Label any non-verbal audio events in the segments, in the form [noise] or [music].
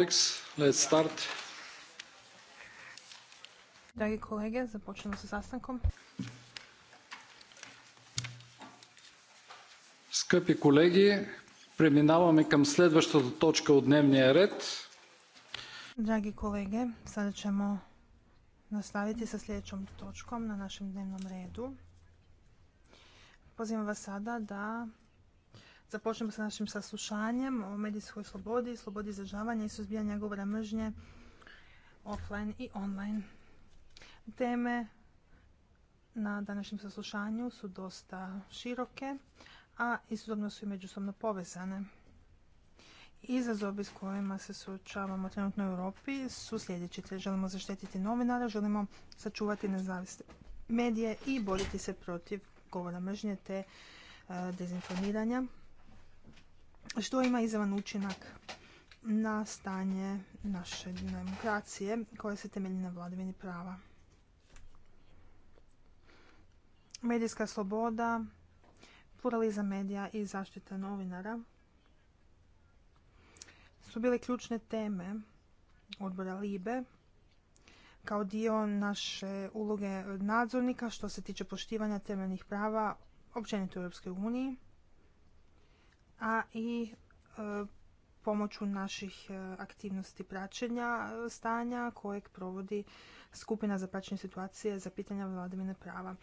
Let's start. Dragi kolege, započnemo sa sastankom. Skupi kolegi, preminavamo kam следващата točka u dnevni red. Dragi kolege, sada ćemo nastaviti sa sljedećom točkom na našem dnevnom redu. Pozivam vas sada da Započnemo sa našim saslušanjem o medijskoj slobodi, slobodi izražavanja i suzbijanja govora mržnje offline i online. Teme na današnjem saslušanju su dosta široke, a istodobno su i međusobno povezane. Izazovi s kojima se suočavamo trenutno u Europi su sljedeći. Želimo zaštetiti novinara, želimo sačuvati nezavisne medije i boriti se protiv govora mržnje te e, dezinformiranja što ima izravan učinak na stanje naše demokracije koja se temelji na vladavini prava. Medijska sloboda, pluralizam medija i zaštita novinara su bile ključne teme odbora Libe kao dio naše uloge nadzornika što se tiče poštivanja temeljnih prava općenito u Europskoj uniji a i e, pomoću naših e, aktivnosti praćenja e, stanja kojeg provodi skupina za praćenje situacije za pitanja vladavine prava.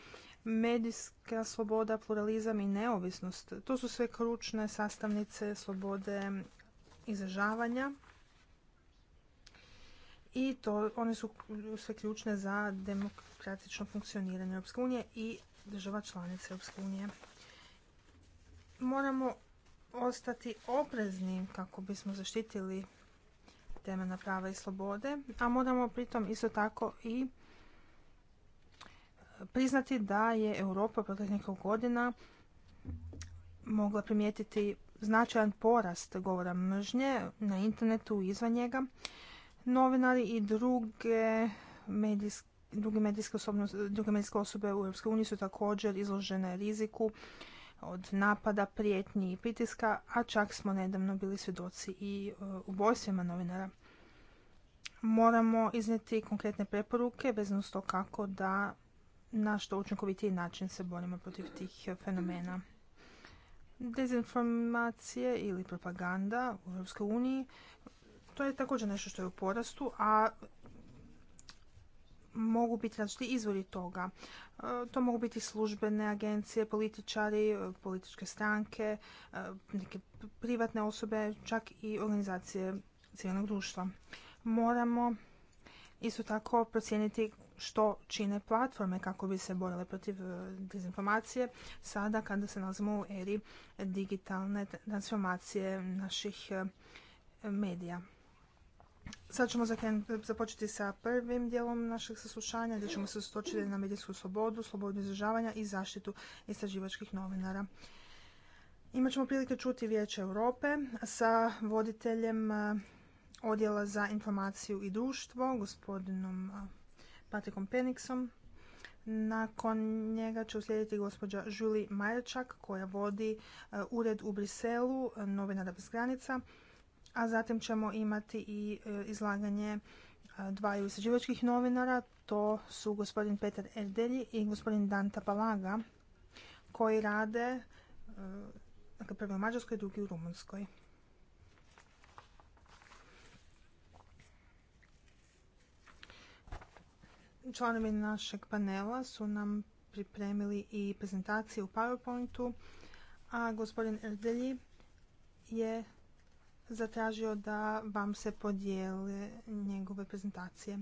Medijska sloboda, pluralizam i neovisnost, to su sve kručne sastavnice slobode izražavanja i to, one su sve ključne za demokratično funkcioniranje Europske unije i država članica Europske unije. Moramo ostati oprezni kako bismo zaštitili temeljna prava i slobode, a moramo pritom isto tako i e, priznati da je Europa proteklih godina mogla primijetiti značajan porast govora mržnje na internetu i izvan njega. Novinari i druge medijske, druge medijske osobe u EU su također izložene riziku od napada, prijetnji i pritiska, a čak smo nedavno bili svjedoci i e, ubojstvima novinara. Moramo iznijeti konkretne preporuke vezano s to kako da na što učinkovitiji način se borimo protiv tih fenomena. Dezinformacije ili propaganda u EU to je također nešto što je u porastu, a mogu biti različiti izvori toga. E, to mogu biti službene agencije, političari, e, političke stranke, e, neke privatne osobe, čak i organizacije civilnog društva. Moramo isto tako procijeniti što čine platforme kako bi se borile protiv dezinformacije sada kada se nalazimo u eri digitalne transformacije naših medija. Sad ćemo započeti sa prvim dijelom našeg saslušanja gdje ćemo se stočiti na medijsku slobodu, slobodu izražavanja i zaštitu istraživačkih novinara. Imaćemo ćemo prilike čuti Vijeće Europe sa voditeljem e, Odjela za informaciju i društvo, gospodinom e, Patrikom Peniksom. Nakon njega će uslijediti gospođa Julie Majerčak koja vodi e, ured u Briselu, novinara bez granica, a zatim ćemo imati i e, izlaganje e, dvaju istraživačkih novinara, to su gospodin Petar Erdelji i gospodin Danta Palaga, koji rade e, dakle, prvi u Mađarskoj, drugi u Rumunskoj. Članovi našeg panela su nam pripremili i prezentacije u PowerPointu, a gospodin Erdelji je zatražio da vam se podijeli njegove prezentacije.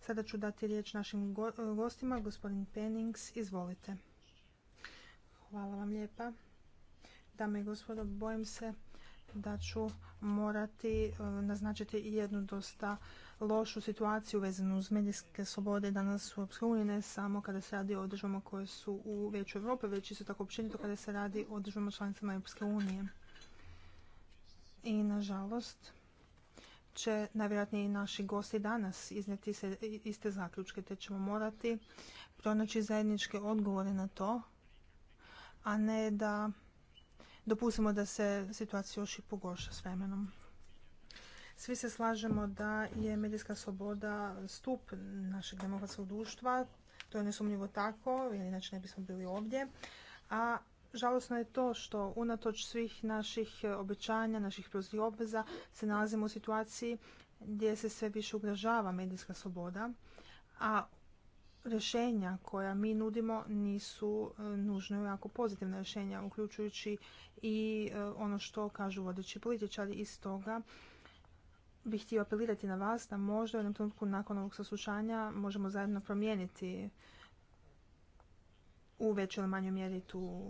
Sada ću dati riječ našim gostima. Gospodin Pennings, izvolite. Hvala vam lijepa. Dame i gospodo, bojim se da ću morati e, naznačiti i jednu dosta lošu situaciju vezanu uz medijske slobode danas u EU, ne samo kada se radi o državama koje su u većoj Europi, već isto tako općenito kada se radi o državama članicama Europske unije. I nažalost će najvjerojatnije i naši gosti danas iznijeti se iste zaključke, te ćemo morati pronaći zajedničke odgovore na to, a ne da dopustimo da se situacija još i pogorša s vremenom. Svi se slažemo da je medijska sloboda stup našeg demokratskog društva, to je nesumnjivo tako, jer inače ne bismo bili ovdje, a žalosno je to što unatoč svih naših e, obećanja, naših preuzih obveza se nalazimo u situaciji gdje se sve više ugrožava medijska sloboda, a rješenja koja mi nudimo nisu e, nužno jako pozitivna rješenja, uključujući i e, ono što kažu vodeći političari. I toga bih htio apelirati na vas da možda u jednom trenutku nakon ovog saslušanja možemo zajedno promijeniti u većoj ili manjoj mjeri tu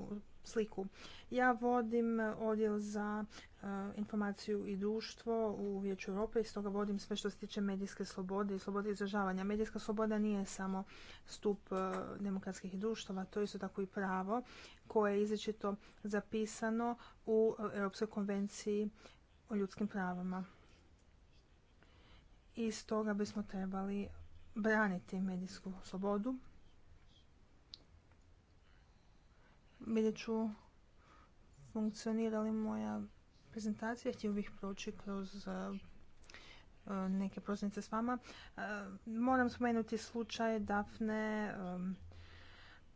sliku. Ja vodim odjel za eh, informaciju i društvo u Vijeću Europe i stoga vodim sve što se tiče medijske slobode i slobode izražavanja. Medijska sloboda nije samo stup eh, demokratskih društava, to je isto tako i pravo koje je izričito zapisano u eh, Europskoj konvenciji o ljudskim pravama. I stoga bismo trebali braniti medijsku slobodu vidjet ću funkcionira li moja prezentacija. Htio bih proći kroz e, e, neke proznice s vama. E, moram spomenuti slučaj Dafne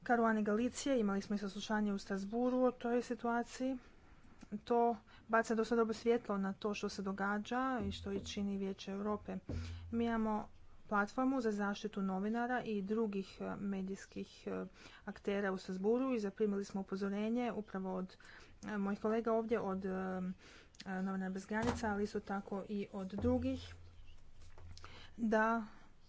Karuane Galicije. Imali smo i saslušanje u Strasburu o toj situaciji. To baca dosta dobro svjetlo na to što se događa i što i čini Vijeće Europe. Mi imamo platformu za zaštitu novinara i drugih e, medijskih e, aktera u Sazburu i zaprimili smo upozorenje upravo od e, mojih kolega ovdje, od novinara bez granica, ali isto tako i od drugih, da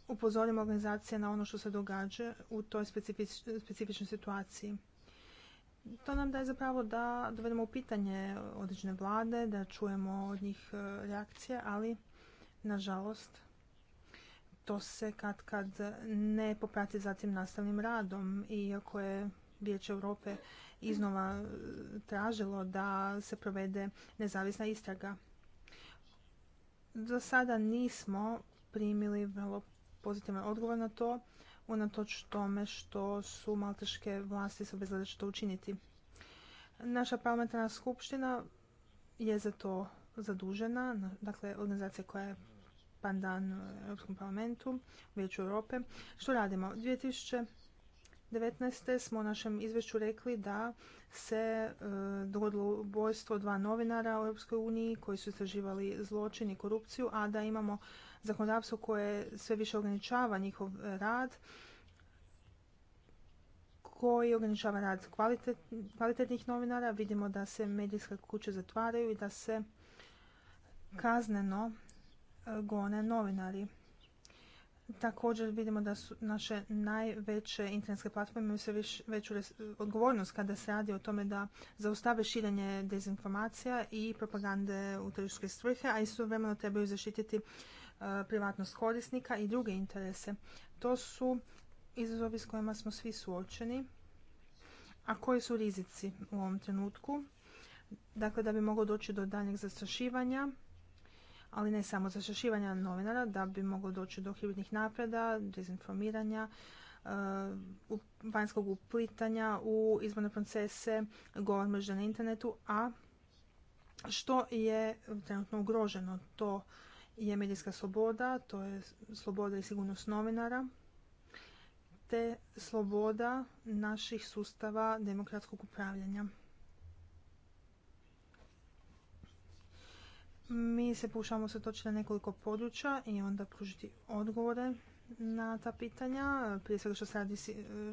upozorimo organizacije na ono što se događa u toj specifičnoj situaciji. To nam daje zapravo da dovedemo u pitanje određene vlade, da čujemo od njih reakcije, ali nažalost to se kad kad ne poprati zatim nastavnim radom, iako je Vijeće Europe iznova e, tražilo da se provede nezavisna istraga. Do sada nismo primili vrlo pozitivan odgovor na to, unatoč tome što su malteške vlasti se će što učiniti. Naša parlamentarna skupština je za to zadužena, dakle organizacija koja je dan u Europskom parlamentu, u Vijeću Europe. Što radimo? 2019. smo u našem izvješću rekli da se e, dogodilo ubojstvo dva novinara u Europskoj uniji koji su istraživali zločin i korupciju, a da imamo zakonodavstvo koje sve više ograničava njihov e, rad koji ograničava rad kvalitetnih novinara. Vidimo da se medijske kuće zatvaraju i da se kazneno gone novinari. Također vidimo da su naše najveće internetske platforme imaju sve veću odgovornost kada se radi o tome da zaustave širenje dezinformacija i propagande u tržiške svrhe, a istovremeno trebaju zaštititi e, privatnost korisnika i druge interese. To su izazovi s kojima smo svi suočeni. A koji su rizici u ovom trenutku? Dakle, da bi moglo doći do daljnjeg zastrašivanja, ali ne samo zašašivanja novinara, da bi moglo doći do hibridnih napreda, dezinformiranja, uh, vanjskog uplitanja u izborne procese, govor na internetu, a što je trenutno ugroženo? To je medijska sloboda, to je sloboda i sigurnost novinara, te sloboda naših sustava demokratskog upravljanja. Mi se pušamo se točiti na nekoliko područja i onda pružiti odgovore na ta pitanja, prije svega se radi,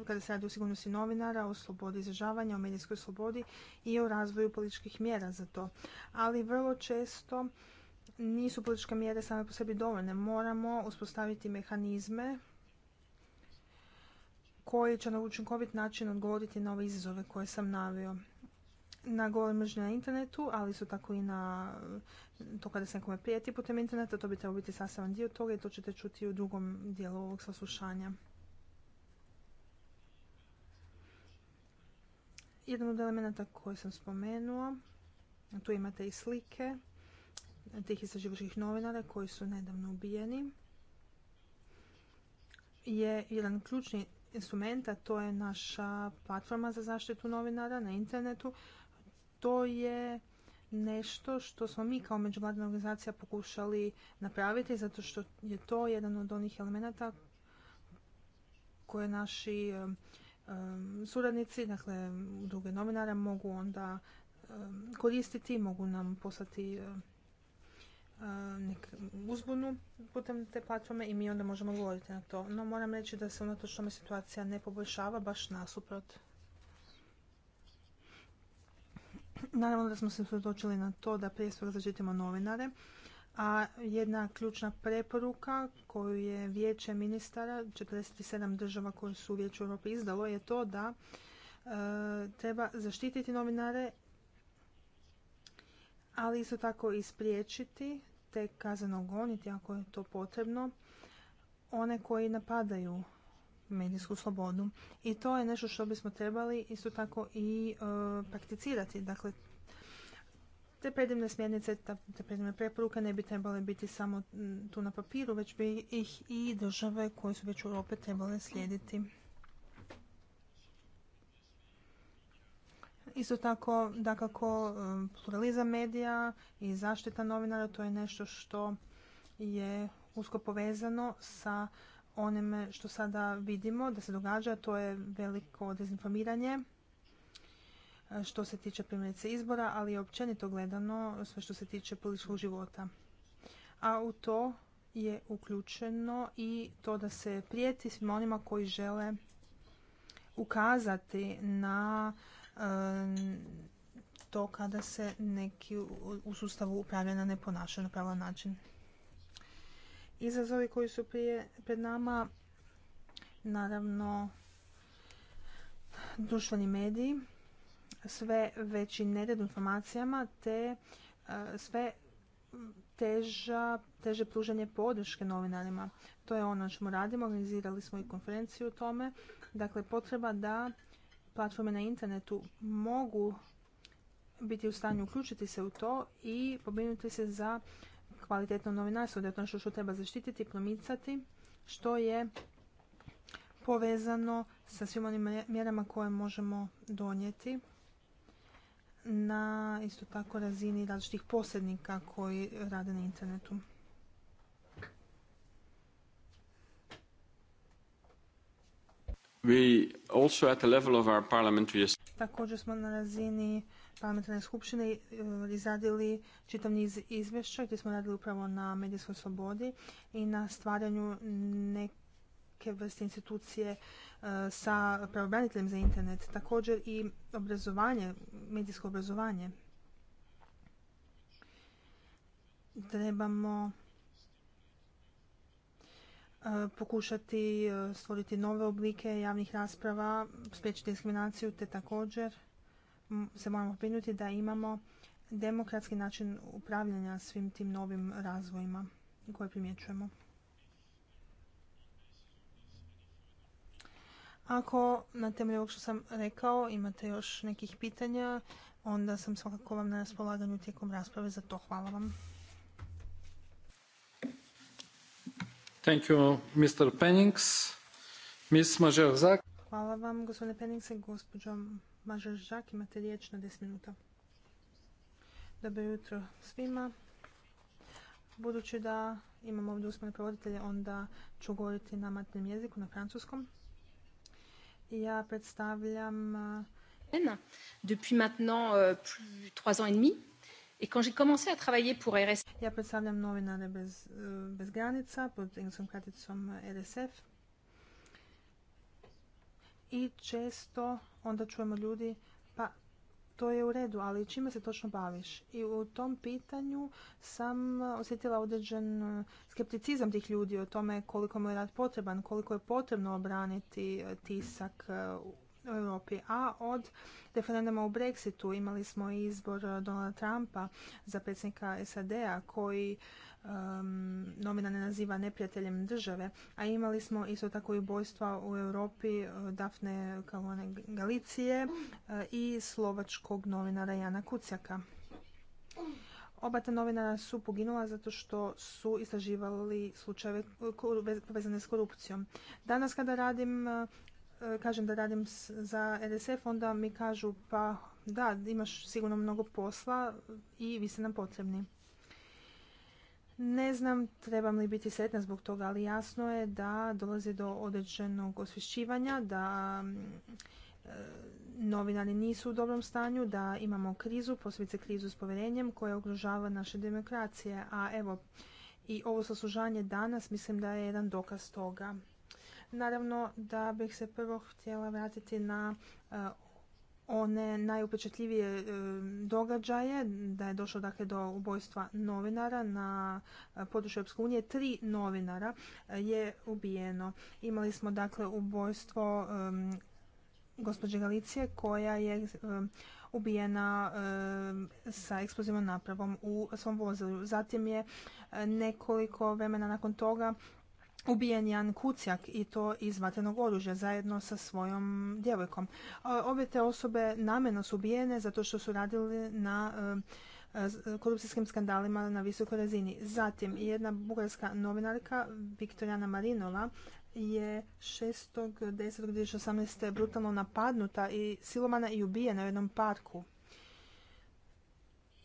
kada se radi o sigurnosti novinara, o slobodi izražavanja, o medijskoj slobodi i o razvoju političkih mjera za to. Ali vrlo često nisu političke mjere same po sebi dovoljne. Moramo uspostaviti mehanizme koji će na učinkovit način odgovoriti na ove izazove koje sam navio na govor mržnje na internetu, ali su tako i na to kada se nekome prijeti putem interneta, to bi trebalo biti sastavan dio toga i to ćete čuti u drugom dijelu ovog saslušanja. Jedan od elemenata koje sam spomenuo, tu imate i slike tih istraživačkih novinara koji su nedavno ubijeni, je jedan ključni instrumenta, to je naša platforma za zaštitu novinara na internetu to je nešto što smo mi kao međunarodna organizacija pokušali napraviti zato što je to jedan od onih elemenata koje naši suradnici, dakle druge novinare mogu onda um, koristiti, mogu nam poslati uzbunu putem te platforme i mi onda možemo govoriti na to. No moram reći da se unatoč tome situacija ne poboljšava, baš nasuprot. Naravno da smo se usredotočili na to da prije svega zaštitimo novinare, a jedna ključna preporuka koju je vijeće ministara 47 država koje su u vijeću Europe izdalo je to da e, treba zaštititi novinare, ali isto tako i spriječiti te kazneno goniti ako je to potrebno one koji napadaju medijsku slobodu. I to je nešto što bismo trebali isto tako i e, prakticirati. Dakle, te predivne smjernice, te predivne preporuke ne bi trebale biti samo tu na papiru, već bi ih i države koje su već u Europe trebale slijediti. Isto tako, dakako, e, pluralizam medija i zaštita novinara, to je nešto što je usko povezano sa onime što sada vidimo da se događa, to je veliko dezinformiranje e, što se tiče primjerice izbora, ali je općenito gledano sve što se tiče političkog života. A u to je uključeno i to da se prijeti svima onima koji žele ukazati na e, to kada se neki u sustavu upravljanja ne ponašaju na pravilan način izazovi koji su prije, pred nama, naravno društveni mediji, sve veći nered informacijama te e, sve teža, teže pružanje podrške novinarima. To je ono što radimo, organizirali smo i konferenciju o tome. Dakle, potreba da platforme na internetu mogu biti u stanju uključiti se u to i pobrinuti se za kvalitetno novinarstvo, da je to što treba zaštititi i promicati, što je povezano sa svim onim mjerama koje možemo donijeti na isto tako razini različitih posrednika koji rade na internetu. Također smo na razini parlamentarne skupštine e, izradili čitav niz izvješća gdje smo radili upravo na medijskoj slobodi i na stvaranju neke vrste institucije e, sa pravobraniteljem za internet. Također i obrazovanje, medijsko obrazovanje. Trebamo e, pokušati stvoriti nove oblike javnih rasprava, spriječiti diskriminaciju te također se moramo brinuti da imamo demokratski način upravljanja svim tim novim razvojima koje primjećujemo. Ako na temelju ovog što sam rekao imate još nekih pitanja, onda sam svakako vam na raspolaganju tijekom rasprave za to. Hvala vam. Thank Hvala vam, gospodine Penningse, gospođo Mažar Žak, imate riječ na 10 minuta. Dobro jutro svima. Budući da imamo ovdje usmene prevoditelje, onda ću govoriti na matnem jeziku, na francuskom. Ja predstavljam... Eh, Depuis maintenant euh, trois ans et demi. Et quand j'ai commencé à travailler pour RSF... Ja predstavljam novinare bez, eh, bez granica pod engleskom kraticom RSF i često onda čujemo ljudi pa to je u redu, ali čime se točno baviš? I u tom pitanju sam osjetila određen uh, skepticizam tih ljudi o tome koliko mu je rad potreban, koliko je potrebno obraniti uh, tisak uh, u Europi. A od referenduma u Brexitu imali smo izbor Donalda Trumpa za predsjednika SAD-a koji Um, novina ne naziva neprijateljem države, a imali smo isto tako i ubojstva u Europi uh, Dafne Kalone Galicije uh, i slovačkog novinara Jana Kucjaka. Oba ta novinara su poginula zato što su istraživali slučajeve povezane s korupcijom. Danas kada radim, uh, kažem da radim za RSF, onda mi kažu pa da, imaš sigurno mnogo posla i vi ste nam potrebni. Ne znam trebam li biti sretna zbog toga, ali jasno je da dolazi do određenog osvješćivanja, da mm, e, novinari nisu u dobrom stanju, da imamo krizu, posebice krizu s povjerenjem koja ugrožava naše demokracije. A evo, i ovo saslužanje danas mislim da je jedan dokaz toga. Naravno da bih se prvo htjela vratiti na e, one najupečatljivije e, događaje, da je došlo dakle do ubojstva novinara na e, području Europske unije. Tri novinara e, je ubijeno. Imali smo dakle ubojstvo gospođe Galicije koja je ubijena sa eksplozivnom napravom u svom vozilu. Zatim je nekoliko vremena nakon toga ubijen Jan Kucjak i to iz vatrenog oružja zajedno sa svojom djevojkom. Ove te osobe namjerno su ubijene zato što su radili na e, korupcijskim skandalima na visokoj razini. Zatim, jedna bugarska novinarka, Viktorijana Marinova, je 6.10.2018. brutalno napadnuta i silovana i ubijena u jednom parku.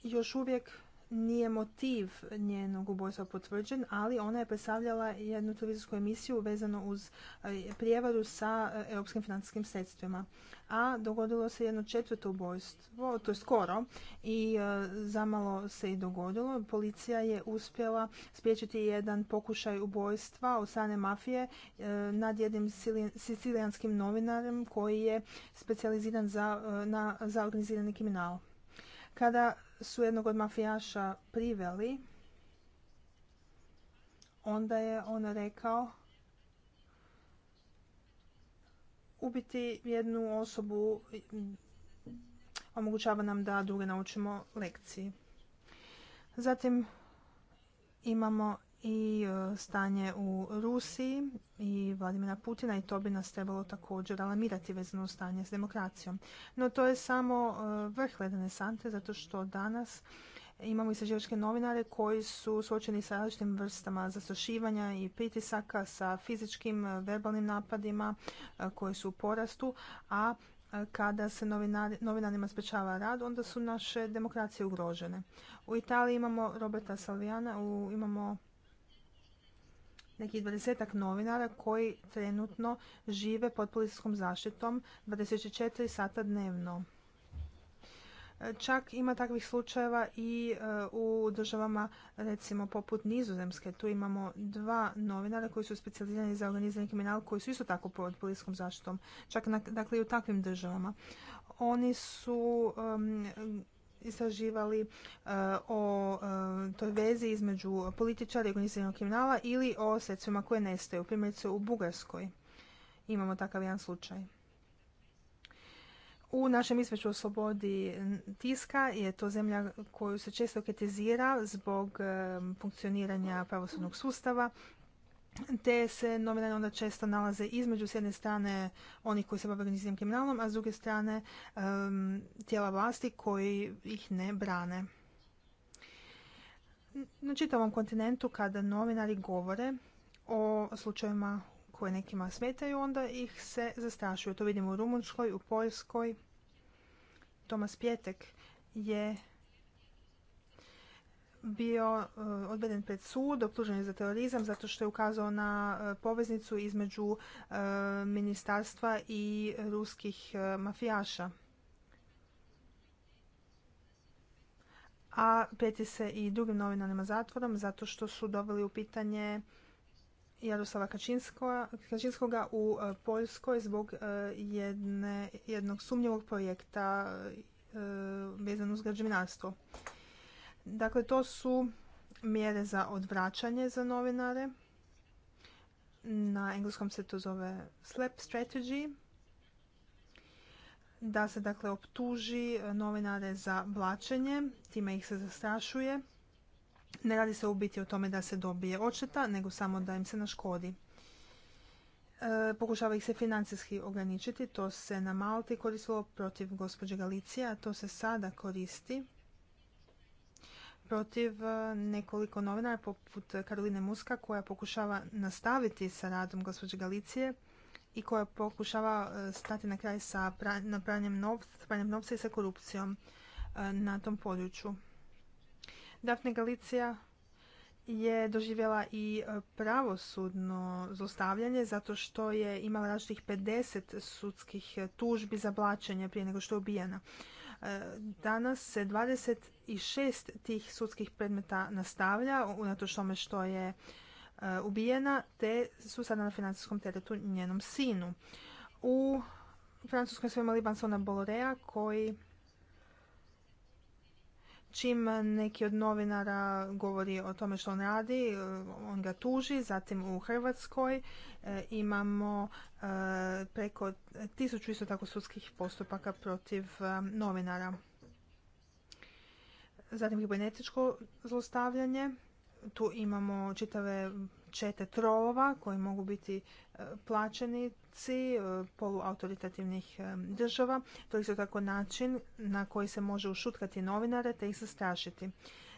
Još uvijek nije motiv njenog ubojstva potvrđen, ali ona je predstavljala jednu televizijsku emisiju vezano uz e, prijevaru sa e, europskim financijskim sredstvima. A dogodilo se jedno četvrto ubojstvo, to je skoro, i e, zamalo se i dogodilo. Policija je uspjela spriječiti jedan pokušaj ubojstva od strane mafije nad jednim sicilijanskim novinarem koji je specijaliziran za, na, za organizirani kriminal. Kada su jednog od mafijaša priveli, onda je on rekao ubiti jednu osobu omogućava nam da druge naučimo lekciji. Zatim imamo i e, stanje u Rusiji i Vladimira Putina i to bi nas trebalo također alamirati vezano stanje s demokracijom. No to je samo e, vrh ledene sante zato što danas imamo istraživačke novinare koji su suočeni sa različitim vrstama zastrašivanja i pritisaka, sa fizičkim, e, verbalnim napadima koji su u porastu, a kada se novinarima sprečava rad, onda su naše demokracije ugrožene. U Italiji imamo Roberta Salviana, u, imamo nekih dvadesetak novinara koji trenutno žive pod policijskom zaštitom 24 sata dnevno. E, čak ima takvih slučajeva i e, u državama recimo poput Nizozemske. Tu imamo dva novinara koji su specijalizirani za organizirani kriminal koji su isto tako pod policijskom zaštitom. Čak dakle i u takvim državama. Oni su istraživali e, o e, toj vezi između političara i organiziranog kriminala ili o sredstvima koje nestaju. Primjerice u Bugarskoj imamo takav jedan slučaj. U našem izveću o slobodi tiska je to zemlja koju se često kritizira zbog e, funkcioniranja pravosudnog sustava te se novinari onda često nalaze između s jedne strane onih koji se bave organiziranim kriminalom, a s druge strane tijela vlasti koji ih ne brane. Na čitavom kontinentu kada novinari govore o slučajevima koje nekima smetaju, onda ih se zastrašuju. To vidimo u Rumunjskoj, u Poljskoj. Tomas Pjetek je bio e, odveden pred sud, optužen je za terorizam zato što je ukazao na e, poveznicu između e, ministarstva i ruskih mafijaša. A prijeti se i drugim novinarima zatvorom zato što su doveli u pitanje Jaroslava Kačinskoga, u Poljskoj zbog jednog sumnjivog projekta vezano uz građevinarstvo. Dakle, to su mjere za odvraćanje za novinare. Na engleskom se to zove slap strategy. Da se dakle optuži novinare za blačenje, time ih se zastrašuje. Ne radi se u biti o tome da se dobije očeta, nego samo da im se naškodi. E, pokušava ih se financijski ograničiti, to se na Malti koristilo protiv gospođe Galicija, to se sada koristi protiv e, nekoliko novinara poput Karoline Muska koja pokušava nastaviti sa radom gospođe Galicije i koja pokušava e, stati na kraj sa pranjem novca, i sa korupcijom e, na tom području. Daphne Galicija je doživjela i pravosudno zlostavljanje zato što je imala različitih 50 sudskih tužbi za blačenje prije nego što je ubijena. E, danas se 26 tih sudskih predmeta nastavlja, unatoč tome što je e, ubijena, te su sada na financijskom teretu njenom sinu. U Francuskoj smo imali Bansona Bolorea koji čim neki od novinara govori o tome što on radi, e, on ga tuži. Zatim u Hrvatskoj e, imamo e, preko tisuću isto tako sudskih postupaka protiv novinara. Zatim kibernetičko zlostavljanje. Tu imamo čitave čete trolova koji mogu biti e, plaćenici e, poluautoritativnih e, država. To je isto tako način na koji se može ušutkati novinare te ih zastrašiti.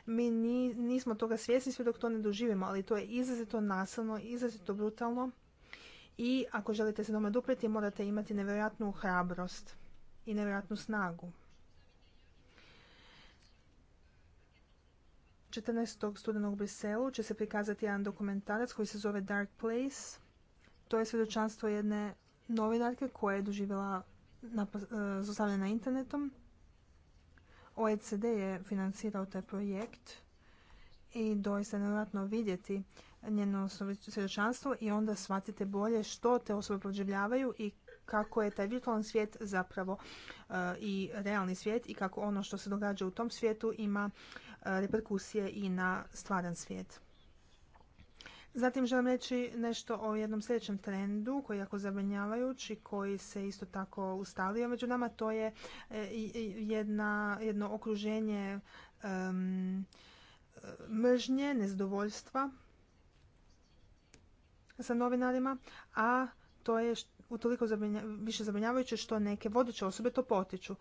Mi nismo toga svjesni sve dok to ne doživimo, ali to je izrazito nasilno, izrazito brutalno i ako želite se doma dupreti morate imati nevjerojatnu hrabrost i nevjerojatnu snagu. 14. studenog u Briselu će se prikazati jedan dokumentarac koji se zove Dark Place. To je svjedočanstvo jedne novinarke koja je doživjela e, zostavljena na internetom. OECD je financirao taj projekt i doista je nevjerojatno vidjeti njeno svjedočanstvo i onda shvatite bolje što te osobe proživljavaju i kako je taj virtualan svijet zapravo e, i realni svijet i kako ono što se događa u tom svijetu ima E, reperkusije i na stvaran svijet. Zatim želim reći nešto o jednom sljedećem trendu koji je jako zabrinjavajući, koji se isto tako ustalio među nama. To je e, jedna, jedno okruženje um, mržnje, nezadovoljstva sa novinarima, a to je utoliko zabrinja, više zabrinjavajuće što neke vodeće osobe to potiču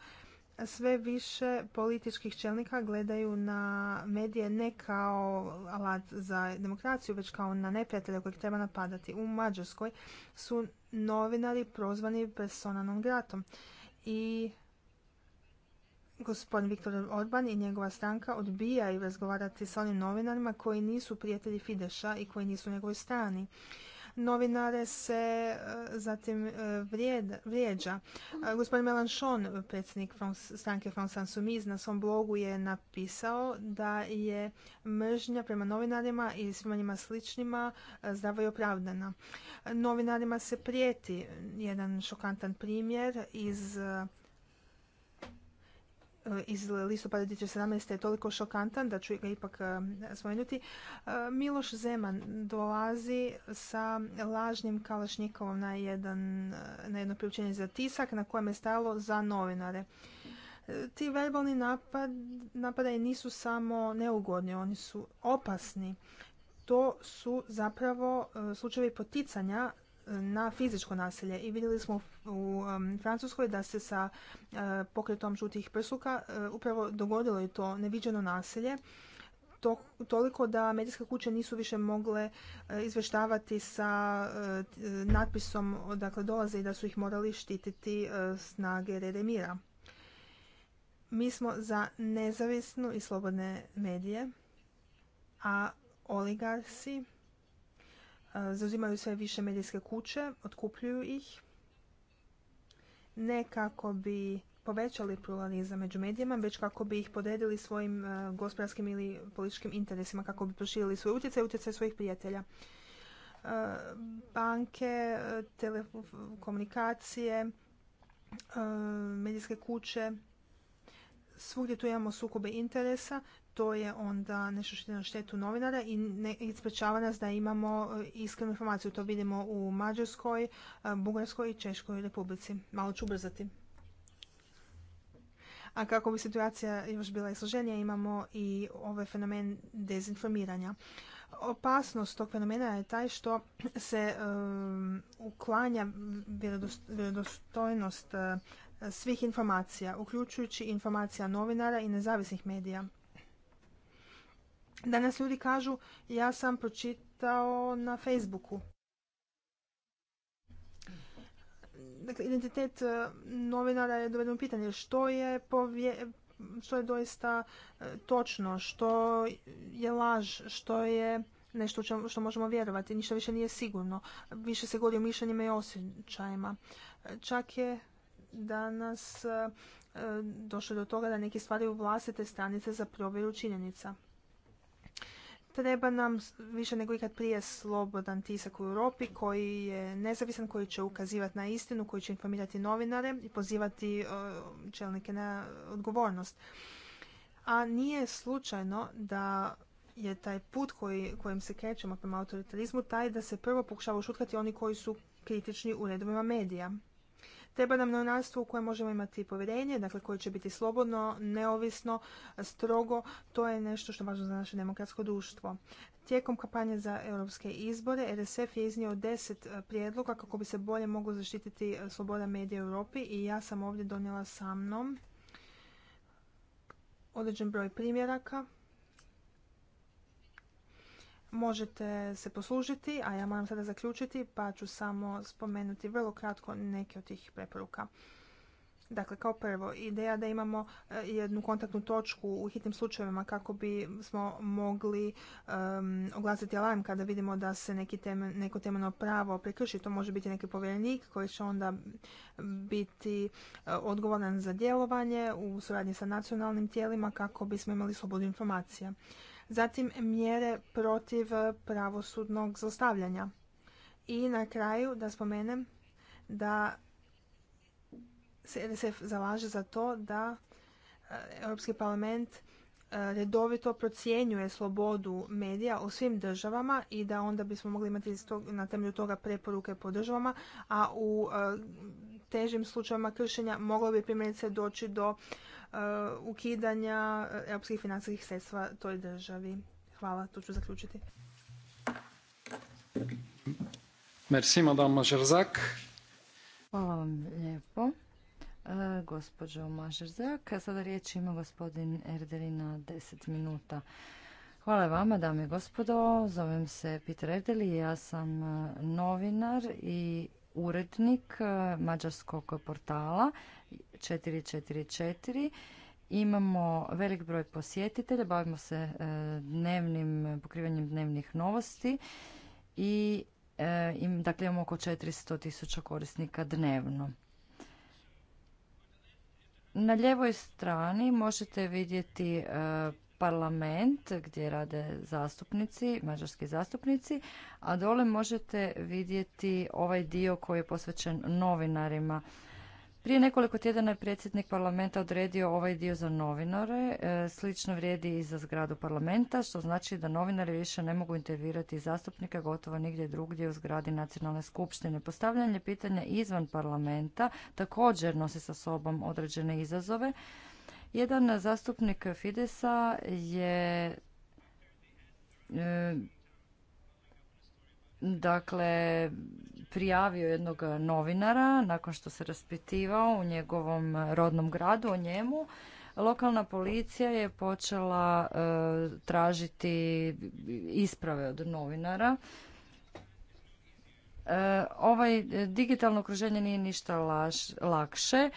sve više političkih čelnika gledaju na medije ne kao alat za demokraciju, već kao na neprijatelja kojeg treba napadati. U Mađarskoj su novinari prozvani persona gratom i gospodin Viktor Orban i njegova stranka odbijaju razgovarati sa onim novinarima koji nisu prijatelji Fideša i koji nisu u njegovoj strani novinare se e, zatim e, vrijeđa. E, gospodin Melanchon, predsjednik stranke France Insoumise, na svom blogu je napisao da je mržnja prema novinarima i svima njima sličnima zdravo i opravdana. Novinarima se prijeti jedan šokantan primjer iz iz listopada 2017. je toliko šokantan da ću ga ipak e, spomenuti. E, Miloš Zeman dolazi sa lažnim kalašnjikovom na, jedan, e, na jedno priučenje za tisak na kojem je stajalo za novinare. Ti verbalni napad, nisu samo neugodni, oni su opasni. To su zapravo slučajevi poticanja na fizičko nasilje i vidjeli smo u Francuskoj da se sa e, pokretom žutih prsuka e, upravo dogodilo i to neviđeno nasilje toliko da medijske kuće nisu više mogle e, izveštavati sa natpisom odakle dolaze i da su ih morali štititi snage Redemira. Mi smo za nezavisnu i slobodne medije, a oligarsi zauzimaju sve više medijske kuće, otkupljuju ih, ne kako bi povećali pluralizam među medijima, već kako bi ih podredili svojim e, gospodarskim ili političkim interesima, kako bi proširili svoj utjecaj i utjecaj svojih prijatelja. E, banke, e, telekomunikacije, medijske kuće, svugdje tu imamo sukobe interesa to je onda nešto što je na štetu novinara i ne sprečava nas da imamo e, iskrenu informaciju. To vidimo u Mađarskoj, e, Bugarskoj i Češkoj republici. Malo ću ubrzati. A kako bi situacija još bila i imamo i ovaj fenomen dezinformiranja. Opasnost tog fenomena je taj što se e, uklanja vjerodostojnost svih informacija, uključujući informacija novinara i nezavisnih medija. Danas ljudi kažu ja sam pročitao na Facebooku. Dakle, identitet e, novinara je dovedeno u pitanje što je, što je doista e, točno, što je laž, što je nešto što možemo vjerovati, ništa više nije sigurno. Više se govori o mišljenjima i osjećajima. E, čak je danas došlo do toga da neki stvaraju vlastite stranice za provjeru činjenica. Treba nam više nego ikad prije slobodan tisak u Europi koji je nezavisan, koji će ukazivati na istinu, koji će informirati novinare i pozivati e, čelnike na odgovornost. A nije slučajno da je taj put koji, kojim se krećemo prema autoritarizmu taj da se prvo pokušava ušutkati oni koji su kritični u redovima medija. Treba nam novinarstvo u koje možemo imati povjerenje, dakle koje će biti slobodno, neovisno, strogo. To je nešto što je važno za naše demokratsko društvo. Tijekom kampanje za europske izbore RSF je iznio deset e, prijedloga kako bi se bolje moglo zaštititi e, sloboda medija u Europi i ja sam ovdje donijela sa mnom određen broj primjeraka možete se poslužiti, a ja moram sada zaključiti, pa ću samo spomenuti vrlo kratko neke od tih preporuka. Dakle, kao prvo, ideja da imamo eh, jednu kontaktnu točku u hitnim slučajevima kako bi smo mogli um, oglasiti alarm kada vidimo da se neki neko temeljno pravo prekrši. To može biti neki povjerenik koji će onda biti eh, odgovoran za djelovanje u suradnji sa nacionalnim tijelima kako bismo imali slobodu informacija zatim mjere protiv pravosudnog zlostavljanja. I na kraju da spomenem da se zalaže za to da e, Europski parlament e, redovito procjenjuje slobodu medija u svim državama i da onda bismo mogli imati na temelju toga preporuke po državama, a u e, težim slučajevima kršenja moglo bi primjerice doći do E, ukidanja e, europskih financijskih sredstva toj državi. Hvala, tu ću zaključiti. Merci, madame Mažerzak. Hvala vam lijepo. gospođo e, gospođo Mažerzak, sada riječ ima gospodin na 10 minuta. Hvala vama, dame i gospodo. Zovem se Peter Erdeli, ja sam novinar i urednik e, mađarskog portala 444. Imamo velik broj posjetitelja, bavimo se e, dnevnim, pokrivanjem dnevnih novosti i e, dakle imamo oko 400 tisuća korisnika dnevno. Na ljevoj strani možete vidjeti parlament gdje rade zastupnici, mađarski zastupnici, a dole možete vidjeti ovaj dio koji je posvećen novinarima. Prije nekoliko tjedana je predsjednik parlamenta odredio ovaj dio za novinare. E, slično vrijedi i za zgradu parlamenta, što znači da novinari više ne mogu intervirati zastupnika gotovo nigdje drugdje u zgradi nacionalne skupštine. Postavljanje pitanja izvan parlamenta također nosi sa sobom određene izazove. Jedan zastupnik Fidesa je e, dakle prijavio jednog novinara nakon što se raspitivao u njegovom rodnom gradu o njemu. Lokalna policija je počela e, tražiti isprave od novinara. E, ovaj digitalno okruženje nije ništa lakše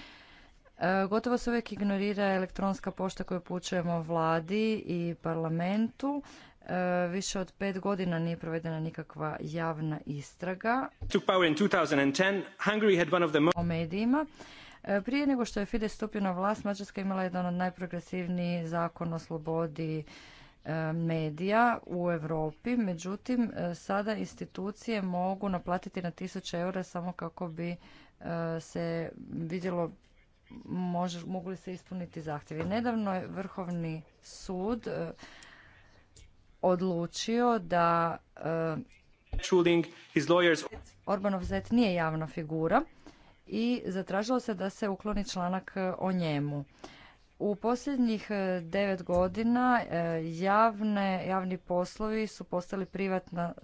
E, gotovo se uvijek ignorira elektronska pošta koju upućujemo vladi i parlamentu. E, više od pet godina nije provedena nikakva javna istraga o medijima. E, prije nego što je FIDE stupio na vlast, Mađarska imala jedan od najprogresivniji zakon o slobodi medija u Europi. Međutim, sada institucije mogu naplatiti na tisuće eura samo kako bi se vidjelo mogu li se ispuniti zahtjevi. Nedavno je Vrhovni sud e, odlučio da e, Orbanov zet nije javna figura i zatražilo se da se ukloni članak e, o njemu. U posljednjih devet godina javne, javni poslovi su postali privatna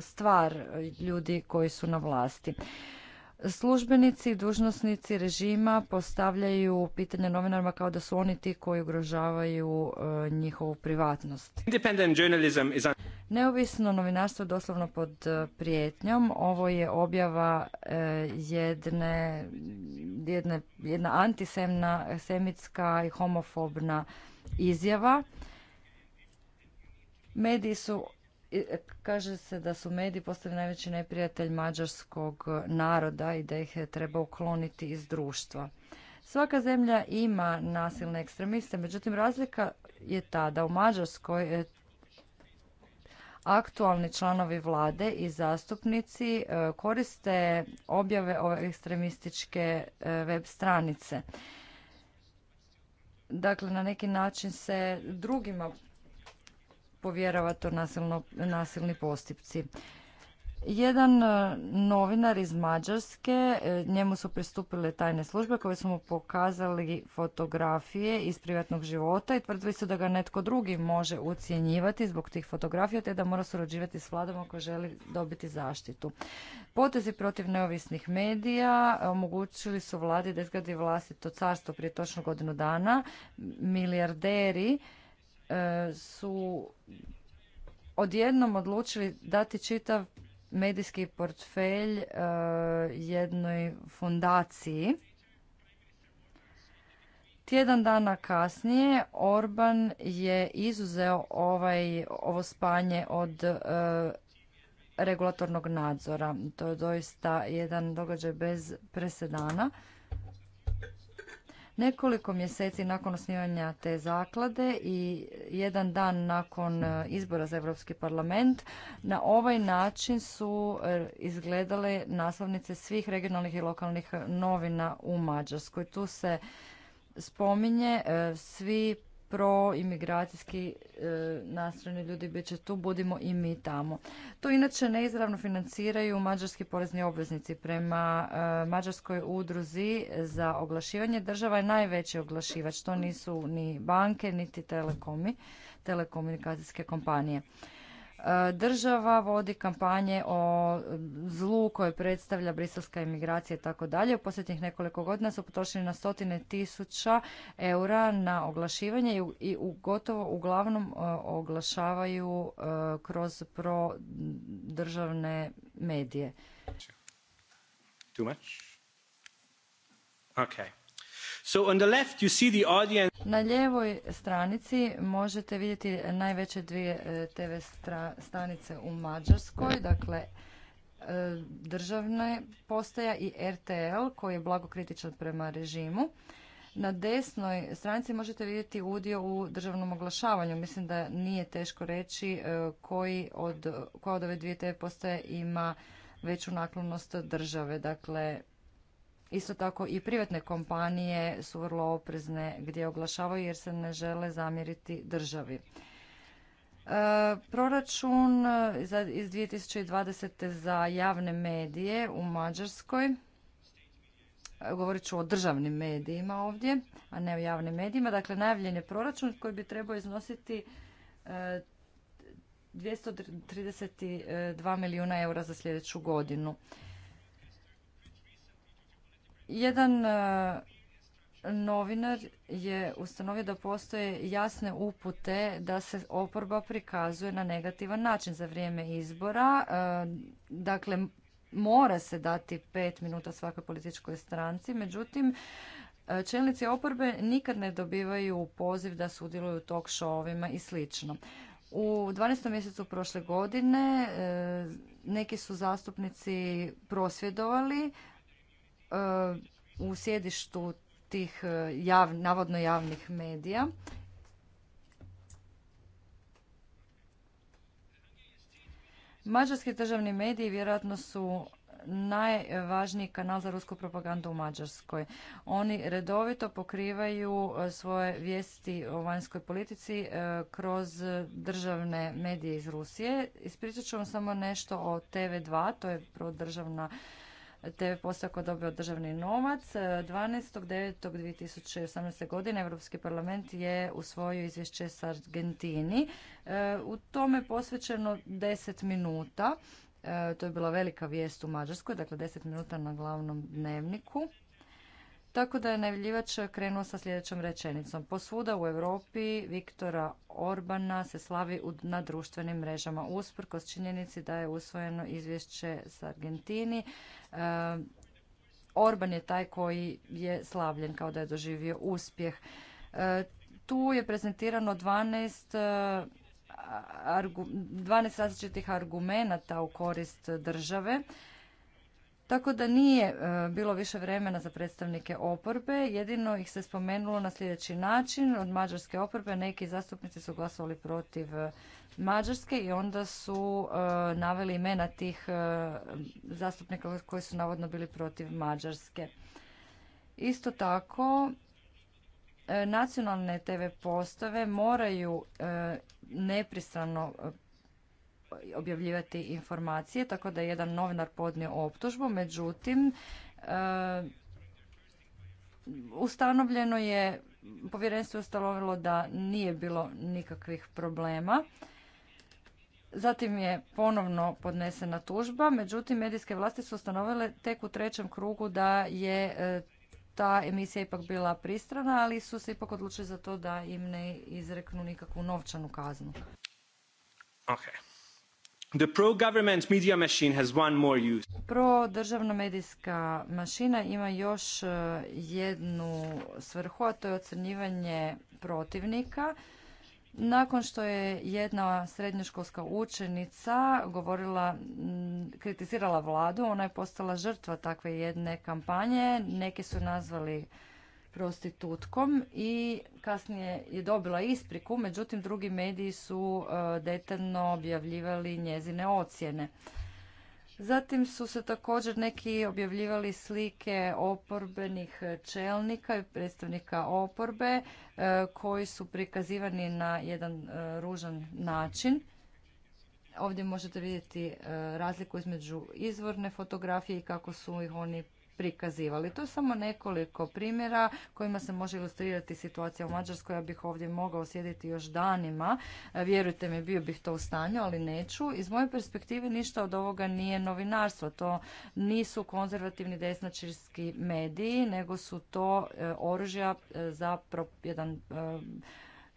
stvar ljudi koji su na vlasti. Službenici i dužnosnici režima postavljaju pitanje novinarima kao da su oni ti koji ugrožavaju e, njihovu privatnost. Neovisno novinarstvo je doslovno pod e, prijetnjom. Ovo je objava e, jedne, jedne jedna antisemna, semitska i homofobna izjava. Mediji su E, kaže se da su mediji postali najveći neprijatelj mađarskog naroda i da ih treba ukloniti iz društva. Svaka zemlja ima nasilne ekstremiste, međutim razlika je ta da u Mađarskoj e, aktualni članovi vlade i zastupnici e, koriste objave ove ekstremističke web stranice. Dakle, na neki način se drugima povjerava to nasilno, nasilni postupci. Jedan e, novinar iz Mađarske, e, njemu su pristupile tajne službe koje su mu pokazali fotografije iz privatnog života i tvrdili su da ga netko drugi može ucijenjivati zbog tih fotografija te da mora surađivati s vladom ako želi dobiti zaštitu. Potezi protiv neovisnih medija omogućili su vladi da izgradi vlastito carstvo prije točno godinu dana. Milijarderi su odjednom odlučili dati čitav medijski portfelj e, jednoj fundaciji. Tjedan dana kasnije Orban je izuzeo ovaj, ovo spanje od e, regulatornog nadzora. To je doista jedan događaj bez presedana. Nekoliko mjeseci nakon osnivanja te zaklade i jedan dan nakon e, izbora za Europski parlament na ovaj način su e, izgledale naslovnice svih regionalnih i lokalnih novina u Mađarskoj. Tu se spominje e, svi pro-imigracijski e, nastrojeni ljudi bit će tu, budimo i mi tamo. To inače neizravno financiraju mađarski porezni obveznici. Prema e, mađarskoj udruzi za oglašivanje država je najveći oglašivač. To nisu ni banke, niti telekomi, telekomunikacijske kompanije. E, država vodi kampanje o zlu koje predstavlja briselska imigracija i tako dalje. U posljednjih nekoliko godina su potrošili na stotine tisuća eura na oglašivanje i gotovo uglavnom e, oglašavaju e, kroz pro državne medije. Too much? Okay. Na ljevoj stranici možete vidjeti najveće dvije e, TV stanice u Mađarskoj, dakle e, državne postaja i RTL koji je blago kritičan prema režimu. Na desnoj stranici možete vidjeti udio u državnom oglašavanju. Mislim da nije teško reći e, koji od, koja od ove dvije TV postaje ima veću naklonost države. Dakle, Isto tako i privatne kompanije su vrlo oprezne gdje oglašavaju jer se ne žele zamjeriti državi. E, proračun e, iz 2020. za javne medije u Mađarskoj, e, govorit ću o državnim medijima ovdje, a ne o javnim medijima, dakle najavljen je proračun koji bi trebao iznositi 232 milijuna eura za sljedeću godinu. Jedan e, novinar je ustanovio da postoje jasne upute da se oporba prikazuje na negativan način za vrijeme izbora. E, dakle, mora se dati pet minuta svakoj političkoj stranci, međutim, e, čelnici oporbe nikad ne dobivaju poziv da sudjeluju u talk showovima i slično. U 12. mjesecu prošle godine neki su zastupnici prosvjedovali u sjedištu tih e, navodno javnih medija. Mađarski državni mediji vjerojatno su najvažniji kanal za rusku propagandu u Mađarskoj. Oni redovito pokrivaju e, svoje vijesti o vanjskoj politici e, kroz državne medije iz Rusije. Ispričat ću vam samo nešto o TV2, to je prodržavna TV Postako dobio državni novac. 12.9.2018. E, godine Europski parlament je usvojio izvješće s Argentini. E, u tome je posvećeno 10 minuta. E, to je bila velika vijest u Mađarskoj, dakle 10 minuta na glavnom dnevniku. Tako da je najavljivač krenuo sa sljedećom rečenicom. Posvuda u Europi Viktora Orbana se slavi na društvenim mrežama usprkos činjenici da je usvojeno izvješće s Argentini Eh, Orban je taj koji je slavljen kao da je doživio uspjeh. Eh, tu je prezentirano 12 eh, različitih argumenata u korist države tako da nije e, bilo više vremena za predstavnike oporbe, jedino ih se spomenulo na sljedeći način. Od mađarske oporbe neki zastupnici su glasovali protiv e, Mađarske i onda su e, naveli imena tih zastupnika koji su navodno bili protiv Mađarske. Isto tako, nacionalne TV postave moraju nepristrano objavljivati informacije, tako da je jedan novinar podnio optužbu, međutim e, ustanovljeno je, povjerenstvo je ustanovilo da nije bilo nikakvih problema. Zatim je ponovno podnesena tužba, međutim medijske vlasti su ustanovile tek u trećem krugu da je e, ta emisija ipak bila pristrana, ali su se ipak odlučili za to da im ne izreknu nikakvu novčanu kaznu. Okay. The pro government media one more Pro državna medijska mašina ima još e, jednu svrhu, a to je ocrnjivanje protivnika. Nakon što je jedna srednjoškolska učenica govorila, kritizirala vladu, ona je postala žrtva takve jedne kampanje. Neki su nazvali prostitutkom i kasnije je dobila ispriku, međutim drugi mediji su e, detaljno objavljivali njezine ocjene. Zatim su se također neki objavljivali slike oporbenih čelnika i predstavnika oporbe e, koji su prikazivani na jedan e, ružan način. Ovdje možete vidjeti razliku između izvorne fotografije i kako su ih oni prikazivali. To je samo nekoliko primjera kojima se može ilustrirati situacija u Mađarskoj. Ja bih ovdje mogao sjediti još danima. E, vjerujte mi, bio bih to u stanju, ali neću. Iz moje perspektive ništa od ovoga nije novinarstvo. To nisu konzervativni desnačirski mediji, nego su to e, oružja e, za jedan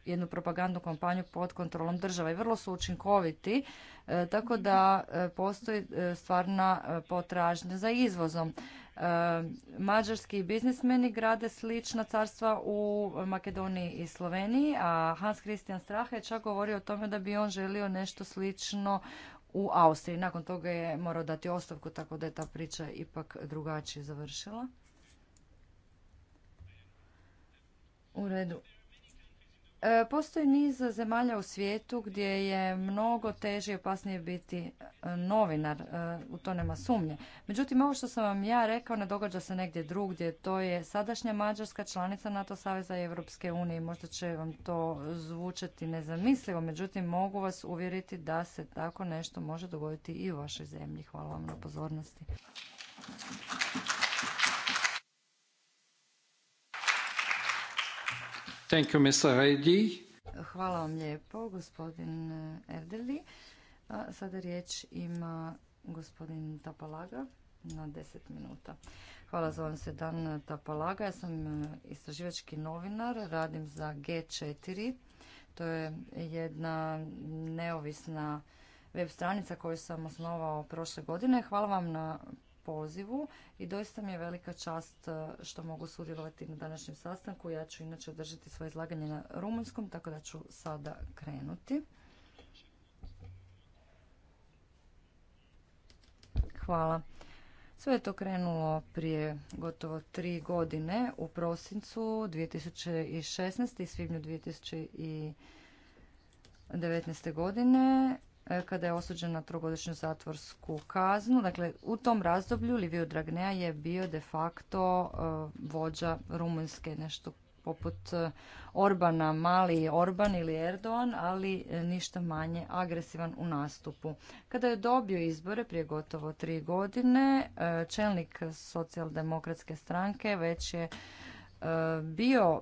jednu propagandnu kampanju pod kontrolom države i vrlo su učinkoviti, tako da postoji stvarna potražnja za izvozom. E, mađarski biznismeni grade slična carstva u Makedoniji i Sloveniji, a Hans Christian Strahe je čak govorio o tome da bi on želio nešto slično u Austriji. Nakon toga je morao dati ostavku, tako da je ta priča ipak drugačije završila. U redu. E, postoji niz zemalja u svijetu gdje je mnogo teže i opasnije biti e, novinar, e, u to nema sumnje. Međutim, ovo što sam vam ja rekao ne događa se negdje drugdje. To je sadašnja Mađarska članica NATO Saveza i Europske unije. Možda će vam to zvučati nezamislivo, međutim mogu vas uvjeriti da se tako nešto može dogoditi i u vašoj zemlji. Hvala vam na pozornosti. Hvala vam lijepo, gospodin Erdeli. sada riječ ima gospodin Tapalaga na 10 minuta. Hvala, zovem se Dan Tapalaga. Ja sam e, istraživački novinar, radim za G4. To je jedna neovisna web stranica koju sam osnovao prošle godine. Hvala vam na pozivu i doista mi je velika čast e, što mogu sudjelovati na današnjem sastanku. Ja ću inače održati svoje izlaganje na rumunskom, tako da ću sada krenuti. Hvala. Sve je to krenulo prije gotovo tri godine u prosincu 2016. i svibnju 2019. godine E, kada je osuđen na trogodišnju zatvorsku kaznu. Dakle, u tom razdoblju Livio Dragnea je bio de facto e, vođa Rumunjske, nešto poput e, Orbana, mali Orban ili Erdogan, ali ništa manje agresivan u nastupu. Kada je dobio izbore prije gotovo tri godine, čelnik socijaldemokratske stranke već je bio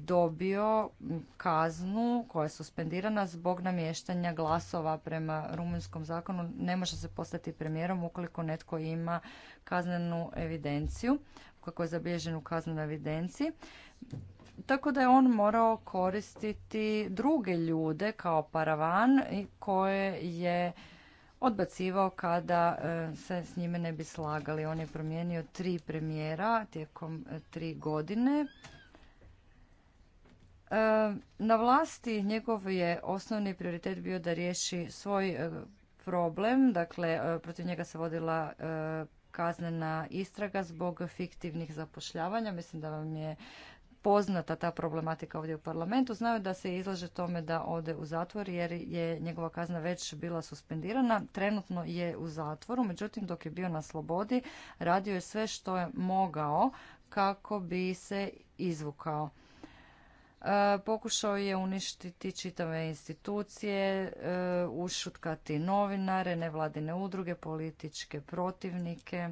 dobio kaznu koja je suspendirana zbog namještanja glasova prema rumunjskom zakonu. Ne može se postati premijerom ukoliko netko ima kaznenu evidenciju, kako je zabilježen u kaznenoj evidenciji. Tako da je on morao koristiti druge ljude kao paravan koje je odbacivao kada e, se s njime ne bi slagali. On je promijenio tri premijera tijekom e, tri godine E, na vlasti njegov je osnovni prioritet bio da riješi svoj e, problem, dakle e, protiv njega se vodila kaznena istraga zbog fiktivnih zapošljavanja. Mislim da vam je poznata ta problematika ovdje u parlamentu. Znaju da se izlaže tome da ode u zatvor jer je njegova kazna već bila suspendirana. Trenutno je u zatvoru, međutim dok je bio na slobodi radio je sve što je mogao kako bi se izvukao. E, pokušao je uništiti čitave institucije, e, ušutkati novinare, nevladine udruge, političke protivnike.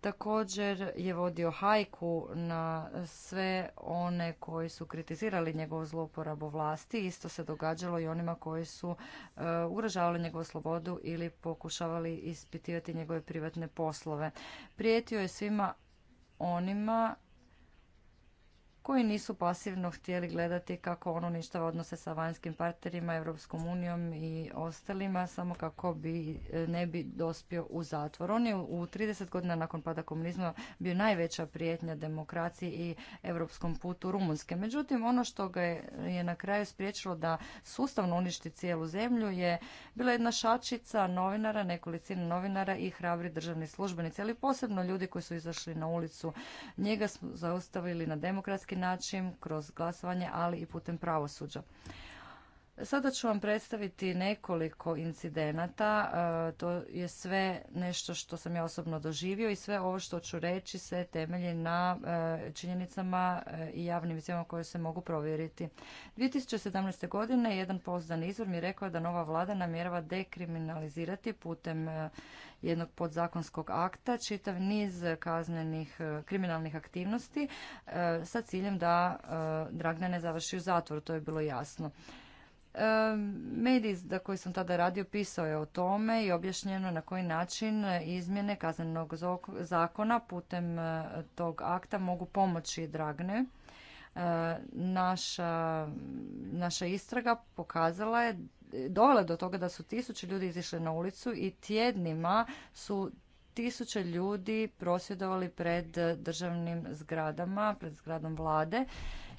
Također je vodio hajku na sve one koji su kritizirali njegovu zloporabu vlasti. Isto se događalo i onima koji su e, uražavali njegovu slobodu ili pokušavali ispitivati njegove privatne poslove. Prijetio je svima onima koji nisu pasivno htjeli gledati kako on uništava odnose sa vanjskim partnerima, Europskom unijom i ostalima, samo kako bi e, ne bi dospio u zatvor. On je u 30 godina nakon pada komunizma bio najveća prijetnja demokraciji i europskom putu Rumunske. Međutim, ono što ga je na kraju spriječilo da sustavno uništi cijelu zemlju je bila jedna šačica novinara, nekolicina novinara i hrabri državni službenici, ali posebno ljudi koji su izašli na ulicu. Njega smo zaustavili na demokratski način, kroz glasovanje, ali i putem pravosuđa. Sada ću vam predstaviti nekoliko incidenata. E, to je sve nešto što sam ja osobno doživio i sve ovo što ću reći se temelji na e, činjenicama e, i javnim izjavama koje se mogu provjeriti. 2017. godine jedan pozdan izvor mi je rekao da nova vlada namjerava dekriminalizirati putem jednog podzakonskog akta čitav niz kaznenih kriminalnih aktivnosti sa ciljem da Dragne ne završi u zatvoru. To je bilo jasno. Medij za koji sam tada radio pisao je o tome i objašnjeno na koji način izmjene kaznenog zakona putem e, tog akta mogu pomoći Dragne. E, naša, naša istraga pokazala je, dovela do toga da su tisuće ljudi izišli na ulicu i tjednima su tisuće ljudi prosvjedovali pred državnim zgradama, pred zgradom vlade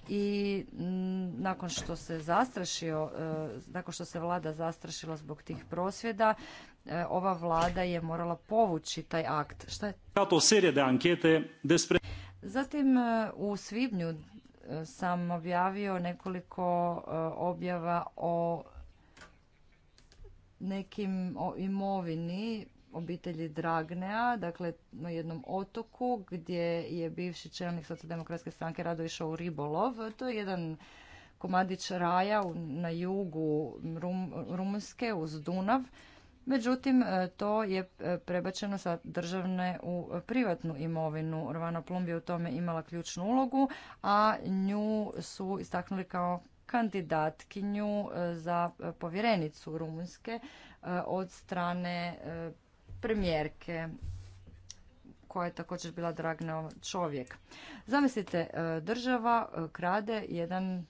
i mm, nakon što se zastrašio, e, nakon što se vlada zastrašila zbog tih prosvjeda, e, ova vlada je morala povući taj akt. je? Zatim e, u svibnju sam objavio nekoliko objava o nekim o imovini obitelji Dragnea, dakle na jednom otoku gdje je bivši čelnik socijaldemokratske stranke rado išao u ribolov. To je jedan komadić raja na jugu Rum, Rumunjske uz Dunav. Međutim, e, to je e, prebačeno sa državne u privatnu imovinu. Rvana Plumb je u tome imala ključnu ulogu, a nju su istaknuli kao kandidatkinju e, za povjerenicu Rumunjske od strane premijerke koja je također bila drag čovjek. Zamislite, e, država e, krade jedan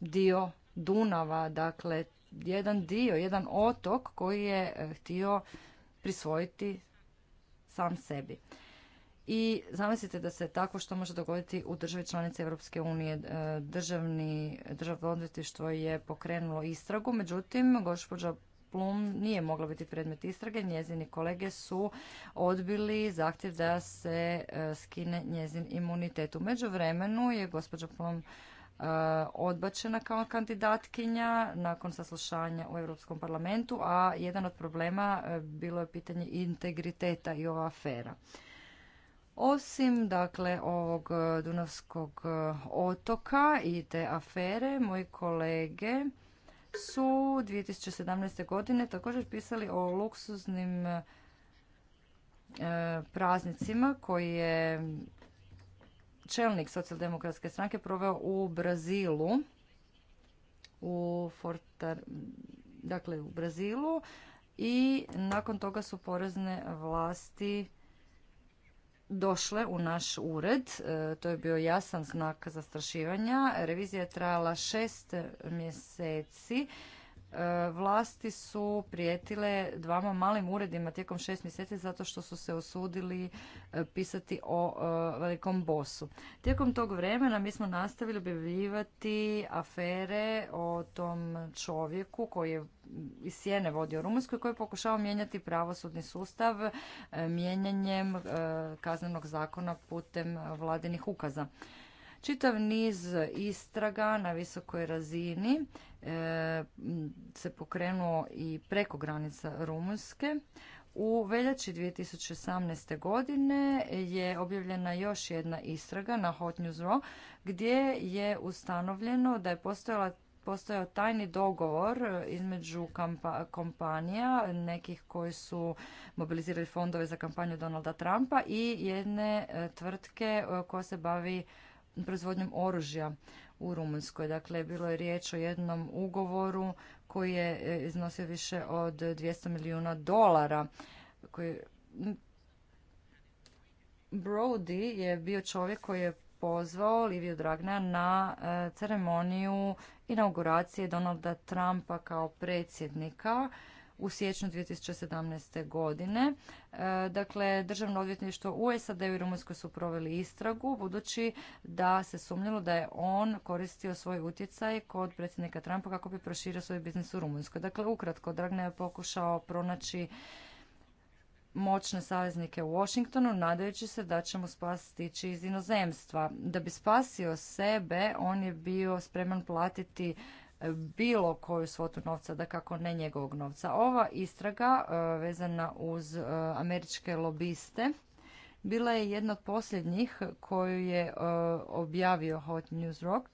dio Dunava, dakle jedan dio, jedan otok koji je e, htio prisvojiti sam sebi. I zamislite da se tako što može dogoditi u državi članice Europske unije. Državni, državno odvjetništvo je pokrenulo istragu, međutim, gospođa Plum nije mogla biti predmet istrage. Njezini kolege su odbili zahtjev da se e, skine njezin imunitet. U međuvremenu je gospođa Plum e, odbačena kao kandidatkinja nakon saslušanja u Europskom parlamentu, a jedan od problema e, bilo je pitanje integriteta i ova afera. Osim dakle ovog Dunavskog otoka i te afere, moji kolege su 2017. godine također pisali o luksuznim e, praznicima koji je čelnik socijaldemokratske stranke proveo u Brazilu u Fortar, dakle u Brazilu i nakon toga su porezne vlasti došle u naš ured. E, to je bio jasan znak zastrašivanja. Revizija je trajala šest mjeseci E, vlasti su prijetile dvama malim uredima tijekom šest mjeseci zato što su se usudili e, pisati o e, velikom bosu. Tijekom tog vremena mi smo nastavili objavljivati afere o tom čovjeku koji je iz Sjene vodio Rumunjskoj koji je pokušao mijenjati pravosudni sustav mijenjanjem kaznenog zakona putem vladinih ukaza. Čitav niz istraga na visokoj razini e, se pokrenuo i preko granica Rumunjske. U veljači 2018. godine je objavljena još jedna istraga na Hot News gdje je ustanovljeno da je postojala postojao tajni dogovor između kompanija, nekih koji su mobilizirali fondove za kampanju Donalda Trumpa i jedne e, tvrtke e, koja se bavi proizvodnjom oružja u Rumunjskoj. Dakle, bilo je riječ o jednom ugovoru koji je e, iznosio više od 200 milijuna dolara. Koji... Brody je bio čovjek koji je pozvao Liviju Dragna na e, ceremoniju inauguracije Donalda Trumpa kao predsjednika u siječnju 2017. godine. E, dakle, Državno odvjetništvo u SAD i Rumunjskoj su proveli istragu budući da se sumnjalo da je on koristio svoj utjecaj kod predsjednika Trumpa kako bi proširio svoj biznis u Rumunjskoj. Dakle, ukratko, Dragne je pokušao pronaći moćne saveznike u Washingtonu, nadajući se da će mu spas iz inozemstva. Da bi spasio sebe, on je bio spreman platiti bilo koju svotu novca, da kako ne njegovog novca. Ova istraga e, vezana uz e, američke lobiste bila je jedna od posljednjih koju je e, objavio Hot News Rock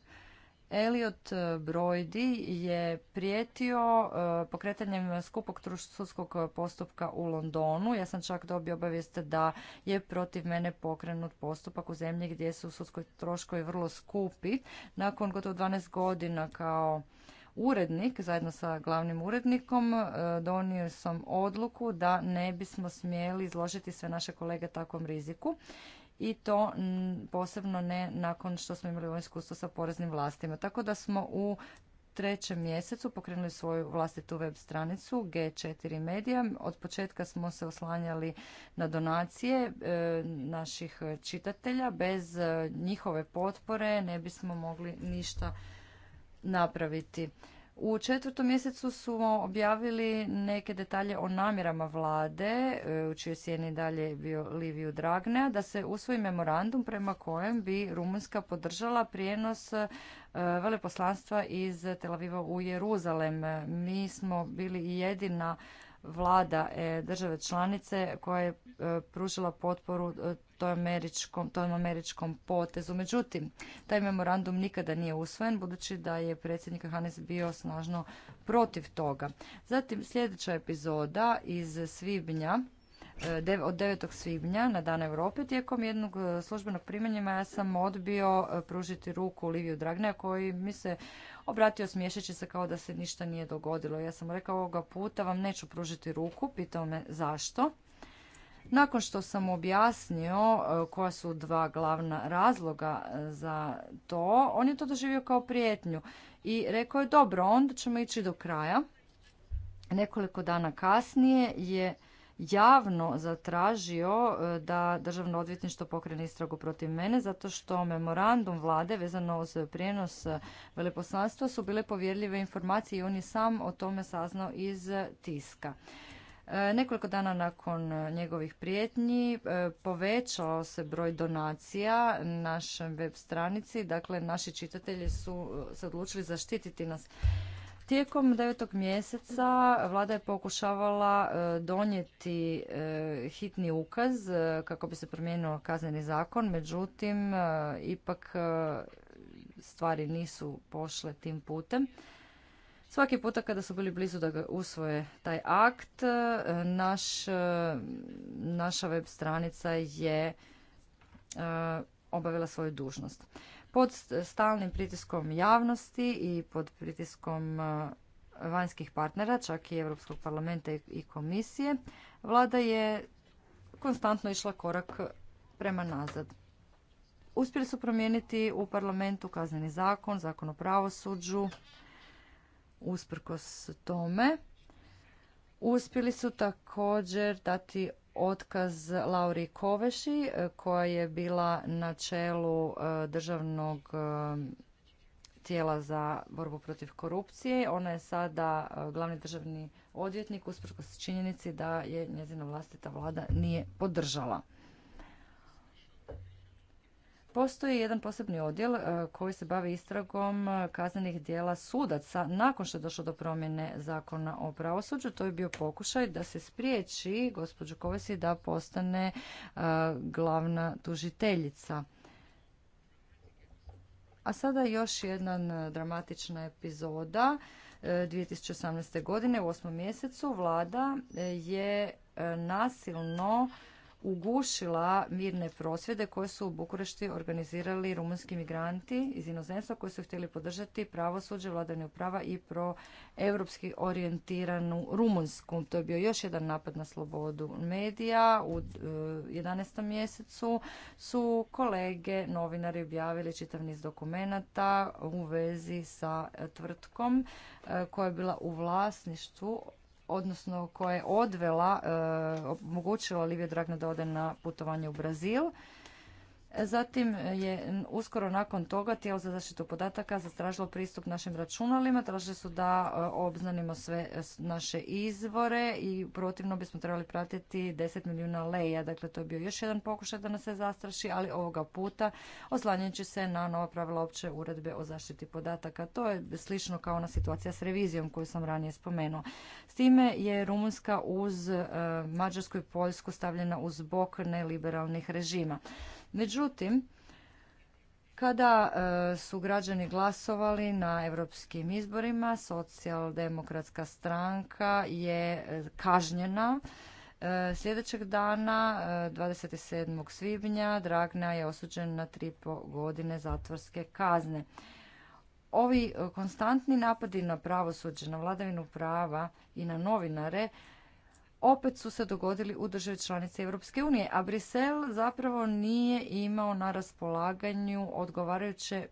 Elliot e, Brojdi je prijetio e, pokretanjem skupog sudskog postupka u Londonu. Ja sam čak dobio obavijest da je protiv mene pokrenut postupak u zemlji gdje su sudskoj troškovi vrlo skupi. Nakon gotovo 12 godina kao urednik, zajedno sa glavnim urednikom, e, donio sam odluku da ne bismo smjeli izložiti sve naše kolege takvom riziku i to posebno ne nakon što smo imali ovo iskustvo sa poreznim vlastima. Tako da smo u trećem mjesecu pokrenuli svoju vlastitu web stranicu G4 Media. Od početka smo se oslanjali na donacije e, naših čitatelja. Bez e, njihove potpore ne bismo mogli ništa napraviti. U četvrtom mjesecu smo objavili neke detalje o namjerama vlade, e, u čijoj sjeni dalje bio Liviju Dragnea, da se usvoji memorandum prema kojem bi Rumunjska podržala prijenos e, veleposlanstva iz Tel Aviva u Jeruzalem. Mi smo bili jedina vlada e, države članice koja je e, pružila potporu e, tom američkom, američkom potezu. Međutim, taj memorandum nikada nije usvojen budući da je predsjednik Hanes bio snažno protiv toga. Zatim sljedeća epizoda iz svibnja od 9. svibnja na Dan Europe tijekom jednog službenog primjenjima ja sam odbio pružiti ruku Liviju Dragne, koji mi se obratio smiješeći se kao da se ništa nije dogodilo. Ja sam rekao ovoga puta vam neću pružiti ruku, pitao me zašto. Nakon što sam objasnio e, koja su dva glavna razloga e, za to, on je to doživio kao prijetnju i rekao je dobro, onda ćemo ići do kraja. Nekoliko dana kasnije je javno zatražio e, da državno odvjetništvo pokrene istragu protiv mene zato što memorandum vlade vezano uz prijenos veleposlanstva su bile povjerljive informacije i on je sam o tome saznao iz tiska. E, nekoliko dana nakon njegovih prijetnji e, povećao se broj donacija našem web stranici. Dakle, naši čitatelji su se odlučili zaštititi nas. Tijekom devetog mjeseca vlada je pokušavala e, donijeti e, hitni ukaz e, kako bi se promijenio kazneni zakon, međutim ipak stvari nisu pošle tim putem. Svaki puta kada su bili blizu da ga usvoje taj akt, naš, naša web stranica je obavila svoju dužnost pod stalnim pritiskom javnosti i pod pritiskom e, vanjskih partnera, čak i Europskog parlamenta i komisije, vlada je konstantno išla korak prema nazad. Uspjeli su promijeniti u parlamentu kazneni zakon, zakon o pravosuđu, usprkos tome. Uspjeli su također dati otkaz Lauri Koveši e, koja je bila na čelu e, državnog e, tijela za borbu protiv korupcije. Ona je sada glavni državni odvjetnik usprkos činjenici da je njezina vlastita vlada nije podržala. Postoji jedan posebni odjel e, koji se bavi istragom e, kaznenih dijela sudaca nakon što je došlo do promjene zakona o pravosuđu. To je bio pokušaj da se spriječi gospođu Kovesi da postane e, glavna tužiteljica. A sada još jedna dramatična epizoda. 2018. godine u osmom mjesecu vlada je nasilno ugušila mirne prosvjede koje su u Bukurešti organizirali rumunski migranti iz inozemstva koji su htjeli podržati pravosuđe, vladanje prava i europski orijentiranu Rumunsku. To je bio još jedan napad na slobodu medija. U 11. E, mjesecu su kolege, novinari objavili čitav niz dokumenata u vezi sa tvrtkom e, koja je bila u vlasništvu odnosno koja je odvela, e, omogućila Livija Dragna da ode na putovanje u Brazil Zatim je uskoro nakon toga tijelo za zaštitu podataka zastražilo pristup našim računalima. tražili su da e, obznanimo sve naše izvore i protivno bismo trebali pratiti 10 milijuna leja. Dakle, to je bio još jedan pokušaj da nas se zastraši, ali ovoga puta oslanjajući se na nova pravila opće uredbe o zaštiti podataka. To je slično kao ona situacija s revizijom koju sam ranije spomenuo. S time je Rumunska uz e, Mađarsku i Poljsku stavljena uz bok neliberalnih režima. Međutim, kada e, su građani glasovali na europskim izborima, socijaldemokratska stranka je e, kažnjena. E, sljedećeg dana, 27. svibnja, Dragna je osuđen na tri godine zatvorske kazne. Ovi konstantni napadi na pravosuđe, na vladavinu prava i na novinare opet su se dogodili u državi članice Europske unije, a Brisel zapravo nije imao na raspolaganju odgovarajuće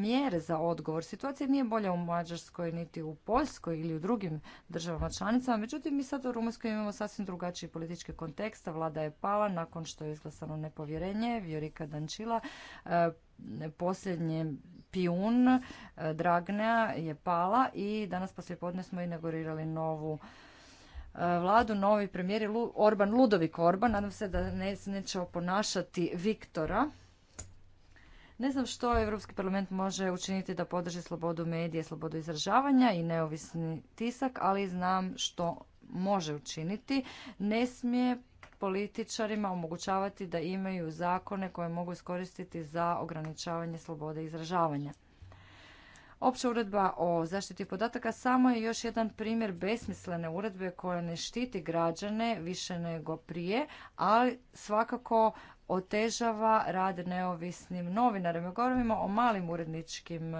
mjere za odgovor. Situacija nije bolja u Mađarskoj niti u Poljskoj ili u drugim državama članicama, međutim mi sad u Rumunjskoj imamo sasvim drugačiji politički kontekst, vlada je pala nakon što je izglasano nepovjerenje Vjorika Dančila, e, posljednje pijun e, Dragnea je pala i danas poslijepodne smo inaugurirali novu vladu novi premijer je Orban Ludovik Orban. Nadam se da ne, neće oponašati Viktora. Ne znam što Europski parlament može učiniti da podrži slobodu medije, slobodu izražavanja i neovisni tisak, ali znam što može učiniti. Ne smije političarima omogućavati da imaju zakone koje mogu iskoristiti za ograničavanje slobode izražavanja. Opća uredba o zaštiti podataka samo je još jedan primjer besmislene uredbe koja ne štiti građane više nego prije, ali svakako otežava rad neovisnim novinarima. Govorimo o malim uredničkim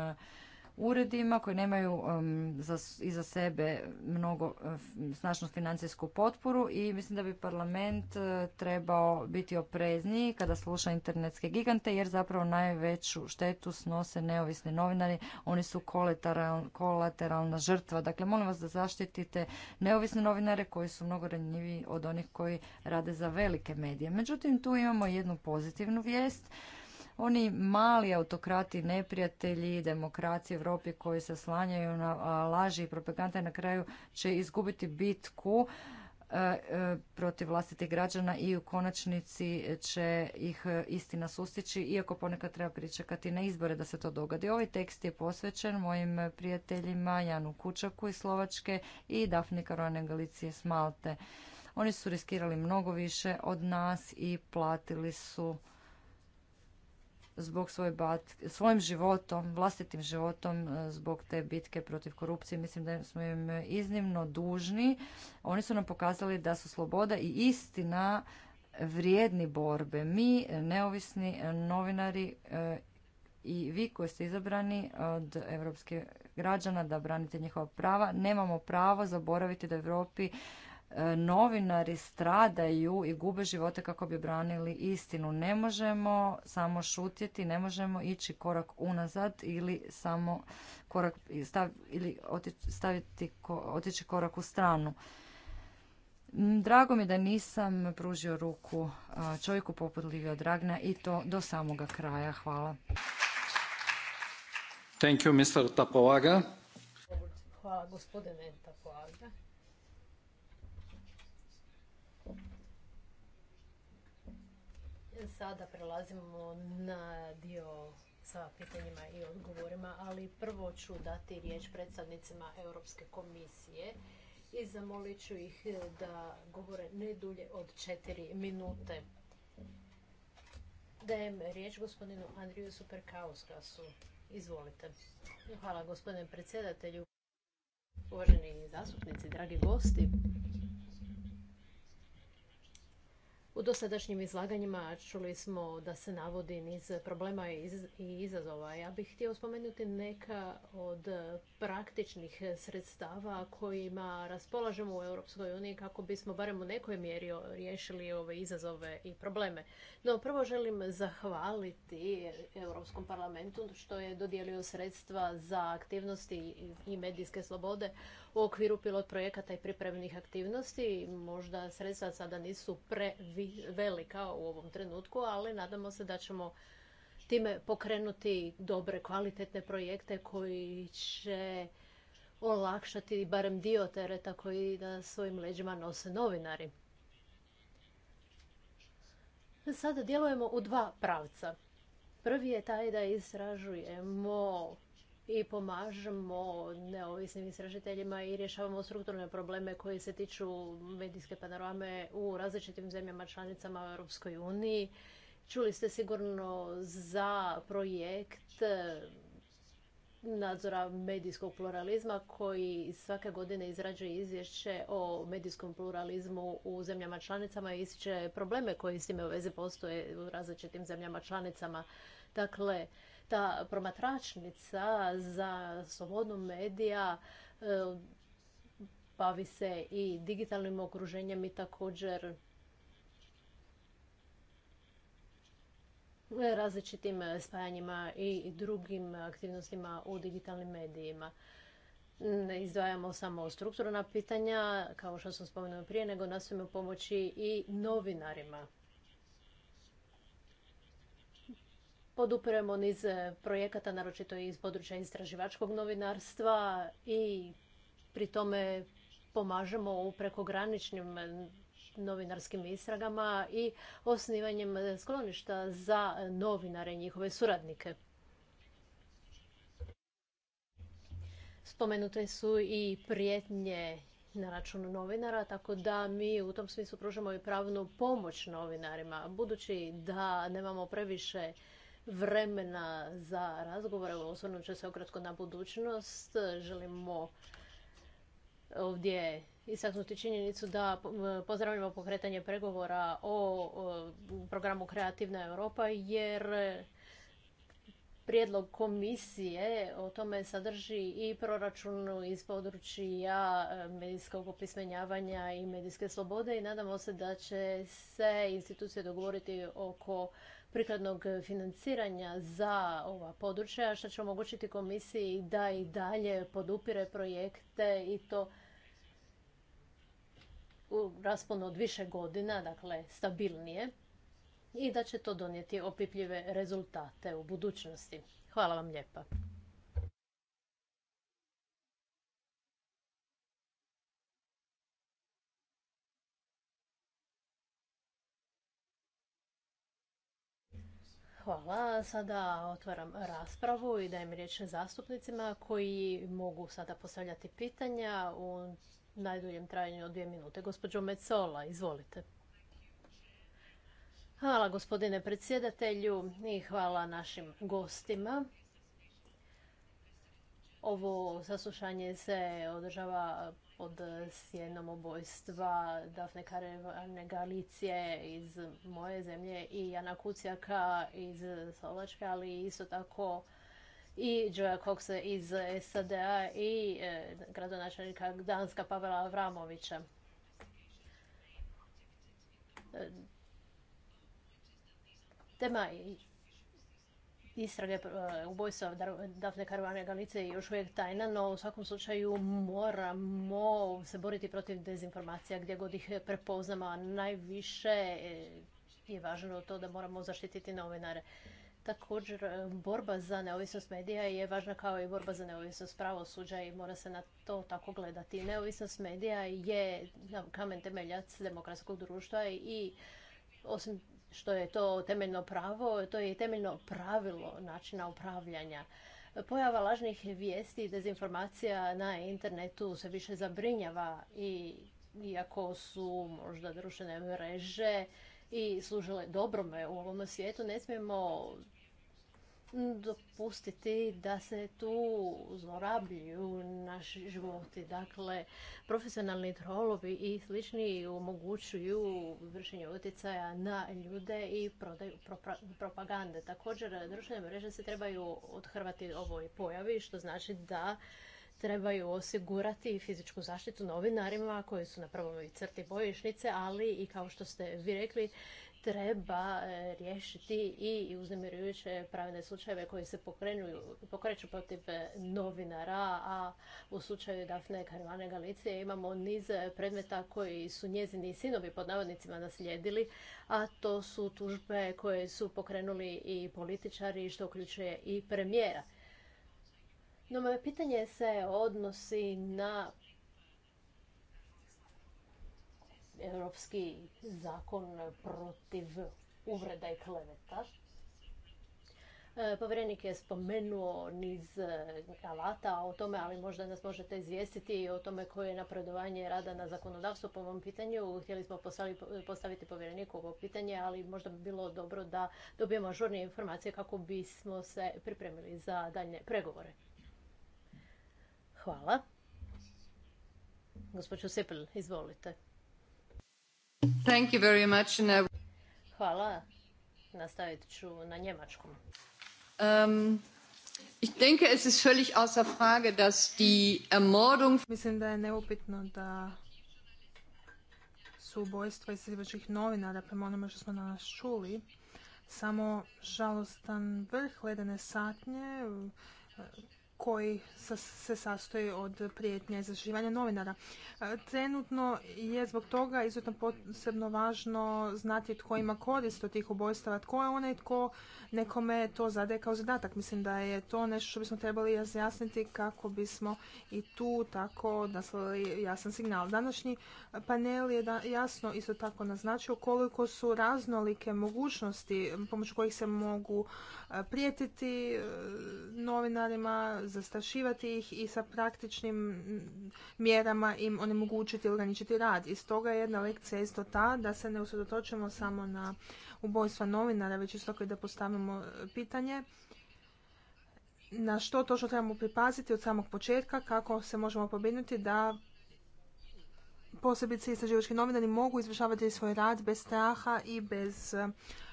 uredima koji nemaju iza sebe mnogo eh, snažnu financijsku potporu i mislim da bi parlament eh, trebao biti oprezniji kada sluša internetske gigante jer zapravo najveću štetu snose neovisni novinari, oni su kolateralna žrtva. Dakle, molim vas da zaštitite neovisne novinare koji su mnogo ranjiviji od onih koji rade za velike medije. Međutim, tu imamo jednu pozitivnu vijest oni mali autokrati, neprijatelji, demokracije Europi koji se slanjaju na laži i propagande na kraju će izgubiti bitku e, e, protiv vlastitih građana i u konačnici će ih e, istina sustići, iako ponekad treba pričekati na izbore da se to dogodi. Ovaj tekst je posvećen mojim prijateljima Janu Kučaku iz Slovačke i Dafni Karone Galicije Smalte. Oni su riskirali mnogo više od nas i platili su zbog svoje svojim životom, vlastitim životom, e, zbog te bitke protiv korupcije. Mislim da smo im iznimno dužni. Oni su nam pokazali da su sloboda i istina vrijedni borbe. Mi, neovisni novinari e, i vi koji ste izabrani od evropske građana da branite njihova prava. Nemamo pravo zaboraviti da u Europi E, novinari stradaju i gube živote kako bi branili istinu. Ne možemo samo šutjeti, ne možemo ići korak unazad ili samo korak stav, ili staviti otići korak u stranu. Drago mi da nisam pružio ruku e, čovjeku poput Livio Dragna i to do samoga kraja. Hvala. Thank you, Mr. Hvala, gospodine Sada prelazimo na dio sa pitanjima i odgovorima, ali prvo ću dati riječ predstavnicima Europske komisije i zamolit ću ih da govore ne dulje od četiri minute. Dajem riječ gospodinu Andriju Superkauskasu. Izvolite. Hvala gospodine predsjedatelju, uvaženi zastupnici, dragi gosti. U dosadašnjim izlaganjima čuli smo da se navodi niz problema i izazova. Ja bih htio spomenuti neka od praktičnih sredstava kojima raspolažemo u Europskoj uniji kako bismo barem u nekoj mjeri riješili ove izazove i probleme. No prvo želim zahvaliti Europskom parlamentu što je dodijelio sredstva za aktivnosti i medijske slobode u okviru pilot projekata i pripremnih aktivnosti. Možda sredstva sada nisu prevelika u ovom trenutku, ali nadamo se da ćemo time pokrenuti dobre, kvalitetne projekte koji će olakšati barem dio tereta koji na svojim leđima nose novinari. Sada djelujemo u dva pravca. Prvi je taj da istražujemo i pomažemo neovisnim istražiteljima i rješavamo strukturne probleme koji se tiču medijske panorame u različitim zemljama članicama u Europskoj uniji. Čuli ste sigurno za projekt e, nadzora medijskog pluralizma koji svake godine izrađuje izvješće o medijskom pluralizmu u zemljama članicama i ističe probleme koji s time u vezi postoje u različitim zemljama članicama. Dakle, ta promatračnica za slobodu medija e, bavi se i digitalnim okruženjem i također e, različitim spajanjima i drugim aktivnostima u digitalnim medijima. Ne izdvajamo samo strukturna pitanja, kao što sam spomenula prije, nego nastojimo pomoći i novinarima. Podupiremo niz e, projekata, naročito iz područja istraživačkog novinarstva i pri tome pomažemo u prekograničnim e, novinarskim istragama i osnivanjem e, skloništa za novinare i njihove suradnike. Spomenute su i prijetnje na račun novinara, tako da mi u tom smislu pružamo i pravnu pomoć novinarima. Budući da nemamo previše vremena za razgovore. Osvrnut ću se ukratko na budućnost. Želimo ovdje istaknuti činjenicu da pozdravljamo pokretanje pregovora o programu Kreativna Europa jer prijedlog komisije o tome sadrži i proračun iz područja e, medijskog opismenjavanja i medijske slobode i nadamo se da će se institucije dogovoriti oko prikladnog financiranja za ova područja, što će omogućiti komisiji da i dalje podupire projekte i to u rasponu od više godina, dakle stabilnije, i da će to donijeti opipljive rezultate u budućnosti. Hvala vam lijepa. Hvala. Sada otvaram raspravu i dajem riječ zastupnicima koji mogu sada postavljati pitanja u najduljem trajanju od dvije minute. Gospođo Mecola, izvolite. Hvala gospodine predsjedatelju i hvala našim gostima. Ovo saslušanje se održava od e, sjednom obojstva Dafne Karevane Galicije iz moje zemlje i Jana Kucijaka iz Slovačke, ali isto tako i Joja Coxa iz SAD-a i e, gradonačelnika Gdanska Pavela Avramovića. E, tema istrage e, ubojstva Dafne karvane Galice je još uvijek tajna, no u svakom slučaju moramo se boriti protiv dezinformacija gdje god ih prepoznamo, a najviše e, je važno to da moramo zaštititi novinare. Također, e, borba za neovisnost medija je važna kao i borba za neovisnost pravosuđa i mora se na to tako gledati. Neovisnost medija je kamen temeljac demokratskog društva i osim što je to temeljno pravo, to je i temeljno pravilo načina upravljanja. Pojava lažnih vijesti i dezinformacija na internetu se više zabrinjava i iako su možda društvene mreže i služile dobrome u ovom svijetu, ne smijemo dopustiti da se tu zlorabljuju naši životi. Dakle, profesionalni trolovi i slični omogućuju vršenje utjecaja na ljude i prodaju propagande. Također, društvene mreže se trebaju odhrvati ovoj pojavi, što znači da trebaju osigurati fizičku zaštitu novinarima koji su na prvoj crti bojišnice, ali i kao što ste vi rekli, treba e, riješiti i uznemirujuće pravne slučajeve koji se pokreću protiv e, novinara, a u slučaju Dafne Karvane Galicije imamo niz e, predmeta koji su njezini sinovi pod navodnicima naslijedili, a to su tužbe koje su pokrenuli i političari, što uključuje i premijera. No, moje pitanje se odnosi na europski zakon protiv uvreda i kleveta. E, povjerenik je spomenuo niz e, alata o tome, ali možda nas možete izvijestiti i o tome koje je napredovanje rada na zakonodavstvu po ovom pitanju. Htjeli smo postaviti povjereniku ovo pitanje, ali možda bi bilo dobro da dobijemo ažurnije informacije kako bismo se pripremili za daljne pregovore. Hvala. Gospođo Sipel, izvolite. Thank you very much. Hvala. Nastavit ću na njemačkom. Um, ich denke, es ist völlig außer Frage, dass die Ermordung... Mislim da je neupitno da su ubojstva istraživačkih novinara, prema onome što smo danas čuli, samo žalostan vrh ledene satnje koji se sastoji od prijetnje novinara. E, trenutno je zbog toga izuzetno posebno važno znati tko ima korist od tih ubojstava, tko je onaj tko nekome to zade kao zadatak. Mislim da je to nešto što bismo trebali razjasniti kako bismo i tu tako naslali jasan signal. Današnji panel je jasno isto tako naznačio koliko su raznolike mogućnosti pomoću kojih se mogu e, prijetiti e, novinarima, zastrašivati ih i sa praktičnim mjerama im onemogućiti i ograničiti rad. I stoga je jedna lekcija isto ta da se ne usredotočimo samo na ubojstva novinara, već isto i da postavimo e, pitanje na što točno trebamo pripaziti od samog početka, kako se možemo pobinuti da posebice istraživački novinari mogu izvršavati svoj rad bez straha i bez e,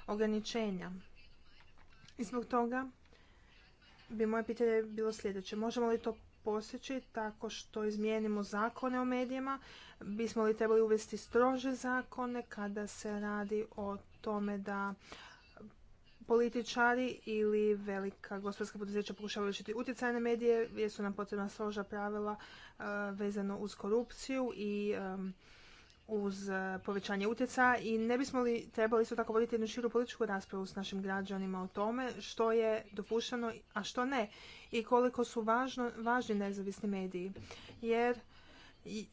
ograničenja. I zbog toga bi moje pitanje bilo sljedeće. Možemo li to posjeći tako što izmijenimo zakone o medijima? Bismo li trebali uvesti strože zakone kada se radi o tome da političari ili velika gospodarska poduzeća pokušavaju učiti utjecaj na medije jer su nam potrebna stroža pravila eh, vezano uz korupciju i uz e, povećanje utjecaja i ne bismo li trebali isto tako voditi jednu širu političku raspravu s našim građanima o tome što je dopušteno, a što ne i koliko su važno, važni nezavisni mediji. Jer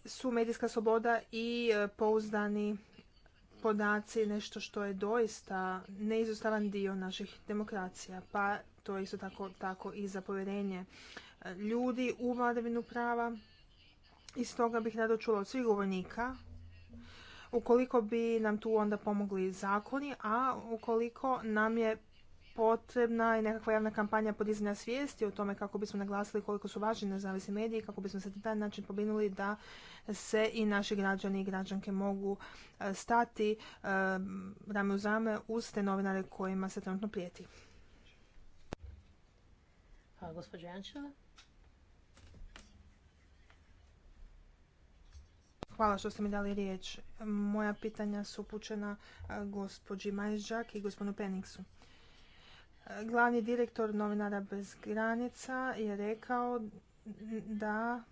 su medijska sloboda i e, pouzdani podaci nešto što je doista neizostavan dio naših demokracija. Pa to je isto tako, tako i za povjerenje e, ljudi u vladavinu prava. I stoga bih rado čula od svih govornika ukoliko bi nam tu onda pomogli zakoni, a ukoliko nam je potrebna i nekakva javna kampanja podizanja svijesti o tome kako bismo naglasili koliko su važni nezavisni mediji kako bismo se na taj način pobinuli da se i naši građani i građanke mogu e, stati e, rame uz rame uz te novinare kojima se trenutno prijeti. gospođo Jančeva. Hvala što ste mi dali riječ. Moja pitanja su upućena e, gospođi Majžak i gospodinu Peningsu. E, glavni direktor novinara bez granica je rekao da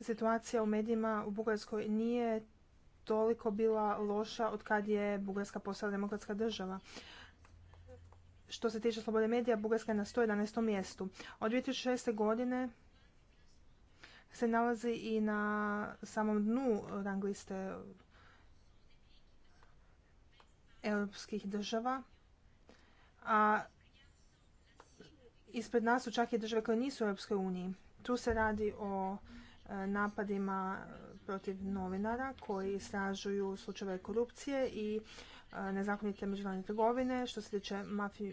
situacija u medijima u Bugarskoj nije toliko bila loša od kad je Bugarska postala demokratska država. Što se tiče slobode medija, Bugarska je na 111. mjestu. Od 2006. godine se nalazi i na samom dnu rang liste europskih država, a ispred nas su čak i države koje nisu u Europskoj uniji. Tu se radi o e, napadima protiv novinara koji istražuju slučajeve korupcije i nezakonite međunarodne trgovine, što se tiče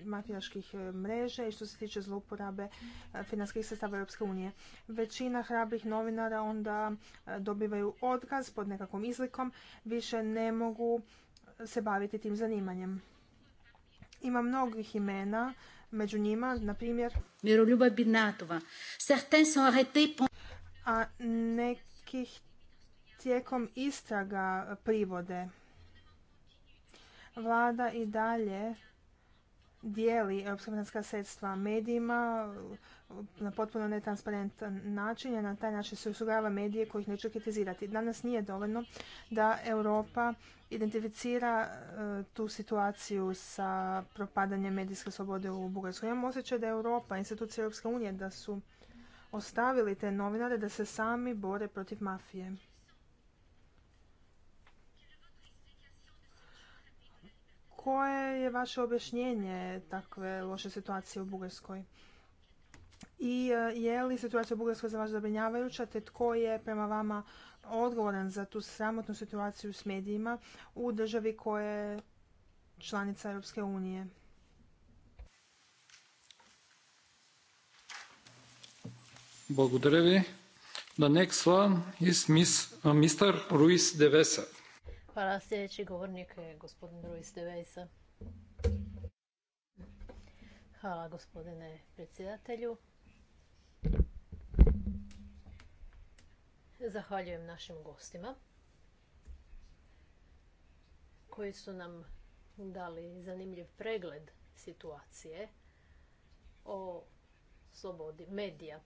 mafijaških e, mreža i što se tiče zlouporabe e, finanskih sredstava Europske unije. Većina hrabrih novinara onda e, dobivaju otkaz pod nekakvom izlikom, više ne mogu se baviti tim zanimanjem. Ima mnogih imena, među njima, na primjer... Miroljuba Certains sont arrêtés... A nekih tijekom istraga privode vlada i dalje dijeli europska sredstva medijima na potpuno netransparentan način i na taj način se usugavala medije kojih neće kritizirati. Danas nije dovoljno da Europa identificira e, tu situaciju sa propadanjem medijske slobode u Bugarskoj. Imam osjećaj da Europa, institucije Europske unije da su ostavili te novinare da se sami bore protiv mafije. koje je vaše objašnjenje takve loše situacije u Bugarskoj? I e, je li situacija u Bugarskoj za vas zabrinjavajuća, te tko je prema vama odgovoran za tu sramotnu situaciju s medijima u državi koja je članica Europske unije? Благодаря The next one is Mr. Ruiz de Hvala. Pa sljedeći govornik je gospodin Ruiz de Hvala gospodine predsjedatelju. Zahvaljujem našim gostima koji su nam dali zanimljiv pregled situacije o slobodi medija.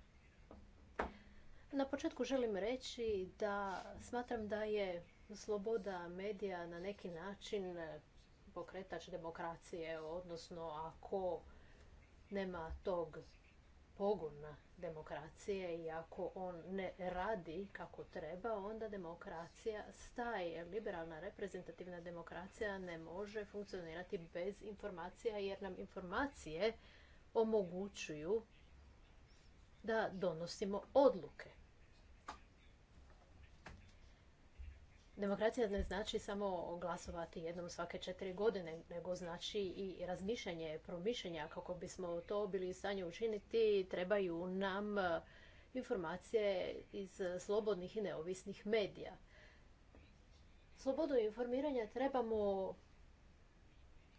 Na početku želim reći da smatram da je sloboda medija na neki način e, pokretač demokracije, odnosno ako nema tog pogona demokracije i ako on ne radi kako treba, onda demokracija staje. Liberalna reprezentativna demokracija ne može funkcionirati bez informacija jer nam informacije omogućuju da donosimo odluke. Demokracija ne znači samo glasovati jednom svake četiri godine, nego znači i razmišljanje, promišljanje kako bismo to bili u stanju učiniti, trebaju nam e, informacije iz slobodnih i neovisnih medija. Slobodu informiranja trebamo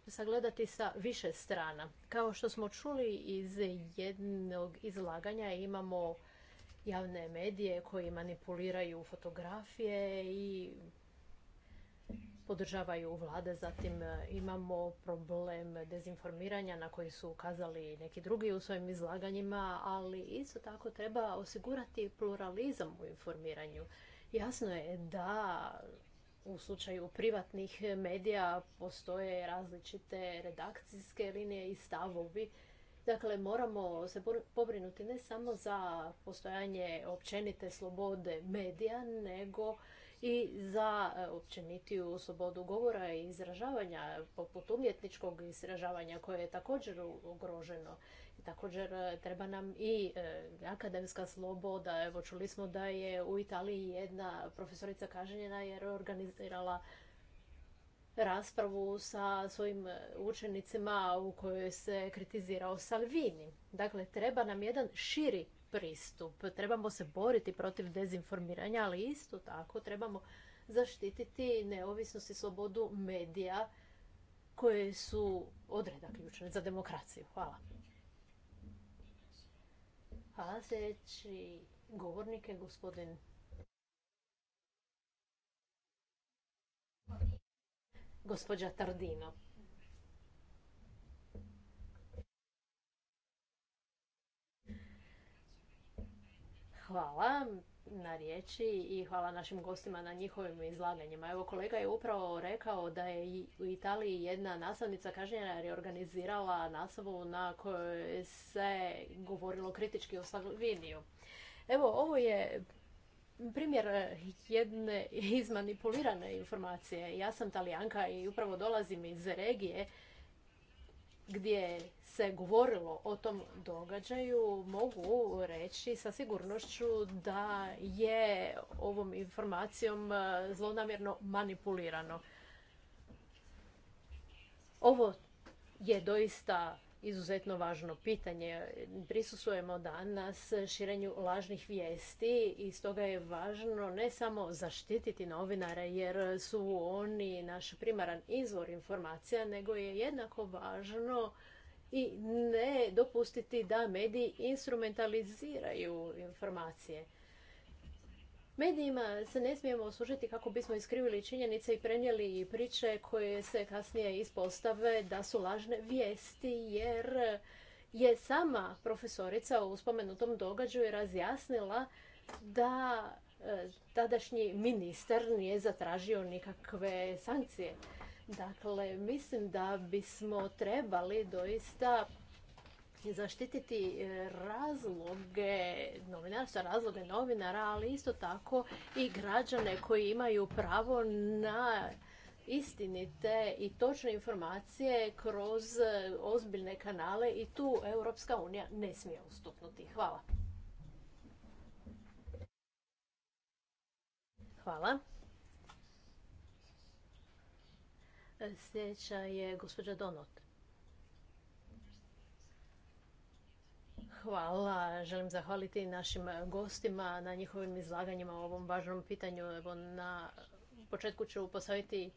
sagledati sa više strana. Kao što smo čuli iz jednog izlaganja imamo javne medije koji manipuliraju fotografije i podržavaju vlade. Zatim e, imamo problem dezinformiranja na koji su ukazali neki drugi u svojim izlaganjima, ali isto tako treba osigurati pluralizam u informiranju. Jasno je da u slučaju privatnih medija postoje različite redakcijske linije i stavovi Dakle, moramo se pobrinuti ne samo za postojanje općenite slobode medija, nego i za e, općenitiju slobodu govora i izražavanja, poput umjetničkog izražavanja koje je također ugroženo. Također e, treba nam i e, akademska sloboda. Evo čuli smo da je u Italiji jedna profesorica kaženjena jer je organizirala raspravu sa svojim e, učenicima u kojoj se kritizirao Salvini. Dakle, treba nam jedan širi pristup. Trebamo se boriti protiv dezinformiranja, ali isto tako trebamo zaštititi neovisnost i slobodu medija koje su odreda ključne za demokraciju. Hvala. Hvala sljedeći govornik je gospodin gospođa Tardino. Hvala na riječi i hvala našim gostima na njihovim izlaganjima. Evo kolega je upravo rekao da je u Italiji jedna nastavnica kažnjena organizirala nastavu na kojoj se govorilo kritički o Sloveniju. Evo ovo je primjer jedne izmanipulirane informacije. Ja sam talijanka i upravo dolazim iz regije gdje se govorilo o tom događaju, mogu reći sa sigurnošću da je ovom informacijom e, zlonamjerno manipulirano. Ovo je doista izuzetno važno pitanje. Prisusujemo danas širenju lažnih vijesti i stoga je važno ne samo zaštititi novinare jer su oni naš primaran izvor informacija, nego je jednako važno i ne dopustiti da mediji instrumentaliziraju informacije. Medijima se ne smijemo služiti kako bismo iskrivili činjenice i prenijeli priče koje se kasnije ispostave da su lažne vijesti jer je sama profesorica u spomenutom događaju razjasnila da e, tadašnji ministar nije zatražio nikakve sankcije. Dakle, mislim da bismo trebali doista zaštititi e, razloge novinarstva, razloge novinara, ali isto tako i građane koji imaju pravo na istinite i točne informacije kroz e, ozbiljne kanale i tu Europska unija ne smije ustupnuti. Hvala. Hvala. E, sljedeća je gospođa Donot. Hvala. Želim zahvaliti našim gostima na njihovim izlaganjima o ovom važnom pitanju. Evo, na početku ću postaviti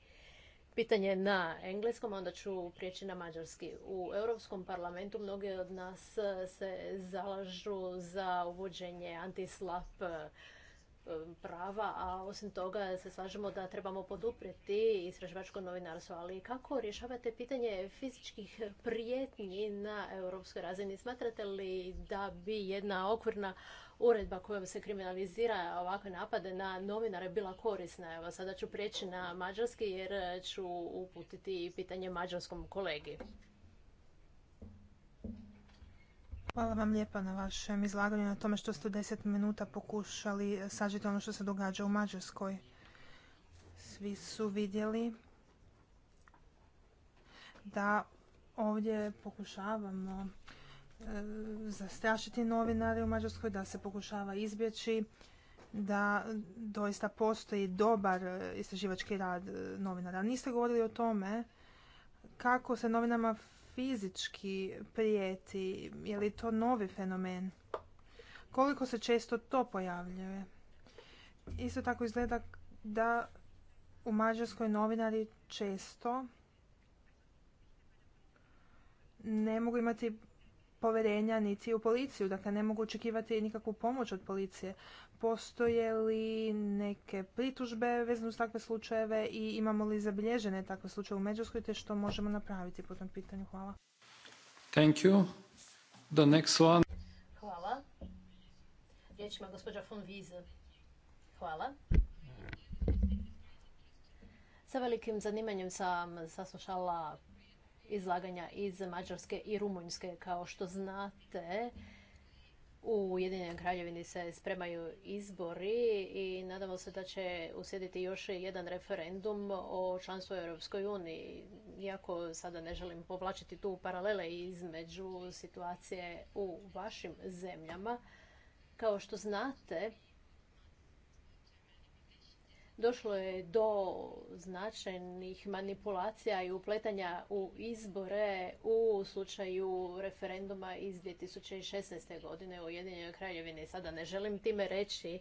pitanje na engleskom, onda ću prijeći na mađarski. U Europskom parlamentu mnogi od nas se zalažu za uvođenje antislap prava, a osim toga se slažemo da trebamo poduprijeti istraživačko novinarstvo, ali kako rješavate pitanje fizičkih prijetnji na europskoj razini? Smatrate li da bi jedna okvirna uredba kojom se kriminalizira ovakve napade na novinare bila korisna? Evo, sada ću prijeći na mađarski jer ću uputiti pitanje mađarskom kolegi. Hvala vam lijepa na vašem izlaganju, na tome što ste u deset minuta pokušali sažeti ono što se događa u Mađarskoj. Svi su vidjeli da ovdje pokušavamo e, zastrašiti novinare u Mađarskoj, da se pokušava izbjeći da doista postoji dobar e, istraživački rad e, novinara. Niste govorili o tome kako se novinama fizički prijeti? Je li to novi fenomen? Koliko se često to pojavljuje? Isto tako izgleda da u Mađarskoj novinari često ne mogu imati povjerenja niti u policiju, dakle ne mogu očekivati nikakvu pomoć od policije postoje li neke pritužbe vezano uz takve slučajeve i imamo li zabilježene takve slučaje u Međuskoj te što možemo napraviti po tom pitanju? Hvala. Thank you. The next one. Hvala. Riječ ima von Hvala. Sa velikim zanimanjem sam saslušala izlaganja iz Mađarske i Rumunjske. Kao što znate, u Ujedinjenoj kraljevini se spremaju izbori i nadamo se da će uslijediti još jedan referendum o članstvu u Europskoj uniji. Iako sada ne želim povlačiti tu paralele između situacije u vašim zemljama, kao što znate, došlo je do značajnih manipulacija i upletanja u izbore u slučaju referenduma iz 2016. godine u Ujedinjenoj Kraljevini. Sada ne želim time reći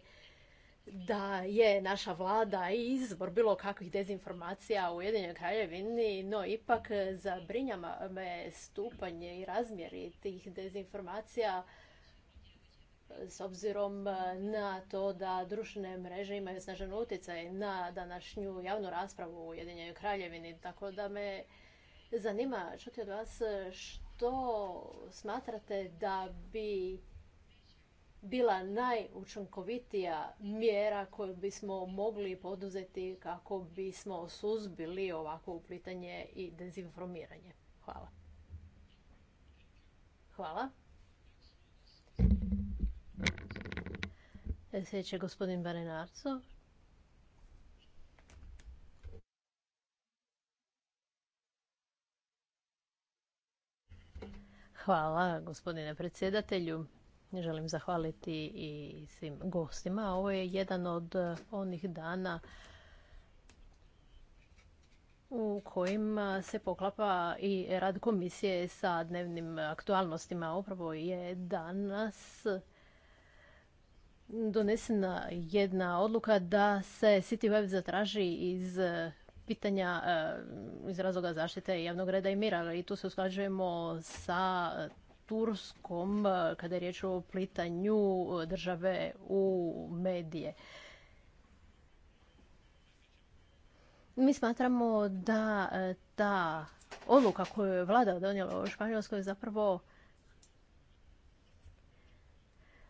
da je naša vlada i izbor bilo kakvih dezinformacija u Ujedinjenoj Kraljevini, no ipak zabrinjava me stupanje i razmjeri tih dezinformacija s obzirom e, na to da društvene mreže imaju snažan utjecaj na današnju javnu raspravu u Ujedinjenoj Kraljevini, tako da me zanima čuti od vas što smatrate da bi bila najučinkovitija mjera koju bismo mogli poduzeti kako bismo suzbili ovako uplitanje i dezinformiranje. Hvala. Hvala. Sljedeći gospodin Barenarcov. Hvala gospodine predsjedatelju. Želim zahvaliti i svim gostima. Ovo je jedan od onih dana u kojima se poklapa i rad komisije sa dnevnim aktualnostima. Upravo je danas donesena jedna odluka da se CityWeb zatraži iz eh, pitanja eh, iz razloga zaštite javnog reda i mira i tu se usklađujemo sa eh, Turskom kada je riječ o plitanju države u medije. Mi smatramo da ta odluka koju je vlada donijela u Španjolskoj zapravo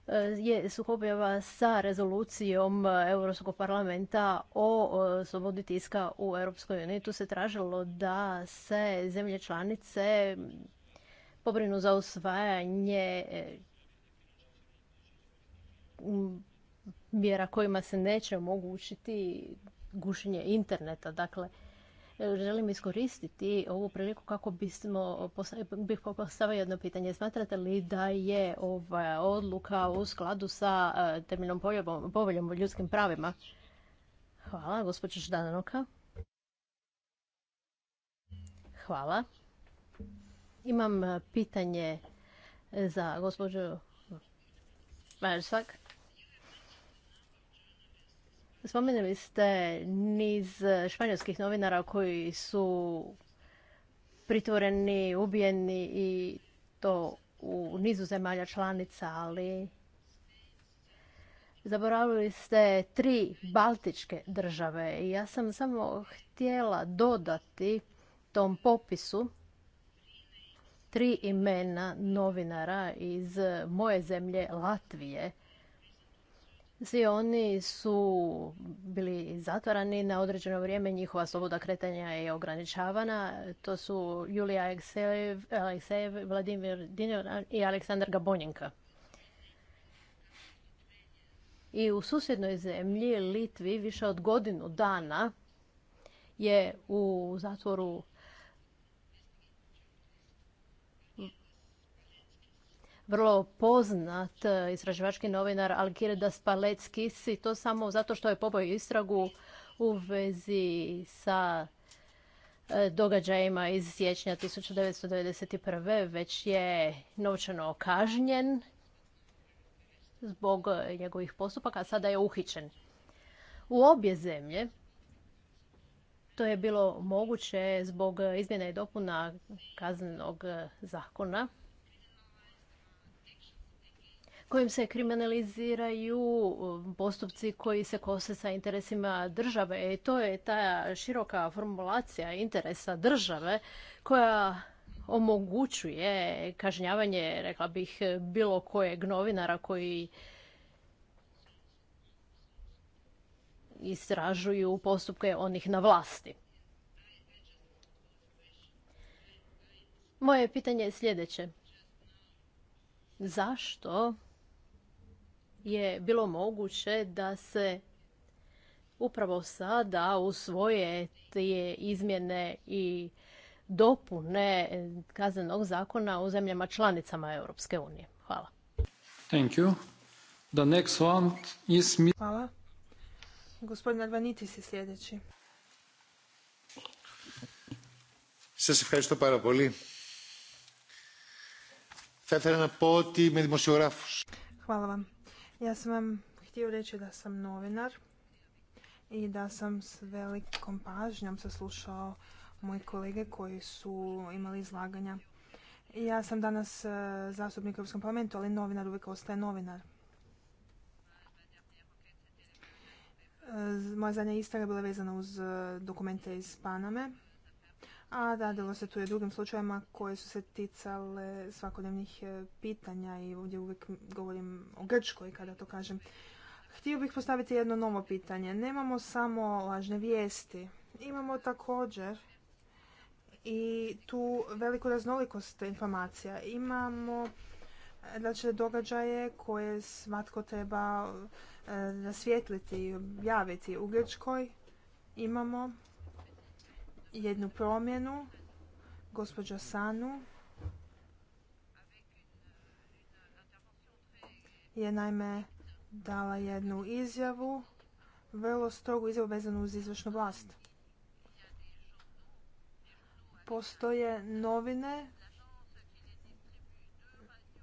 Eh, je sukobljava sa rezolucijom eh, Europskog parlamenta o eh, slobodi tiska u Europskoj uniji. Tu se tražilo da se zemlje članice mm, pobrinu za usvajanje mjera kojima se neće omogućiti gušenje interneta. Dakle, Želim iskoristiti ovu priliku kako bismo bih postavio jedno pitanje. Smatrate li da je ova odluka u skladu sa e, temeljnom poveljom o ljudskim pravima? Hvala, gospođa Ždanoka. Hvala. Imam e, pitanje e, za gospođu Marsak. Spomenuli ste niz e, španjolskih novinara koji su pritvoreni, ubijeni i to u nizu zemalja članica, ali zaboravili ste tri baltičke države. I ja sam samo htjela dodati tom popisu tri imena novinara iz moje zemlje Latvije – svi oni su bili zatvarani na određeno vrijeme, njihova sloboda kretanja je ograničavana. To su Julija Aleksejev, Vladimir Dinjoran i Aleksandar Gabonjenka. I u susjednoj zemlji, Litvi, više od godinu dana je u zatvoru vrlo poznat e, istraživački novinar Alkirdas Paleckis i to samo zato što je poboj istragu u vezi sa e, događajima iz siječnja 1991. već je novčano kažnjen zbog njegovih postupaka, a sada je uhićen. U obje zemlje to je bilo moguće zbog izmjena i dopuna kaznenog zakona kojim se kriminaliziraju um, postupci koji se kose sa interesima države. I to je ta široka formulacija interesa države koja omogućuje kažnjavanje, rekla bih, bilo kojeg novinara koji istražuju postupke onih na vlasti. Moje pitanje je sljedeće. Zašto je bilo moguće da se upravo sada svoje te izmjene i dopune kaznenog zakona u zemljama članicama Europske unije. Hvala. Thank you. The next one is... Hvala. Gospodin Arvanitis je sljedeći. Σας ευχαριστώ πάρα πολύ. Θα ήθελα να Hvala vam. Ja sam vam htio reći da sam novinar i da sam s velikom pažnjom saslušao moji kolege koji su imali izlaganja. Ja sam danas e, zastupnik u Europskom parlamentu, ali novinar uvijek ostaje novinar. E, moja zadnja istraga bila vezana uz e, dokumente iz Paname a radilo se tu i o drugim slučajevima koje su se ticale svakodnevnih e, pitanja i ovdje uvijek govorim o Grčkoj kada to kažem. Htio bih postaviti jedno novo pitanje. Nemamo samo lažne vijesti. Imamo također i tu veliku raznolikost informacija. Imamo e, znači, događaje koje svatko treba e, rasvijetliti i objaviti. U Grčkoj imamo jednu promjenu, gospođa Sanu je naime dala jednu izjavu, vrlo strogu izjavu vezanu uz izvršnu vlast. Postoje novine,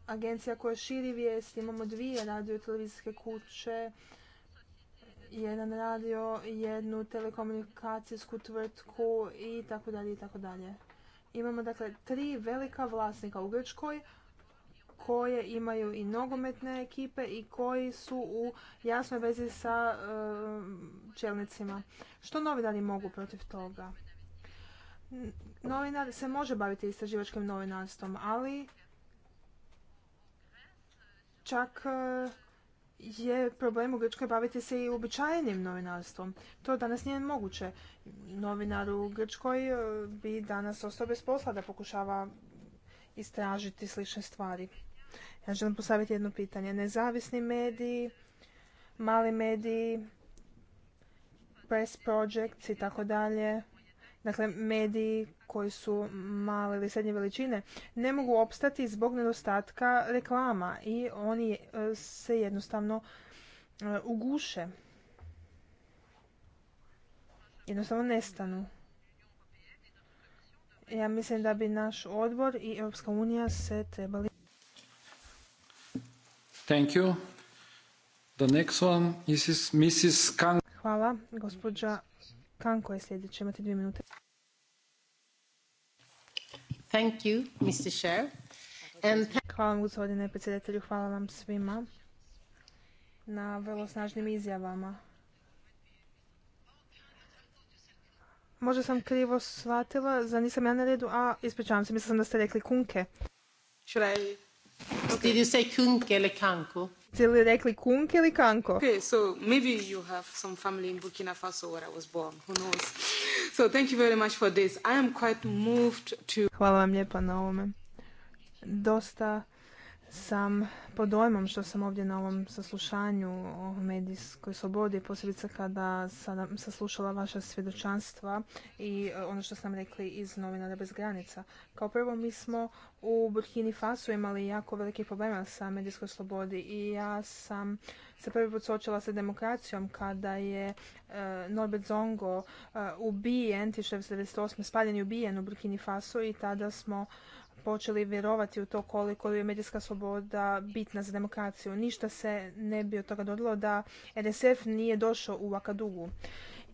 agencija koja širi vijest, imamo dvije radio televizijske kuće, jedan radio jednu telekomunikacijsku tvrtku i tako dalje i tako dalje. Imamo dakle tri velika vlasnika u Grčkoj koje imaju i nogometne ekipe i koji su u jasnoj vezi sa um, čelnicima. Što novinari mogu protiv toga? Novinar se može baviti istraživačkim novinarstvom, ali čak je problem u Grčkoj baviti se i uobičajenim novinarstvom. To danas nije moguće. Novinar u Grčkoj e, bi danas ostao bez posla da pokušava istražiti slične stvari. Ja želim postaviti jedno pitanje. Nezavisni mediji, mali mediji, press projects i tako dalje Dakle, mediji koji su male ili srednje veličine ne mogu opstati zbog nedostatka reklama i oni e, se jednostavno e, uguše. Jednostavno nestanu. Ja mislim da bi naš odbor i Europska unija se trebali... Thank you. The next one is Mrs. Hvala, gospođa Kanko je sljedeće, imate dvije minute. Thank you, Mr. Chair. And... Hvala vam gospodine predsjedatelju, hvala vam svima na vrlo snažnim izjavama. Možda sam krivo shvatila, za nisam ja na redu, a ispričavam se, mislila sam da ste rekli kunke. Should I... Okay. Did you say kunke ili kanku? Ste li rekli kunk ili kanko? Okay, so maybe you have some family in Burkina Faso where I was born, who knows. So thank you very much for this. I am quite moved to... Hvala vam lijepa na ovome. Dosta sam pod dojmom što sam ovdje na ovom saslušanju o medijskoj slobodi, posebice kada sam saslušala vaša svjedočanstva i e, ono što sam rekli iz novinara bez granica. Kao prvo, mi smo u Burkini Fasu imali jako velike problema sa medijskoj slobodi i ja sam se prvi put suočila sa demokracijom kada je e, Norbert Zongo e, ubijen ubijen, 1998. spaljen i ubijen u Burkini Fasu i tada smo počeli vjerovati u to koliko je medijska sloboda bitna za demokraciju. Ništa se ne bi od toga dodalo da RSF nije došao u Akadugu.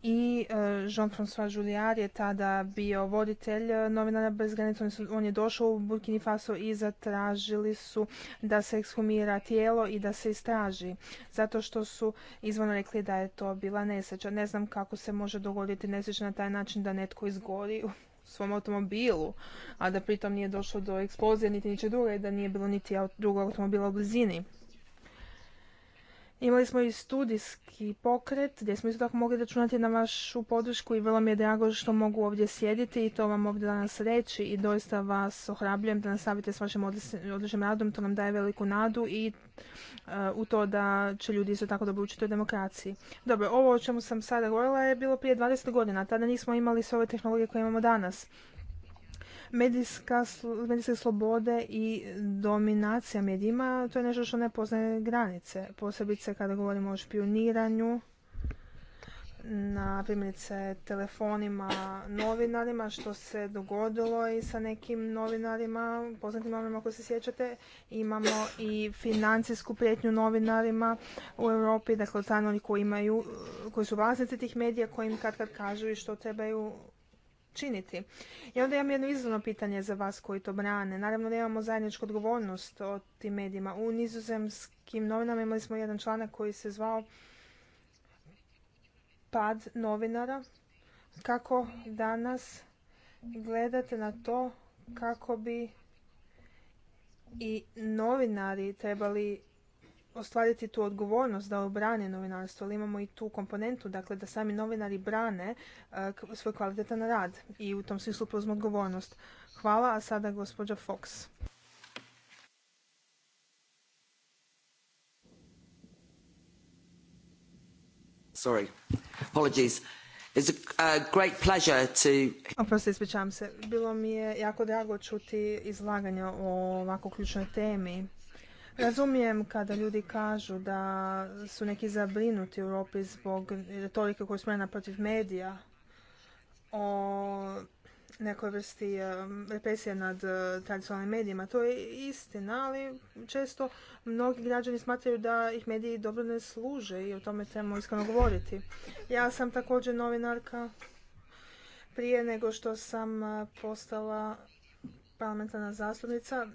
I e, Jean-François Julliard je tada bio voditelj e, novinara bez granica. On je došao u Burkini Faso i zatražili su da se ekshumira tijelo i da se istraži. Zato što su izvorno rekli da je to bila nesreća. Ne znam kako se može dogoditi nesreća na taj način da netko izgori svom automobilu, a da pritom nije došlo do eksplozije niti niče druga i da nije bilo niti drugog automobila u blizini. Imali smo i studijski pokret gdje smo isto tako mogli računati na vašu podršku i vrlo mi je drago što mogu ovdje sjediti i to vam ovdje danas reći i doista vas ohrabljujem da nastavite s vašim odličnim radom, to nam daje veliku nadu i e, u to da će ljudi isto tako dobro učiti o demokraciji. Dobro, ovo o čemu sam sada govorila je bilo prije 20 godina, tada nismo imali sve ove tehnologije koje imamo danas medijska, medijske slobode i dominacija medijima, to je nešto što ne poznaje granice. Posebice kada govorimo o špioniranju, na primjerice telefonima novinarima, što se dogodilo i sa nekim novinarima, poznatim novinarima ako se sjećate. Imamo i financijsku prijetnju novinarima u Europi, dakle od koji imaju, koji su vlasnici tih medija, koji im kad kad kažu i što trebaju činiti. I onda imam jedno izvrno pitanje za vas koji to brane. Naravno da imamo zajedničku odgovornost o tim medijima. U nizozemskim novinama imali smo jedan članak koji se zvao pad novinara. Kako danas gledate na to kako bi i novinari trebali ostvariti tu odgovornost da obrane novinarstvo, ali imamo i tu komponentu, dakle da sami novinari brane uh, svoj kvalitetan rad i u tom smislu preuzmu odgovornost. Hvala, a sada gospođa Fox. Sorry. Apologies. It's a great pleasure to... ispričavam se. Bilo mi je jako drago čuti izlaganje o ovako ključnoj temi Razumijem kada ljudi kažu da su neki zabrinuti u Europi zbog retorike koju smo protiv medija o nekoj vrsti represije nad eh, tradicionalnim medijima. To je istina, ali često mnogi građani smatraju da ih mediji dobro ne služe i o tome trebamo iskreno govoriti. Ja sam također novinarka prije nego što sam eh, postala parlamentarna zastupnica.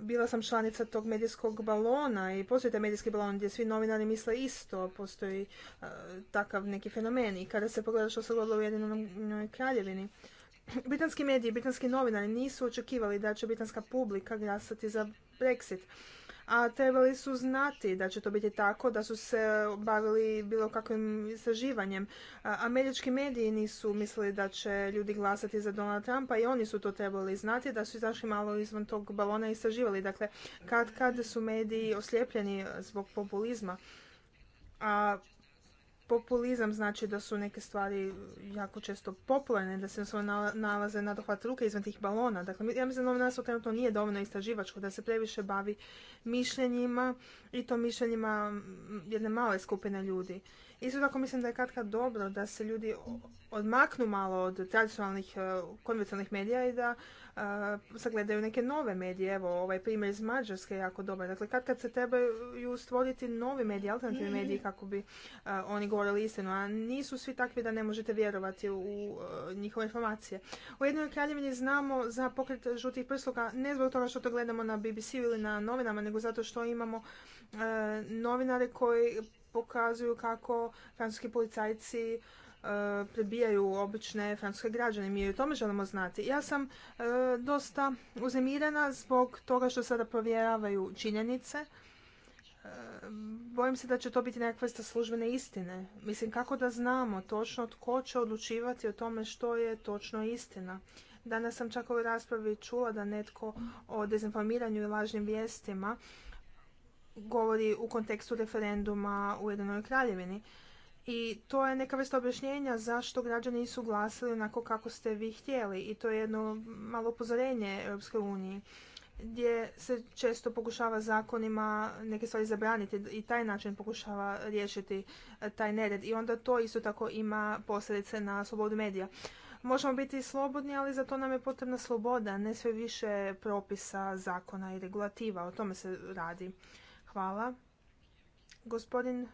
Bila sam članica tog medijskog balona i postoji taj medijski balon gdje svi novinari misle isto, postoji e, takav neki fenomen. I kada se pogleda što se dogodilo u Jedinoj kraljevini, [clears throat] britanski mediji, britanski novinari nisu očekivali da će britanska publika glasati za Brexit a trebali su znati da će to biti tako, da su se bavili bilo kakvim istraživanjem. Američki mediji nisu mislili da će ljudi glasati za Donald Trumpa i oni su to trebali znati, da su izašli malo izvan tog balona i istraživali. Dakle, kad, kad su mediji oslijepljeni zbog populizma, a populizam znači da su neke stvari jako često popularne, da se nalaze na dohvat ruke izvan tih balona. Dakle, ja mislim da nas trenutno nije dovoljno istraživačko, da se previše bavi mišljenjima i to mišljenjima jedne male skupine ljudi. Isto tako mislim da je katka dobro da se ljudi odmaknu malo od tradicionalnih e, konvencionalnih medija i da e, sagledaju neke nove medije. Evo, ovaj primjer iz Mađarske je jako dobar. Dakle, kad se trebaju stvoriti novi mediji, alternativni mediji mhm. kako bi e, oni govorili istinu, a nisu svi takvi da ne možete vjerovati u njihove informacije. U jednoj kraljevini znamo za pokret žutih prsluka ne zbog toga što to gledamo na bbc ili na novinama, nego zato što imamo novinare koji pokazuju kako francuski policajci e, prebijaju obične francuske građane. Mi i o tome želimo znati. Ja sam e, dosta uzemirena zbog toga što sada provjeravaju činjenice. E, bojim se da će to biti nekakva vrsta službene istine. Mislim, kako da znamo točno tko će odlučivati o tome što je točno istina. Danas sam čak u raspravi čula da netko o dezinformiranju i lažnim vijestima govori u kontekstu referenduma u Jedinoj kraljevini. I to je neka vrsta objašnjenja zašto građani nisu glasili onako kako ste vi htjeli. I to je jedno malo upozorenje Europske unije gdje se često pokušava zakonima neke stvari zabraniti i taj način pokušava riješiti e, taj nered. I onda to isto tako ima posljedice na slobodu medija. Možemo biti slobodni, ali za to nam je potrebna sloboda, ne sve više propisa, zakona i regulativa. O tome se radi. Hvala. Gospodin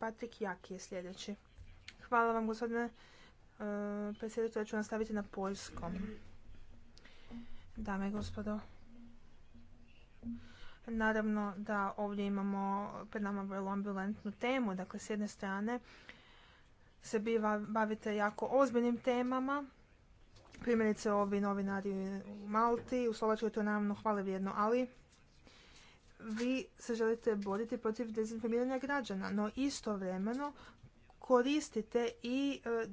Patrik Jaki je sljedeći. Hvala vam gospodine e, predsjedatelju. Ja ću nastaviti na poljskom. Dame i gospodo. Naravno da ovdje imamo pred nama vrlo temu. Dakle, s jedne strane se biva, bavite jako ozbiljnim temama. Primjerice ovi novinari u Malti, u Slovačkoj to je naravno hvale vrijedno, ali vi se želite boriti protiv dezinformiranja građana, no istovremeno koristite i e,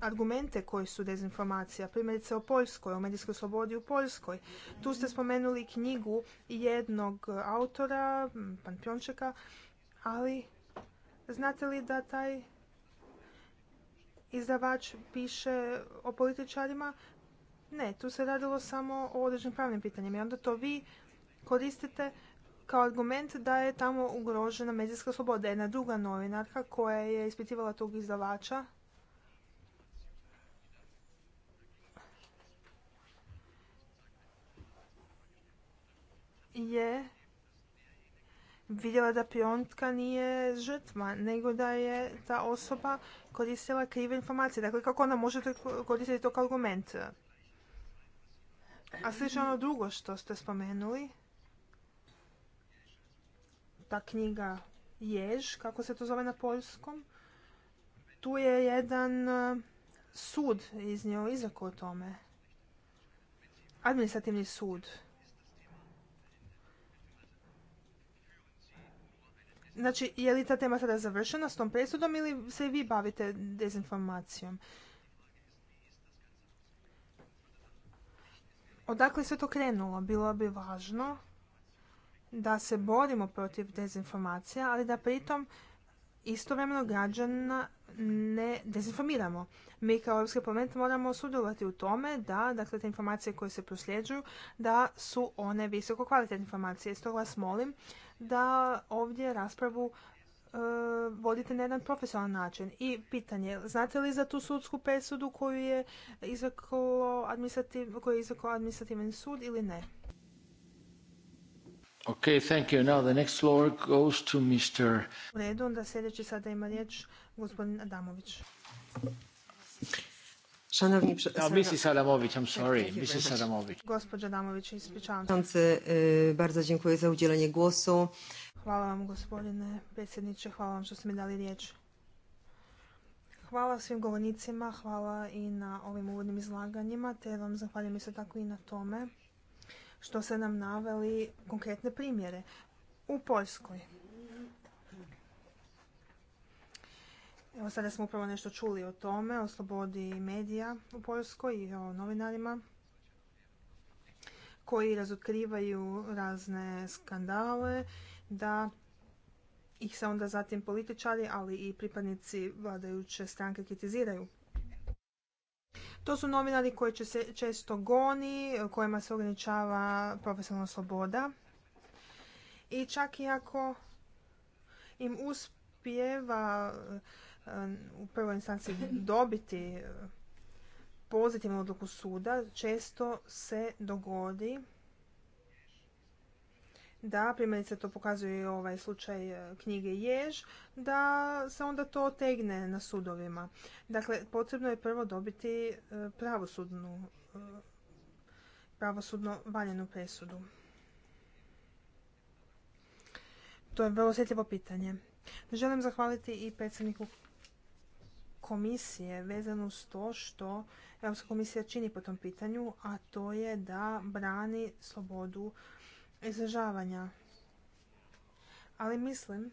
argumente koji su dezinformacija, primjerice o Poljskoj, o medijskoj slobodi u Poljskoj. Tu ste spomenuli knjigu jednog autora, pan Pjončeka, ali znate li da taj izdavač piše o političarima? Ne, tu se radilo samo o određenim pravnim pitanjima i onda to vi koristite kao argument da je tamo ugrožena medijska sloboda. Jedna druga novinarka koja je ispitivala tog izdavača je vidjela da Piontka nije žrtva, nego da je ta osoba koristila krive informacije. Dakle, kako ona može koristiti to kao argument? A slično ono drugo što ste spomenuli, ta knjiga Jež, kako se to zove na poljskom, tu je jedan e, sud iznio izako o tome. Administrativni sud. Znači, je li ta tema sada završena s tom presudom ili se i vi bavite dezinformacijom? Odakle sve to krenulo? Bilo bi važno da se borimo protiv dezinformacija, ali da pritom istovremeno građana ne dezinformiramo. Mi kao Europski parlament moramo sudjelovati u tome da dakle, te informacije koje se prosljeđuju da su one visoko kvalitetne informacije. Stoga vas molim da ovdje raspravu e, vodite na jedan profesionalan način. I pitanje, znate li za tu sudsku presudu koju je izrekao administrativ, koju je administrativni sud ili ne? Okay, thank you. Now the next floor goes to Mr. U redu, onda sljedeći sada ima riječ gospodin Adamović. Szanowni no, Mrs. Adamović, I'm sorry. Mrs. Adamović. Gospodin Adamović, ispričavam se. E, bardzo dziękuję za udzielenie głosu. Hvala vam gospodine predsjedniče, hvala vam što ste mi dali riječ. Hvala svim govornicima, hvala i na ovim uvodnim izlaganjima, te vam zahvaljujem isto tako i na tome što se nam naveli konkretne primjere. U Poljskoj. Evo sada smo upravo nešto čuli o tome, o slobodi medija u Poljskoj i o novinarima koji razotkrivaju razne skandale, da ih se onda zatim političari, ali i pripadnici vladajuće stranke kritiziraju. To su novinari koji će se često goni, kojima se ograničava profesionalna sloboda. I čak i ako im uspjeva eh, u prvoj instanci dobiti eh, pozitivnu odluku suda, često se dogodi da, primjerice to pokazuje i ovaj slučaj e, knjige Jež, da se onda to otegne na sudovima. Dakle, potrebno je prvo dobiti e, pravosudnu, e, pravosudno valjenu presudu. To je vrlo osjetljivo pitanje. Želim zahvaliti i predsjedniku komisije vezano uz to što Europska komisija čini po tom pitanju, a to je da brani slobodu izražavanja. Ali mislim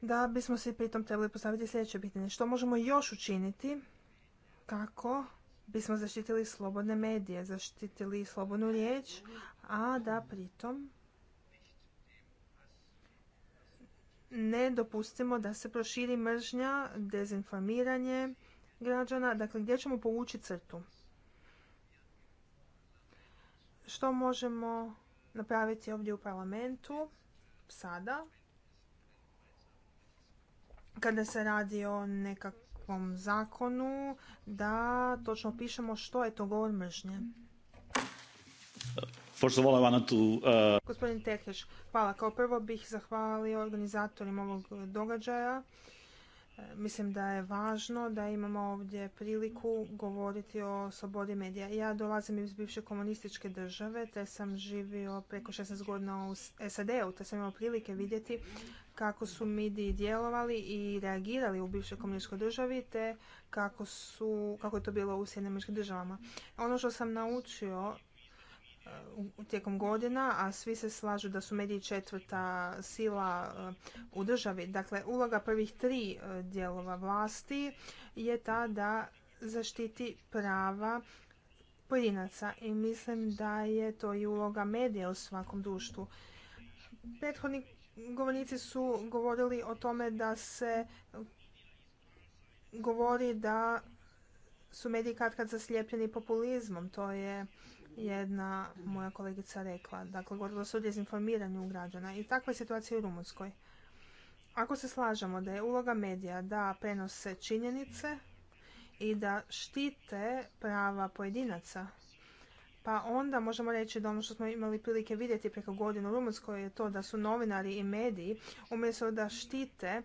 da bismo se pritom trebali postaviti sljedeće pitanje. Što možemo još učiniti kako bismo zaštitili slobodne medije, zaštitili slobodnu riječ, a da pritom ne dopustimo da se proširi mržnja, dezinformiranje građana, dakle gdje ćemo povući crtu. Što možemo napraviti ovdje u parlamentu sada, kada se radi o nekakvom zakonu, da točno pišemo što je to govor mržnje. E, Gospodin Tekeš, hvala. Kao prvo bih zahvalio organizatorima ovog događaja Mislim da je važno da imamo ovdje priliku govoriti o slobodi medija. Ja dolazim iz bivše komunističke države, te sam živio preko 16 godina u SAD-u, te sam imao prilike vidjeti kako su mediji djelovali i reagirali u bivšoj komunističkoj državi, te kako, su, kako je to bilo u Sjedinjeničkim državama. Ono što sam naučio tijekom godina, a svi se slažu da su mediji četvrta sila e, u državi. Dakle, uloga prvih tri e, dijelova vlasti je ta da zaštiti prava pojedinaca i mislim da je to i uloga medija u svakom društvu. Prethodni govornici su govorili o tome da se govori da su mediji katkad zaslijepljeni populizmom. To je jedna moja kolegica rekla. Dakle, govorilo su o dezinformiranju građana i takva je situacija u Rumunskoj. Ako se slažemo da je uloga medija da prenose činjenice i da štite prava pojedinaca, pa onda možemo reći da ono što smo imali prilike vidjeti preko godinu u Rumunskoj je to da su novinari i mediji umjesto da štite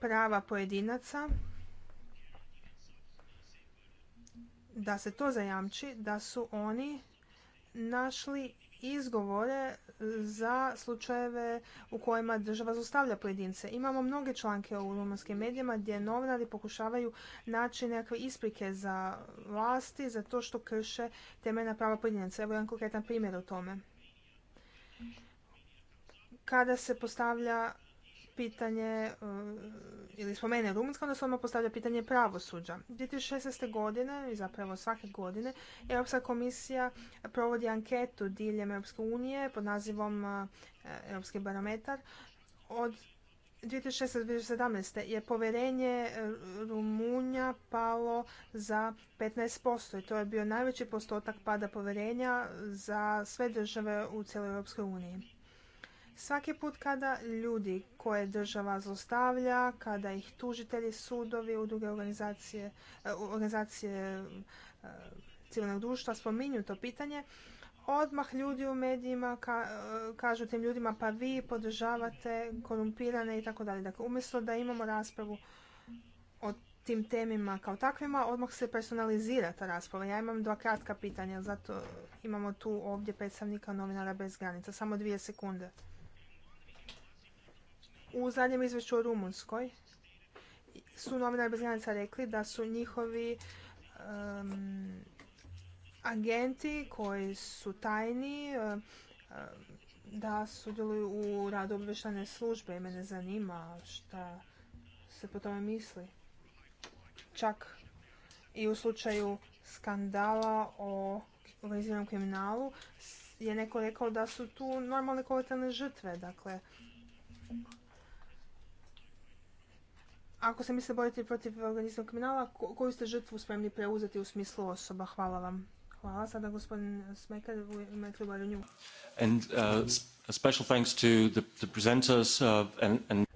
prava pojedinaca, da se to zajamči da su oni našli izgovore za slučajeve u kojima država zostavlja pojedince. Imamo mnoge članke u rumunskim medijima gdje novinari pokušavaju naći nekakve isprike za vlasti, za to što krše temeljna prava pojedinaca. Evo jedan konkretan primjer o tome. Kada se postavlja pitanje e, ili spomene Rumunjska, onda se odmah postavlja pitanje pravosuđa. 2016. godine i zapravo svake godine Europska komisija provodi anketu diljem Europske unije pod nazivom e, Europski barometar od 2016-2017 je povjerenje e, Rumunja palo za 15% i to je bio najveći postotak pada povjerenja za sve države u cijeloj Europskoj uniji. Svaki put kada ljudi koje država zlostavlja, kada ih tužitelji, sudovi, druge organizacije, e, organizacije e, civilnog društva spominju to pitanje, odmah ljudi u medijima e, kažu tim ljudima pa vi podržavate korumpirane i tako dalje. Dakle, umjesto da imamo raspravu o tim temima kao takvima, odmah se personalizira ta rasprava. Ja imam dva kratka pitanja, zato imamo tu ovdje predstavnika novinara bez granica. Samo dvije sekunde. U zadnjem izvješću o Rumunskoj su novinari bez granica rekli da su njihovi agenti koji su tajni da sudjeluju u radu obveštane službe i mene zanima šta se po tome misli. Čak i u slučaju skandala o organiziranom kriminalu je neko rekao da su tu normalne kolateralne žrtve. Dakle, ako se mislite boriti protiv organizma kriminala, koju ste žrtvu spremni preuzeti u smislu osoba? Hvala vam. Hvala. Sada gospodin Smekar u ime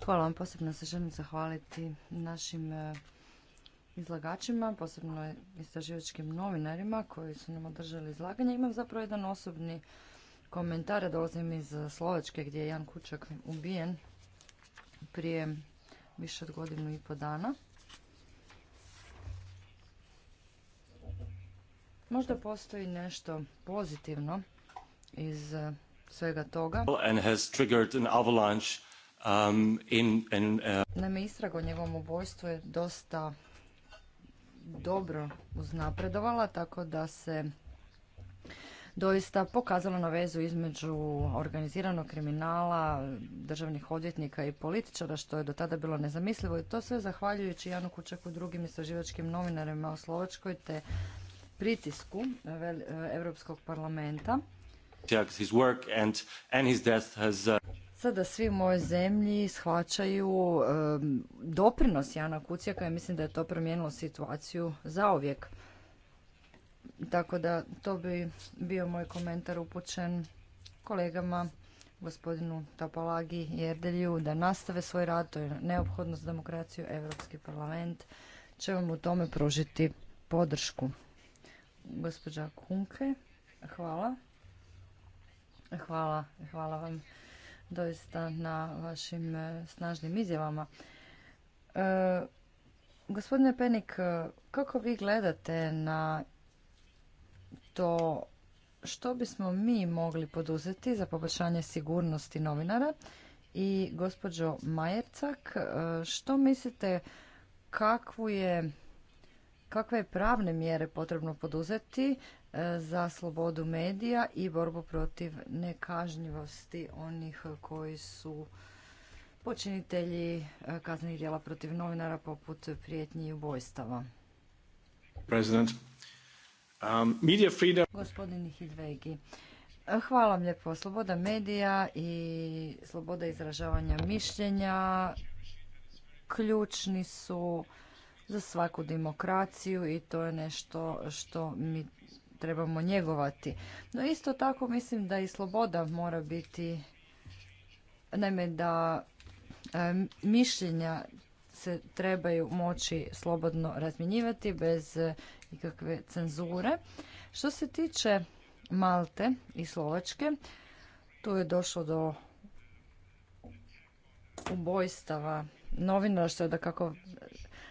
Hvala vam. Posebno se želim zahvaliti našim uh, izlagačima, posebno istraživačkim novinarima koji su nam održali izlaganje. Imam zapravo jedan osobni komentar. Dolazim iz Slovačke gdje je Jan Kučak ubijen prije više od godinu i po dana. Možda postoji nešto pozitivno iz e, svega toga. Um, uh, Naime, istraga o njegovom ubojstvu je dosta dobro uznapredovala, tako da se doista pokazalo na vezu između organiziranog kriminala, državnih odvjetnika i političara, što je do tada bilo nezamislivo. I to sve zahvaljujući Janu Kučaku, drugim istraživačkim novinarima u Slovačkoj, te pritisku eh, eh, Europskog parlamenta. Uh, Sada svi u mojoj zemlji shvaćaju eh, doprinos Jana Kucijaka i mislim da je to promijenilo situaciju ovijek. Tako da to bi bio moj komentar upućen kolegama gospodinu Tapalagi i Erdelju da nastave svoj rad, to je neophodno za demokraciju, Europski parlament će vam u tome pružiti podršku. Gospođa Kunke, hvala. Hvala, hvala vam doista na vašim e, snažnim izjavama. E, gospodine Penik, e, kako vi gledate na što što bismo mi mogli poduzeti za poboljšanje sigurnosti novinara i gospođo Majercak, e, što mislite kakvu je, kakve je pravne mjere potrebno poduzeti e, za slobodu medija i borbu protiv nekažnjivosti onih koji su počinitelji e, kaznenih djela protiv novinara poput prijetnji i ubojstava? Um, media hvala vam lijepo. Sloboda medija i sloboda izražavanja mišljenja ključni su za svaku demokraciju i to je nešto što mi trebamo njegovati. No isto tako mislim da i sloboda mora biti, naime da e, mišljenja se trebaju moći slobodno razmjenjivati bez ikakve cenzure. Što se tiče Malte i Slovačke, tu je došlo do ubojstava novinara, što je da kako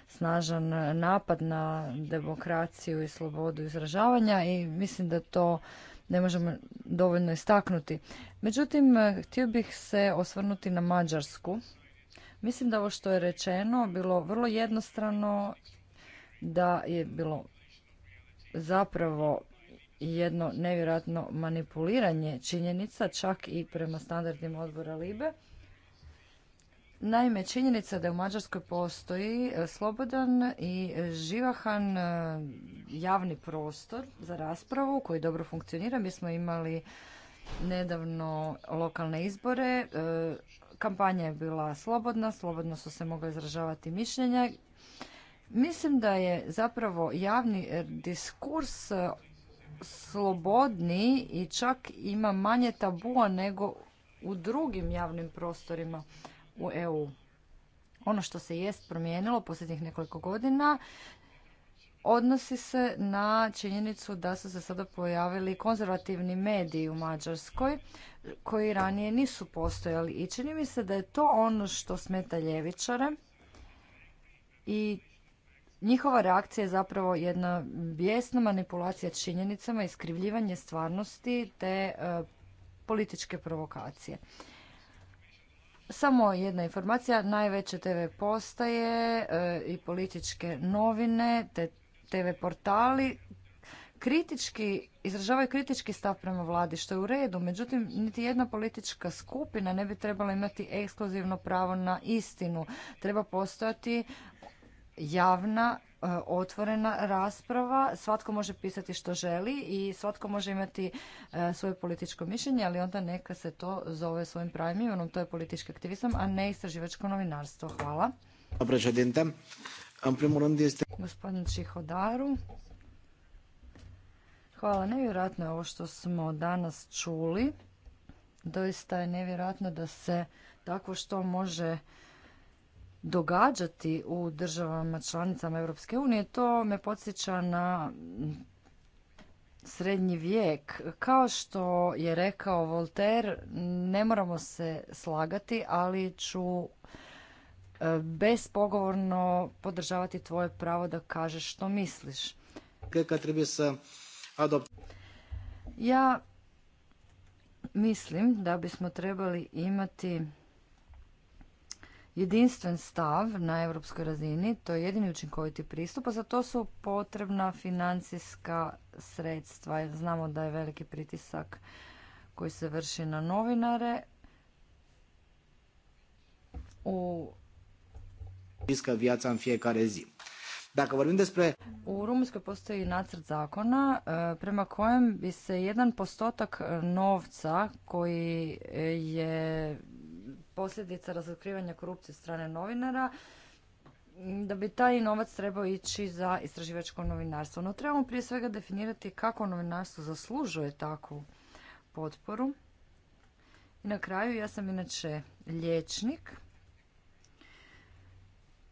snažan napad na demokraciju i slobodu izražavanja i mislim da to ne možemo dovoljno istaknuti. Međutim, htio bih se osvrnuti na Mađarsku Mislim da ovo što je rečeno bilo vrlo jednostrano, da je bilo zapravo jedno nevjerojatno manipuliranje činjenica, čak i prema standardima odbora Libe. Naime, činjenica da u Mađarskoj postoji e, slobodan i živahan e, javni prostor za raspravu koji dobro funkcionira. Mi smo imali nedavno lokalne izbore, e, kampanja je bila slobodna, slobodno su se mogla izražavati mišljenja. Mislim da je zapravo javni diskurs e, slobodni i čak ima manje tabua nego u drugim javnim prostorima u EU. Ono što se jest promijenilo posljednjih nekoliko godina odnosi se na činjenicu da su se sada pojavili konzervativni mediji u Mađarskoj koji ranije nisu postojali i čini mi se da je to ono što smeta ljevičare i njihova reakcija je zapravo jedna vjesna manipulacija činjenicama, iskrivljivanje stvarnosti te e, političke provokacije. Samo jedna informacija, najveće TV postaje e, i političke novine te TV portali kritički, izražavaju kritički stav prema vladi, što je u redu. Međutim, niti jedna politička skupina ne bi trebala imati ekskluzivno pravo na istinu. Treba postojati javna e, otvorena rasprava, svatko može pisati što želi i svatko može imati e, svoje političko mišljenje, ali onda neka se to zove svojim pravim imenom, to je politički aktivizam, a ne istraživačko novinarstvo. Hvala. Gospodin Čihodaru, Hvala. Nevjerojatno je ovo što smo danas čuli. Doista je nevjerojatno da se tako što može događati u državama članicama Europske unije. To me podsjeća na srednji vijek. Kao što je rekao Voltaire, ne moramo se slagati, ali ću e, bespogovorno podržavati tvoje pravo da kažeš što misliš. Kad treba sa ja mislim da bismo trebali imati jedinstven stav na europskoj razini, to je jedini učinkoviti pristup, a za to su potrebna financijska sredstva. Jer znamo da je veliki pritisak koji se vrši na novinare u Dakle, despre... U Rumunjskoj postoji nacrt zakona e, prema kojem bi se jedan postotak e, novca koji e, je posljedica razotkrivanja korupcije strane novinara da bi taj novac trebao ići za istraživačko novinarstvo. No trebamo prije svega definirati kako novinarstvo zaslužuje takvu potporu. I na kraju ja sam inače liječnik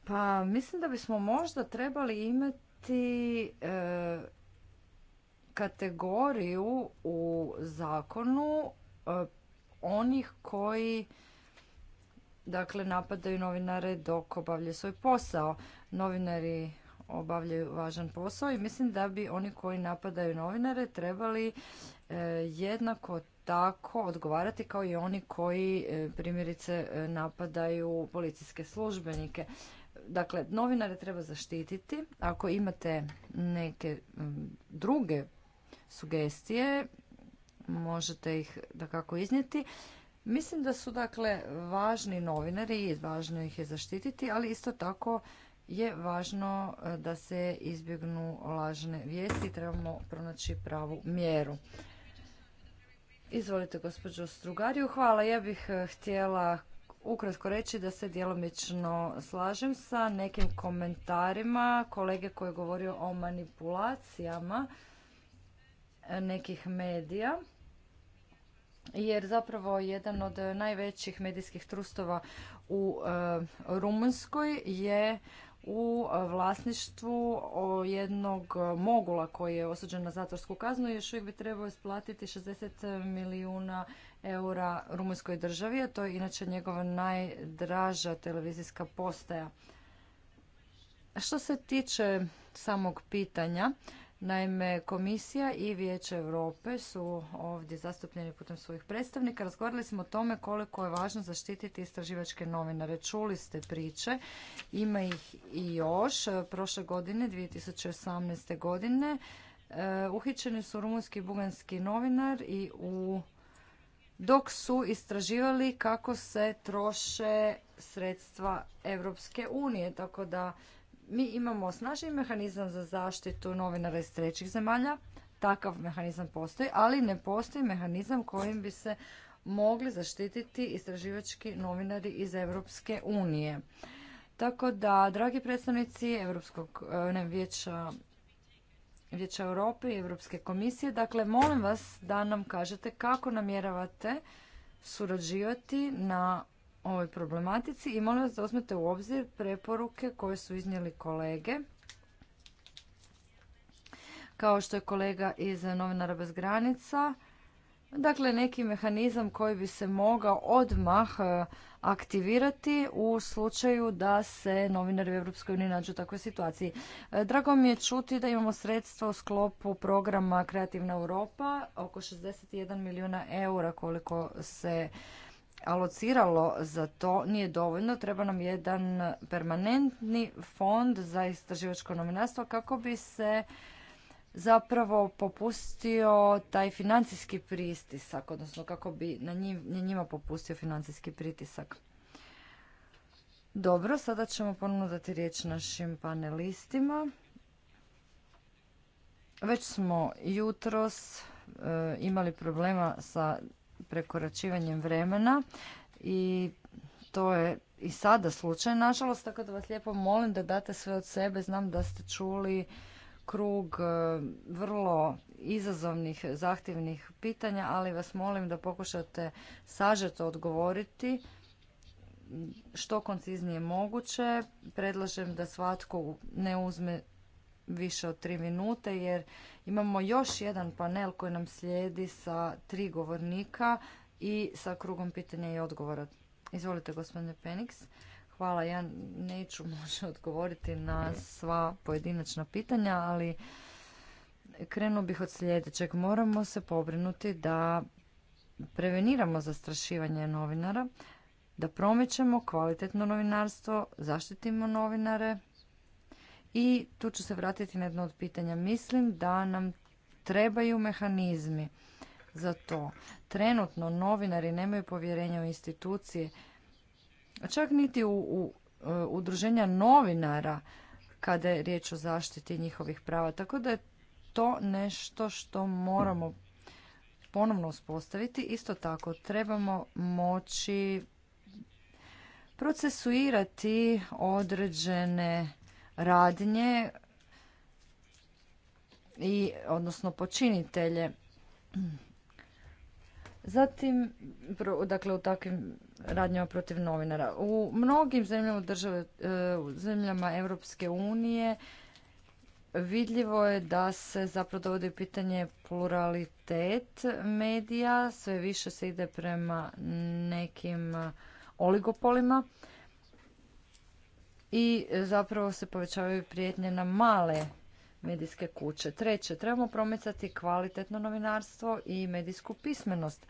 pa mislim da bismo možda trebali imati e, kategoriju u zakonu e, onih koji dakle napadaju novinare dok obavljaju svoj posao. Novinari obavljaju važan posao i mislim da bi oni koji napadaju novinare trebali e, jednako tako odgovarati kao i oni koji primjerice napadaju policijske službenike. Dakle, novinare treba zaštititi. Ako imate neke druge sugestije, možete ih da kako iznijeti. Mislim da su dakle važni novinari i važno ih je zaštititi, ali isto tako je važno e, da se izbjegnu lažne vijesti i trebamo pronaći pravu mjeru. Izvolite, gospođo Strugariju. Hvala. Ja bih e, htjela ukratko reći da se djelomično slažem sa nekim komentarima kolege koji je govorio o manipulacijama nekih medija jer zapravo jedan od najvećih medijskih trustova u e, Rumunjskoj je u vlasništvu jednog mogula koji je osuđen na zatvorsku kaznu i još uvijek bi trebao isplatiti 60 milijuna eura rumunjskoj državi, a to je inače njegova najdraža televizijska postaja. Što se tiče samog pitanja, naime Komisija i Vijeće Europe su ovdje zastupljeni putem svojih predstavnika. Razgovarali smo o tome koliko je važno zaštititi istraživačke novinare. Čuli ste priče, ima ih i još. Prošle godine, 2018. godine, e, uhićeni su rumunski i buganski novinar i u dok su istraživali kako se troše sredstva Europske unije. Tako da mi imamo snažni mehanizam za zaštitu novinara iz trećih zemalja, takav mehanizam postoji, ali ne postoji mehanizam kojim bi se mogli zaštititi istraživački novinari iz Europske unije. Tako da, dragi predstavnici Europskog eh, ne, vijeća Vijeća Europe i Europske komisije. Dakle, molim vas da nam kažete kako namjeravate surađivati na ovoj problematici i molim vas da uzmete u obzir preporuke koje su iznijeli kolege. Kao što je kolega iz Novinara bez granica, Dakle, neki mehanizam koji bi se mogao odmah e, aktivirati u slučaju da se novinari u EU nađu u takvoj situaciji. E, drago mi je čuti da imamo sredstva u sklopu programa Kreativna Europa, oko 61 milijuna eura koliko se alociralo za to nije dovoljno. Treba nam jedan permanentni fond za istraživačko novinarstvo kako bi se zapravo popustio taj financijski pritisak, odnosno kako bi na njima popustio financijski pritisak. Dobro, sada ćemo ponovno dati riječ našim panelistima. Već smo jutros e, imali problema sa prekoračivanjem vremena i to je i sada slučaj, nažalost, tako da vas lijepo molim da date sve od sebe. Znam da ste čuli krug e, vrlo izazovnih, zahtjevnih pitanja, ali vas molim da pokušate sažeto odgovoriti što konciznije moguće. Predlažem da svatko ne uzme više od tri minute jer imamo još jedan panel koji nam slijedi sa tri govornika i sa krugom pitanja i odgovora. Izvolite gospodine Peniks. Hvala, ja neću možda odgovoriti na sva pojedinačna pitanja, ali krenuo bih od sljedećeg. Moramo se pobrinuti da preveniramo zastrašivanje novinara, da promičemo kvalitetno novinarstvo, zaštitimo novinare i tu ću se vratiti na jedno od pitanja. Mislim da nam trebaju mehanizmi za to. Trenutno novinari nemaju povjerenja u institucije čak niti u, u e, udruženja novinara kada je riječ o zaštiti njihovih prava. Tako da je to nešto što moramo ponovno uspostaviti. Isto tako trebamo moći procesuirati određene radnje i odnosno počinitelje Zatim, dakle, u takvim radnjama protiv novinara. U mnogim zemljama, države, e, u zemljama Europske unije vidljivo je da se zapravo dovodi u pitanje pluralitet medija, sve više se ide prema nekim e, oligopolima i zapravo se povećavaju prijetnje na male medijske kuće. Treće, trebamo promicati kvalitetno novinarstvo i medijsku pismenost.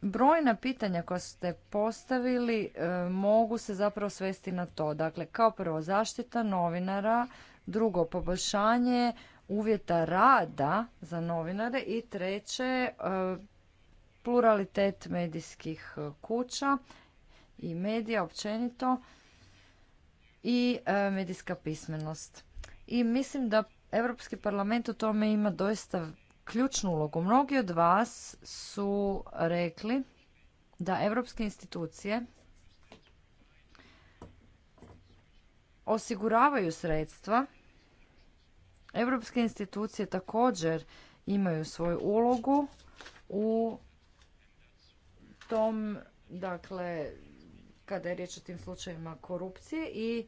Brojna pitanja koja ste postavili e, mogu se zapravo svesti na to. Dakle, kao prvo zaštita novinara, drugo poboljšanje uvjeta rada za novinare i treće e, pluralitet medijskih kuća i medija općenito i e, medijska pismenost. I mislim da Europski parlament u tome ima doista ključnu ulogu. Mnogi od vas su rekli da europske institucije osiguravaju sredstva. Europske institucije također imaju svoju ulogu u tom, dakle, kada je riječ o tim slučajevima korupcije i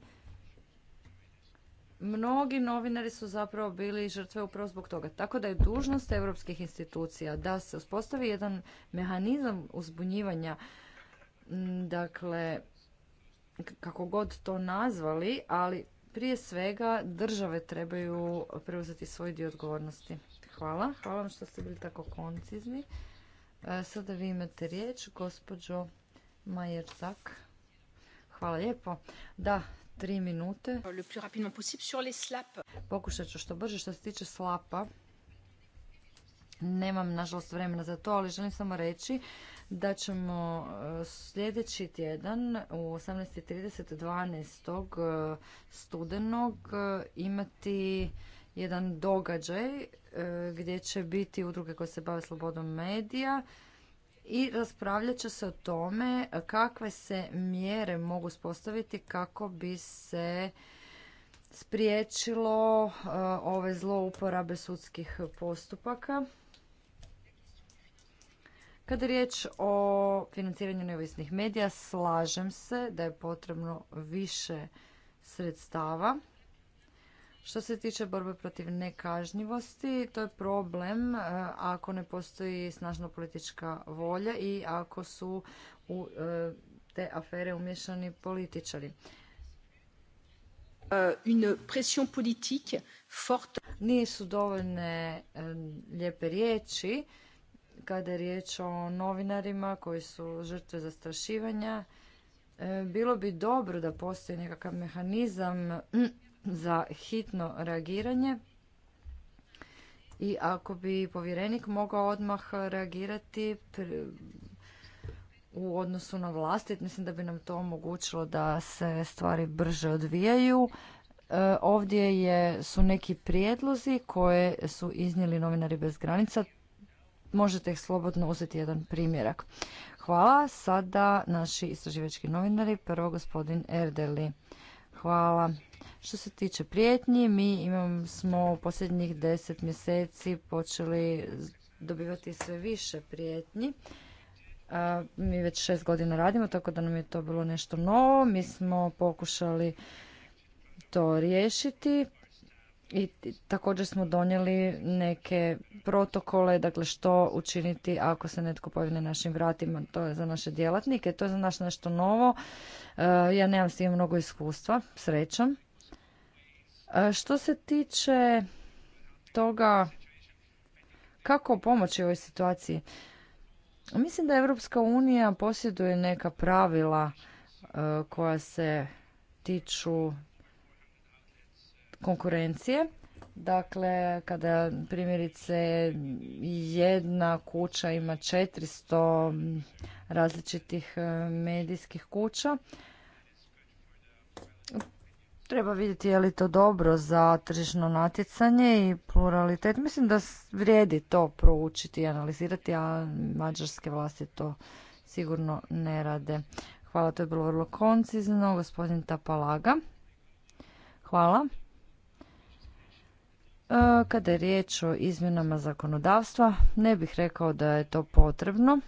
Mnogi novinari su zapravo bili žrtve upravo zbog toga. Tako da je dužnost europskih institucija da se uspostavi jedan mehanizam uzbunjivanja, dakle, kako god to nazvali, ali prije svega države trebaju preuzeti svoj dio odgovornosti. Hvala. Hvala vam što ste bili tako koncizni. E, sada vi imate riječ, gospođo Majerzak. Hvala lijepo. Da, tri minute. Pokušat ću što brže što se tiče slapa. Nemam, nažalost, vremena za to, ali želim samo reći da ćemo e, sljedeći tjedan u 18.30. 12. E, studenog e, imati jedan događaj gdje će biti udruge koje se bave slobodom medija i raspravljat će se o tome kakve se mjere mogu spostaviti kako bi se spriječilo eh, ove zlouporabe sudskih postupaka. Kada je riječ o financiranju neovisnih medija, slažem se da je potrebno više sredstava što se tiče borbe protiv nekažnjivosti, to je problem e, ako ne postoji snažna politička volja i ako su u e, te afere umješani političari. E, une pression Nisu dovoljne lijepe riječi kada je riječ o novinarima koji su žrtve zastrašivanja. Bilo bi dobro da postoji nekakav mehanizam za hitno reagiranje i ako bi povjerenik mogao odmah reagirati u odnosu na vlasti, mislim da bi nam to omogućilo da se stvari brže odvijaju. E, ovdje je, su neki prijedlozi koje su iznijeli novinari bez granica. Možete ih slobodno uzeti jedan primjerak. Hvala. Sada naši istraživački novinari, prvo gospodin Erdeli. Hvala. Što se tiče prijetnji, mi imam, smo u posljednjih deset mjeseci počeli dobivati sve više prijetnji. mi već šest godina radimo, tako da nam je to bilo nešto novo. Mi smo pokušali to riješiti i također smo donijeli neke protokole, dakle što učiniti ako se netko pojavi na našim vratima. To je za naše djelatnike, to je za naš nešto novo. ja nemam s tim mnogo iskustva, srećom. E, što se tiče toga kako pomoći ovoj situaciji, mislim da Europska unija posjeduje neka pravila e, koja se tiču konkurencije. Dakle, kada primjerice jedna kuća ima 400 različitih e, medijskih kuća, Treba vidjeti je li to dobro za tržišno natjecanje i pluralitet. Mislim da vrijedi to proučiti i analizirati, a mađarske vlasti to sigurno ne rade. Hvala, to je bilo vrlo koncizno. Gospodin Tapalaga. Hvala. E, kada je riječ o izmjenama zakonodavstva, ne bih rekao da je to potrebno,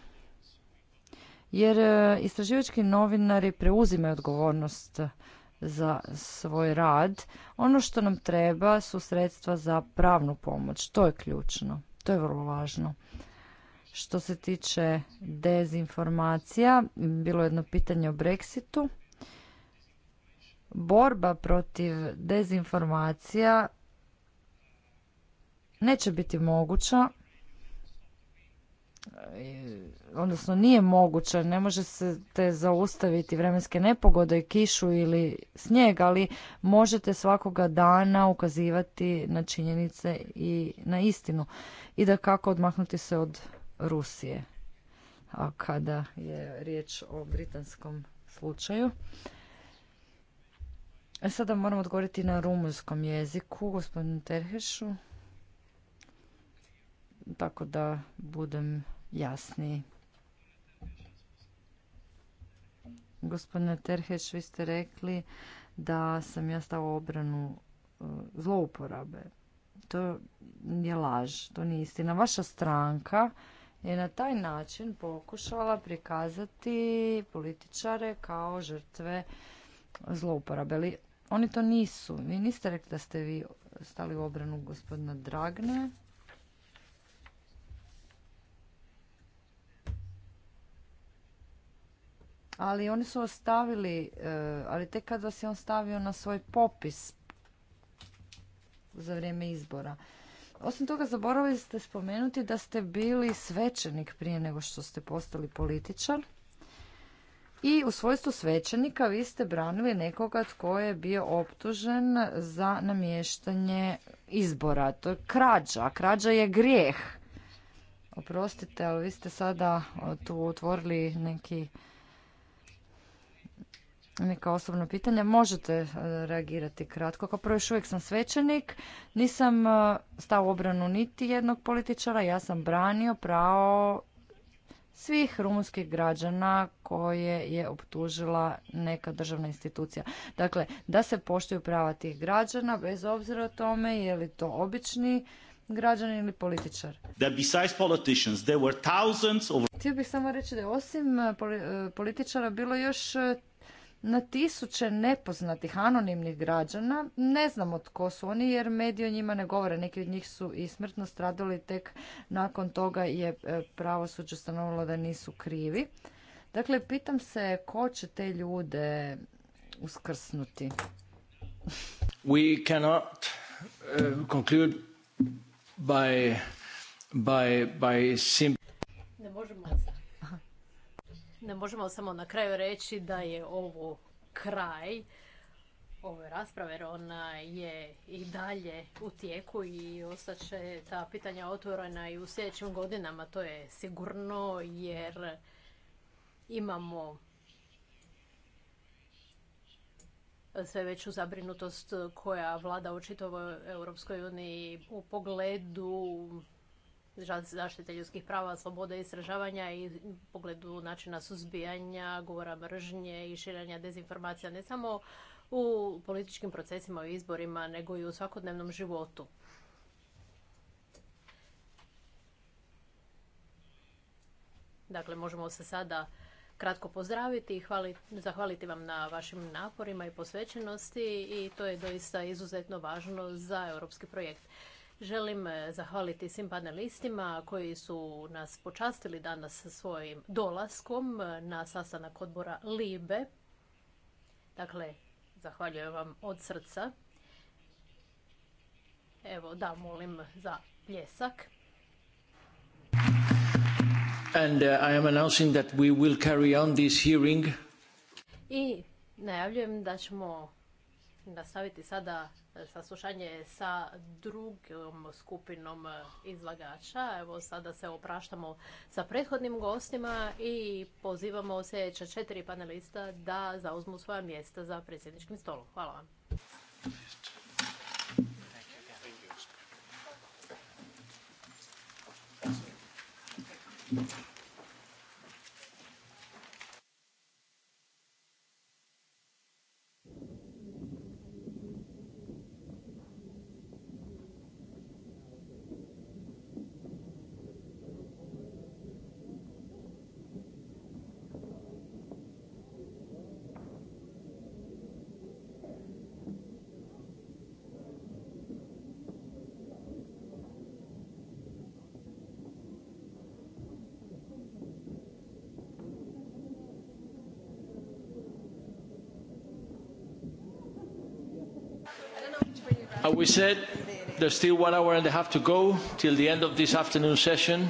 jer e, istraživački novinari preuzimaju odgovornost za svoj rad. Ono što nam treba su sredstva za pravnu pomoć. To je ključno. To je vrlo važno. Što se tiče dezinformacija, bilo je jedno pitanje o Brexitu. Borba protiv dezinformacija neće biti moguća E, odnosno nije moguće, ne može se te zaustaviti vremenske nepogode, kišu ili snijeg, ali možete svakoga dana ukazivati na činjenice i na istinu i da kako odmahnuti se od Rusije. A kada je riječ o britanskom slučaju. E sada moram odgovoriti na rumunskom jeziku, gospodinu Terhešu. Tako da budem jasniji. Gospodine Terheć, vi ste rekli da sam ja stao obranu e, zlouporabe. To je laž, to nije istina. Vaša stranka je na taj način pokušala prikazati političare kao žrtve zlouporabe. Ali oni to nisu. Vi niste rekli da ste vi stali u obranu gospodina Dragne, ali oni su ostavili, eh, ali tek kad vas je on stavio na svoj popis za vrijeme izbora. Osim toga, zaboravili ste spomenuti da ste bili svećenik prije nego što ste postali političar. I u svojstvu svećenika vi ste branili nekoga tko je bio optužen za namještanje izbora. To je krađa. Krađa je grijeh. Oprostite, ali vi ste sada tu otvorili neki neka osobna pitanja. Možete e, reagirati kratko. Kao prvo, još uvijek sam svećenik. Nisam e, stao u obranu niti jednog političara. Ja sam branio pravo svih rumunskih građana koje je optužila neka državna institucija. Dakle, da se poštuju prava tih građana, bez obzira o tome je li to obični građan ili političar. Htio bih samo reći da je osim e, političara bilo još na tisuće nepoznatih anonimnih građana. Ne znamo tko su oni jer mediji o njima ne govore. Neki od njih su i smrtno stradali tek nakon toga je e, pravosuđe ustanovilo da nisu krivi. Dakle, pitam se ko će te ljude uskrsnuti. We cannot e, conclude by, by, by... Ne možemo ne možemo samo na kraju reći da je ovo kraj ove rasprave, jer ona je i dalje u tijeku i ostaće ta pitanja otvorena i u sljedećim godinama, to je sigurno, jer imamo sve veću zabrinutost koja vlada očito u Europskoj uniji u pogledu zaštite ljudskih prava, slobode izražavanja i pogledu načina suzbijanja, govora mržnje i širenja dezinformacija ne samo u političkim procesima i izborima, nego i u svakodnevnom životu. Dakle, možemo se sada kratko pozdraviti i zahvaliti vam na vašim naporima i posvećenosti i to je doista izuzetno važno za europski projekt. Želim eh, zahvaliti svim panelistima koji su nas počastili danas svojim dolaskom eh, na sastanak odbora LIBE. Dakle, zahvaljujem vam od srca. Evo, da, molim za pljesak. And eh, I am announcing that we will carry on this hearing. I najavljujem da ćemo nastaviti sada saslušanje sa drugom skupinom e, izlagača. Evo sada se opraštamo sa prethodnim gostima i pozivamo sljedeća četiri panelista da zauzmu svoja mjesta za predsjedničkim stolu. Hvala vam. As we said, there's still one hour and a half to go till the end of this afternoon session.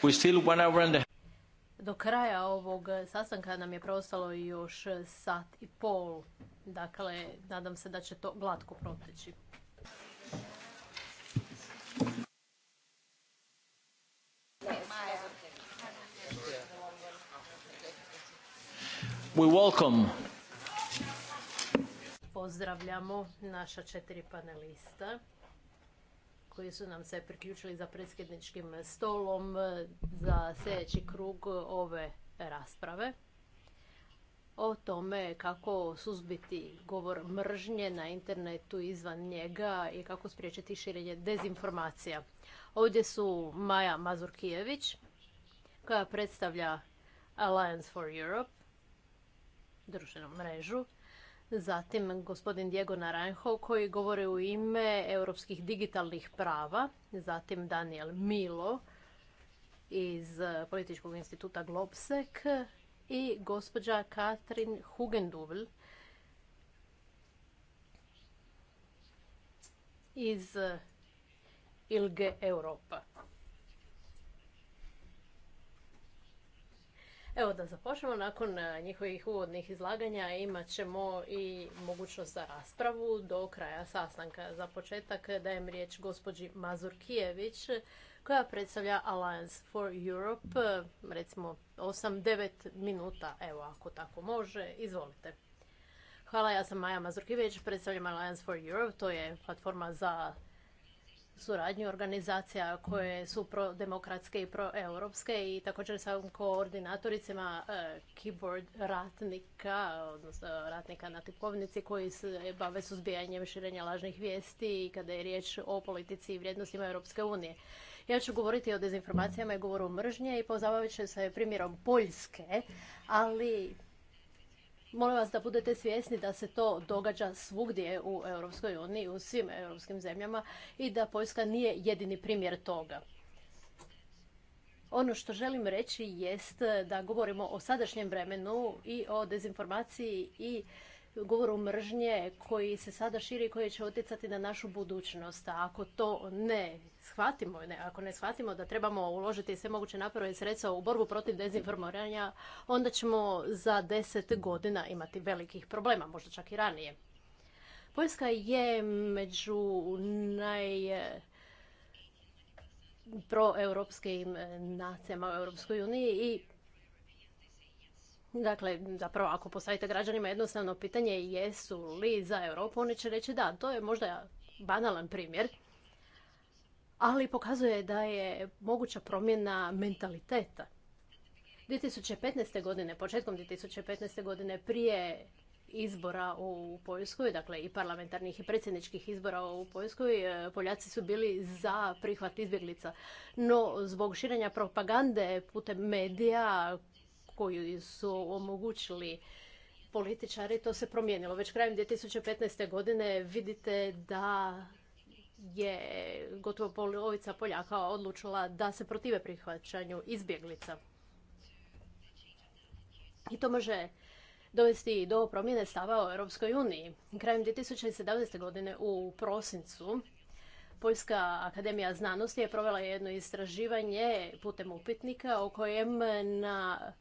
We still one hour and a do kraja ovog sastanka nam je preostalo još sat i pol. Dakle, nadam se da će to glatko proteći. We welcome pozdravljamo naša četiri panelista koji su nam se priključili za predsjedničkim stolom za sljedeći krug ove rasprave o tome kako suzbiti govor mržnje na internetu izvan njega i kako spriječiti širenje dezinformacija. Ovdje su Maja Mazurkijević koja predstavlja Alliance for Europe, društvenu mrežu, Zatim gospodin Diego Naranjo koji govori u ime europskih digitalnih prava. Zatim Daniel Milo iz Političkog instituta Globsek i gospođa Katrin Hugendubl iz Ilge Europa. Evo da započnemo. Nakon e, njihovih uvodnih izlaganja imat ćemo i mogućnost za raspravu do kraja sastanka. Za početak dajem riječ gospođi Mazur Kijević koja predstavlja Alliance for Europe, recimo 8-9 minuta, evo ako tako može, izvolite. Hvala, ja sam Maja Mazurkivić, predstavljam Alliance for Europe, to je platforma za suradnju organizacija koje su prodemokratske i proeuropske i također sa koordinatoricima e, keyboard ratnika, odnosno ratnika na tipovnici koji se bave suzbijanjem širenja lažnih vijesti i kada je riječ o politici i vrijednostima Europske unije. Ja ću govoriti o dezinformacijama i govoru mržnje i pozabavit ću se primjerom Poljske, ali Molim vas da budete svjesni da se to događa svugdje u Europskoj uniji, u svim europskim zemljama i da Poljska nije jedini primjer toga. Ono što želim reći jest da govorimo o sadašnjem vremenu i o dezinformaciji i govoru mržnje koji se sada širi i koji će utjecati na našu budućnost. ako to ne shvatimo, ako ne shvatimo da trebamo uložiti sve moguće napore i sredstva u borbu protiv dezinformiranja, onda ćemo za deset godina imati velikih problema, možda čak i ranije. Poljska je među naj eh, proeuropskim eh, nacijama u Europskoj uniji i Dakle, zapravo ako postavite građanima jednostavno pitanje jesu li za Europu, oni će reći da, to je možda banalan primjer, ali pokazuje da je moguća promjena mentaliteta. 2015. godine, početkom 2015. godine prije izbora u Poljskoj, dakle i parlamentarnih i predsjedničkih izbora u Poljskoj, e, Poljaci su bili za prihvat izbjeglica. No, zbog širenja propagande putem medija koju su omogućili političari, to se promijenilo. Već krajem 2015. godine vidite da je gotovo polovica Poljaka odlučila da se protive prihvaćanju izbjeglica. I to može dovesti do promjene stava u Europskoj uniji. Krajem 2017. godine u prosincu Poljska akademija znanosti je provela jedno istraživanje putem upitnika o kojem na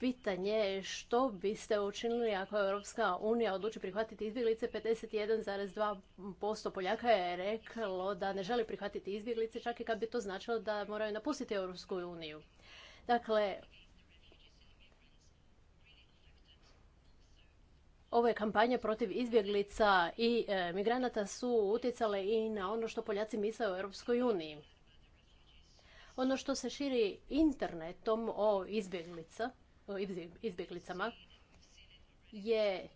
pitanje što biste učinili ako Europska unija odluči prihvatiti izbjeglice. 51,2% Poljaka je reklo da ne želi prihvatiti izbjeglice, čak i kad bi to značilo da moraju napustiti Europsku uniju. Dakle, ove kampanje protiv izbjeglica i e, migranata su utjecale i na ono što Poljaci misle o Europskoj uniji. Ono što se širi internetom o izbjeglica, izbjeglicama je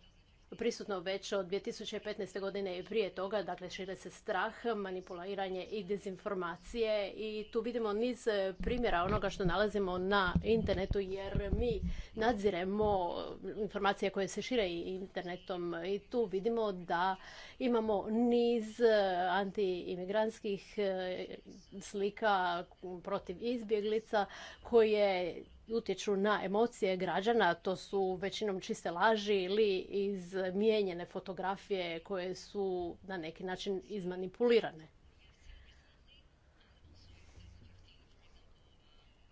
prisutno već od 2015. godine i prije toga, dakle šire se strah, manipuliranje i dezinformacije i tu vidimo niz e, primjera onoga što nalazimo na internetu jer mi nadziremo informacije koje se šire internetom i tu vidimo da imamo niz e, antiimigranskih e, slika protiv izbjeglica koje utječu na emocije građana, to su većinom čiste laži ili izmijenjene fotografije koje su na neki način izmanipulirane.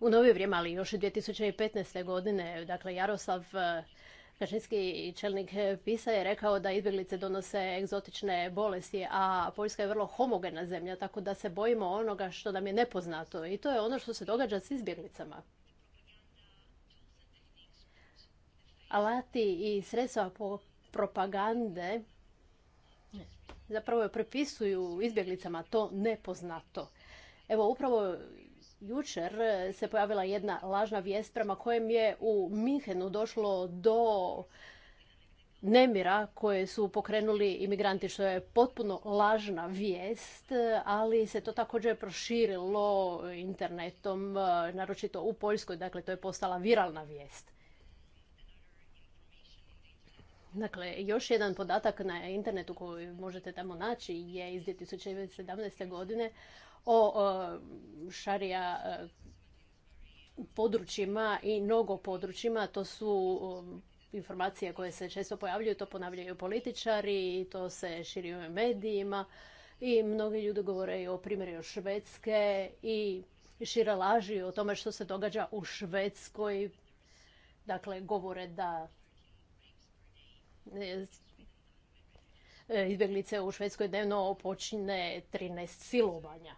U novije vrijeme, ali još 2015. godine, dakle Jaroslav eh, Kačinski čelnik PISA je rekao da izbjeglice donose egzotične bolesti, a Poljska je vrlo homogena zemlja, tako da se bojimo onoga što nam je nepoznato. I to je ono što se događa s izbjeglicama. alati i sredstva po propagande zapravo prepisuju izbjeglicama to nepoznato. Evo upravo jučer se pojavila jedna lažna vijest prema kojem je u Minhenu došlo do nemira koje su pokrenuli imigranti, što je potpuno lažna vijest, ali se to također proširilo internetom, naročito u Poljskoj, dakle to je postala viralna vijest. Dakle, još jedan podatak na internetu koji možete tamo naći je iz 2017. godine o, šarija e, područjima i mnogo područjima. To su informacije koje se često pojavljuju, to ponavljaju političari, to se širi u medijima i mnogi ljudi govore o primjeru Švedske i šira laži o tome što se događa u Švedskoj. Dakle, govore da E, izbjeglice u Švedskoj dnevno počine 13 silovanja.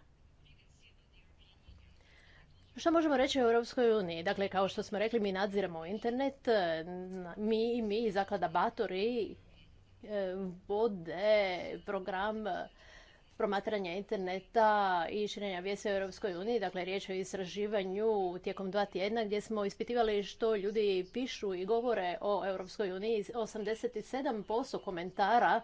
Što možemo reći o Europskoj uniji? Dakle, kao što smo rekli, mi nadziramo internet, e, mi i mi, zaklada Batori, e, vode program promatranja interneta i širenja vijesti u Europskoj uniji. Dakle, riječ je o istraživanju tijekom dva tjedna gdje smo ispitivali što ljudi pišu i govore o Europskoj uniji. 87% komentara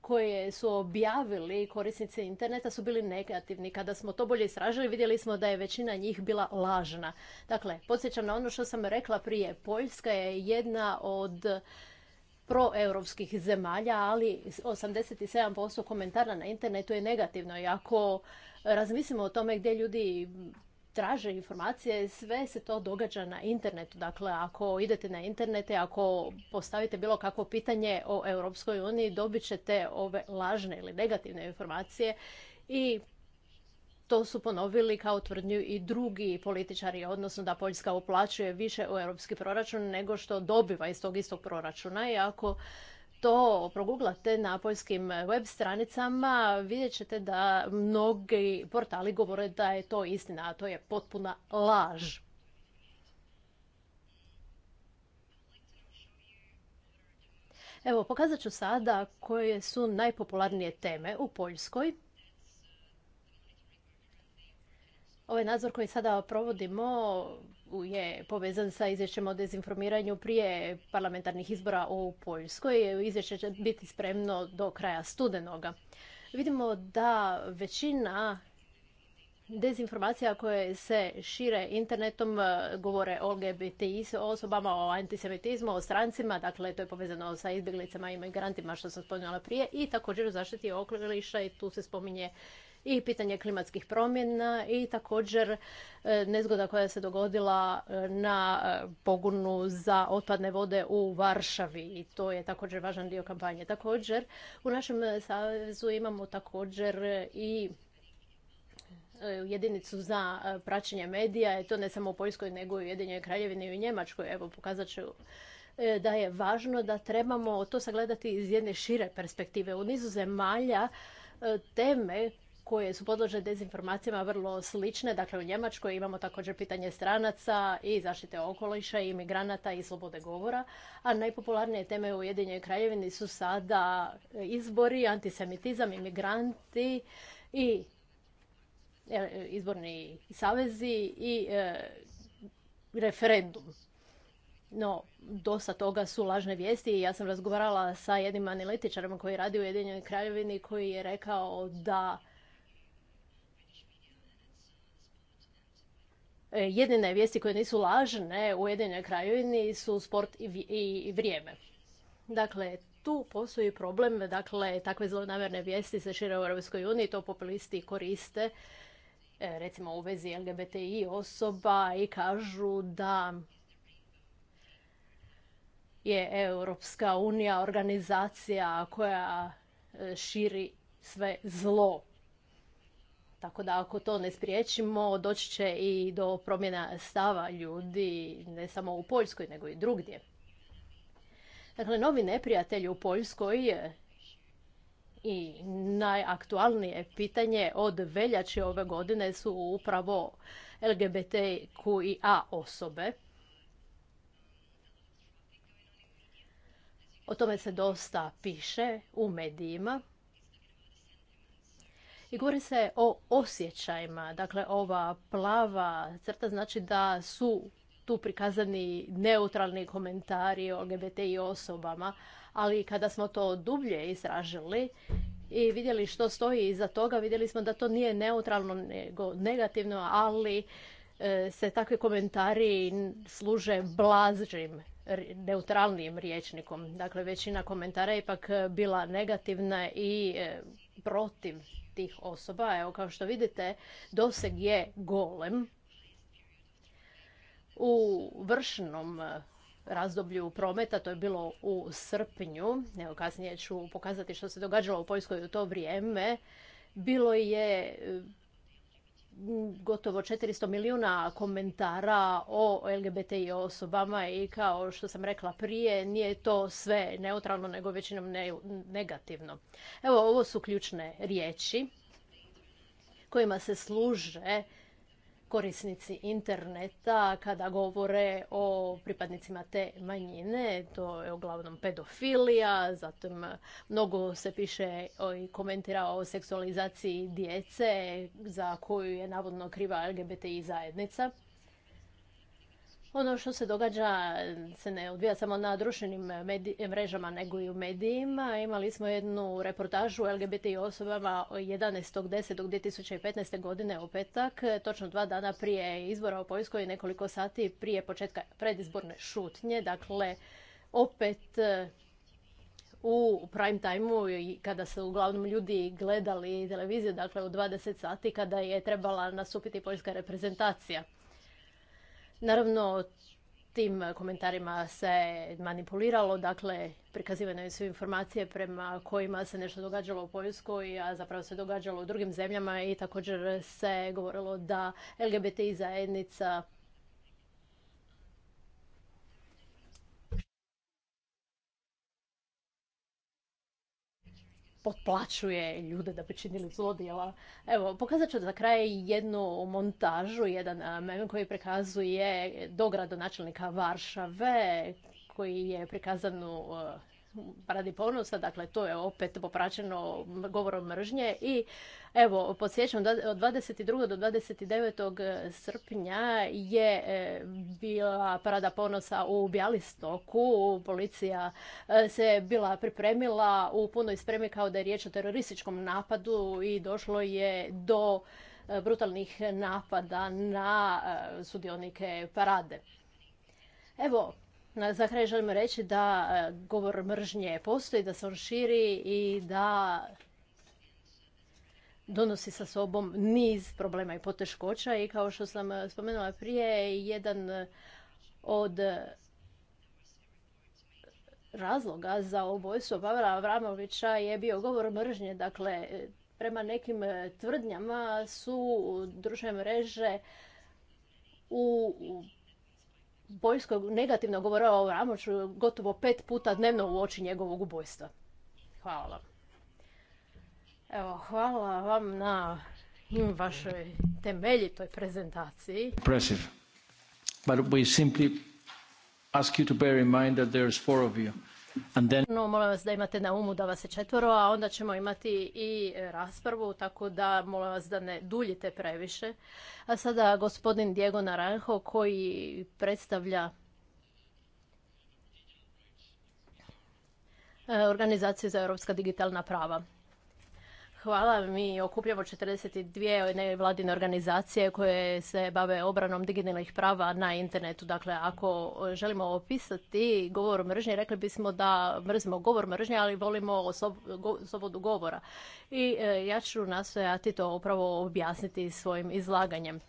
koje su objavili korisnici interneta su bili negativni. Kada smo to bolje istražili, vidjeli smo da je većina njih bila lažna. Dakle, podsjećam na ono što sam rekla prije. Poljska je jedna od proeuropskih zemalja, ali 87% komentara na internetu je negativno. I ako razmislimo o tome gdje ljudi traže informacije, sve se to događa na internetu. Dakle, ako idete na internete ako postavite bilo kakvo pitanje o Europskoj uniji, dobit ćete ove lažne ili negativne informacije i to su ponovili kao tvrdnju i drugi političari, odnosno da Poljska uplaćuje više u europski proračun nego što dobiva iz tog istog proračuna. I ako to proguglate na poljskim web stranicama, vidjet ćete da mnogi portali govore da je to istina, a to je potpuna laž. Evo, pokazat ću sada koje su najpopularnije teme u Poljskoj. Ovaj nadzor koji sada provodimo je povezan sa izvješćem o dezinformiranju prije parlamentarnih izbora u Poljskoj. Izvješće će biti spremno do kraja studenoga. Vidimo da većina dezinformacija koje se šire internetom e, govore o LGBT osobama, o antisemitizmu, o strancima, dakle to je povezano sa izbjeglicama i migrantima što sam spomenula prije i također o zaštiti okoliša i tu se spominje i pitanje klimatskih promjena i također e, nezgoda koja se dogodila e, na e, pogunu za otpadne vode u Varšavi i to je također važan dio kampanje. Također u našem savezu imamo također i jedinicu za praćenje medija, i to ne samo u Poljskoj, nego i u Jedinjoj Kraljevini i u Njemačkoj. Evo, pokazat ću da je važno da trebamo to sagledati iz jedne šire perspektive. U nizu zemalja teme koje su podložene dezinformacijama vrlo slične. Dakle, u Njemačkoj imamo također pitanje stranaca i zaštite okoliša i imigranata i slobode govora. A najpopularnije teme u Ujedinjenoj kraljevini su sada izbori, antisemitizam, imigranti i e, izborni savezi i e, referendum. No, dosta toga su lažne vijesti i ja sam razgovarala sa jednim analitičarom koji radi u Ujedinjenoj kraljevini koji je rekao da E, jedine vijesti koje nisu lažne u jedinoj krajini su sport i vrijeme. Dakle, tu postoji problem, dakle, takve zlonamerne vijesti se šire u Europskoj uniji, to populisti koriste, e, recimo u vezi LGBTI osoba i kažu da je Europska unija organizacija koja e, širi sve zlo. Tako da ako to ne spriječimo, doći će i do promjena stava ljudi, ne samo u Poljskoj, nego i drugdje. Dakle, novi neprijatelji u Poljskoj je i najaktualnije pitanje od veljače ove godine su upravo LGBTQIA osobe. O tome se dosta piše u medijima. I govori se o osjećajima. Dakle, ova plava crta znači da su tu prikazani neutralni komentari o LGBTI osobama, ali kada smo to dublje istražili i vidjeli što stoji iza toga, vidjeli smo da to nije neutralno nego negativno, ali e, se takvi komentari služe blažim neutralnim riječnikom. Dakle, većina komentara je ipak bila negativna i e, protiv tih osoba. Evo, kao što vidite, doseg je golem. U vršnom eh, razdoblju prometa, to je bilo u srpnju, evo kasnije ću pokazati što se događalo u Poljskoj u to vrijeme, bilo je eh, gotovo 400 milijuna komentara o LGBTI osobama i kao što sam rekla prije, nije to sve neutralno, nego većinom negativno. Evo, ovo su ključne riječi kojima se služe korisnici interneta kada govore o pripadnicima te manjine. To je uglavnom pedofilija, zatim mnogo se piše i komentira o seksualizaciji djece za koju je navodno kriva LGBTI zajednica ono što se događa se ne odvija samo na društvenim mrežama nego i u medijima. Imali smo jednu reportažu o LGBT osobama 11.10.2015. godine u petak, točno dva dana prije izbora u Poljskoj i nekoliko sati prije početka predizborne šutnje. Dakle, opet e, u prime timeu i kada su uglavnom ljudi gledali televiziju, dakle u 20 sati kada je trebala nastupiti poljska reprezentacija. Naravno, tim komentarima se manipuliralo, dakle prikazivane su informacije prema kojima se nešto događalo u Poljskoj, a zapravo se događalo u drugim zemljama i također se govorilo da LGBTI zajednica potplaćuje ljude da bi činili zlodjela. Evo, pokazat ću za kraj jednu montažu, jedan meme koji prikazuje do načelnika Varšave, koji je prikazan u radi ponosa, dakle to je opet popraćeno govorom mržnje i evo podsjećam od 22. do 29. srpnja je e, bila parada ponosa u Bjalistoku, policija e, se bila pripremila u punoj spremi kao da je riječ o terorističkom napadu i došlo je do e, brutalnih napada na sudionike parade. Evo, za kraj želim reći da e, govor mržnje postoji, da se on širi i da donosi sa sobom niz problema i poteškoća i kao što sam e, spomenula prije, jedan od razloga za ubojstvo Pavela Avramovića je bio govor mržnje. Dakle, e, prema nekim tvrdnjama su društvene mreže u Bojsko negativno govorio o Ramoću gotovo pet puta dnevno u oči njegovog ubojstva. Hvala. Evo, hvala vam na vašoj temeljitoj prezentaciji. But ask you to bear in mind molim vas da imate na umu da vas je četvoro, a onda ćemo imati i e, raspravu, tako da molim vas da ne duljite previše. A sada gospodin Diego Naranjo koji predstavlja e, organizaciju za europska digitalna prava. Hvala. Mi okupljamo 42 nevladine organizacije koje se bave obranom digitalnih prava na internetu. Dakle, ako želimo opisati govor mržnje, rekli bismo da mrzimo govor mržnje, ali volimo slobodu govora. I e, ja ću nastojati to upravo objasniti svojim izlaganjem.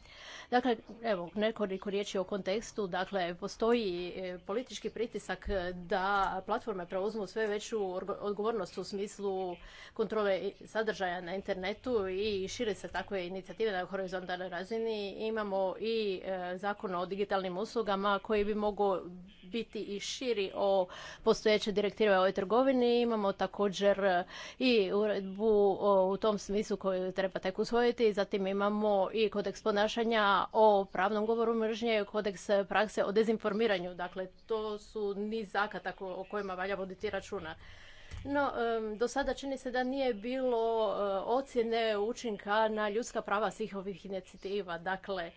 Dakle, evo, nekoliko riječi o kontekstu. Dakle, postoji e, politički pritisak e, da platforme preuzmu sve veću odgovornost u smislu kontrole sadržaja na internetu i šire se takve inicijative na horizontalnoj razini. Imamo i e, zakon o digitalnim uslugama koji bi mogao biti i širi o postojeće direktive o trgovini. Imamo također i uredbu u tom smislu koju treba tek usvojiti. Zatim imamo i kodeks ponašanja o pravnom govoru mržnje, kodeks prakse o dezinformiranju. Dakle, to su niz zakata o kojima valja voditi računa. No, do sada čini se da nije bilo e, ocjene učinka na ljudska prava svih ovih inicijativa. Dakle,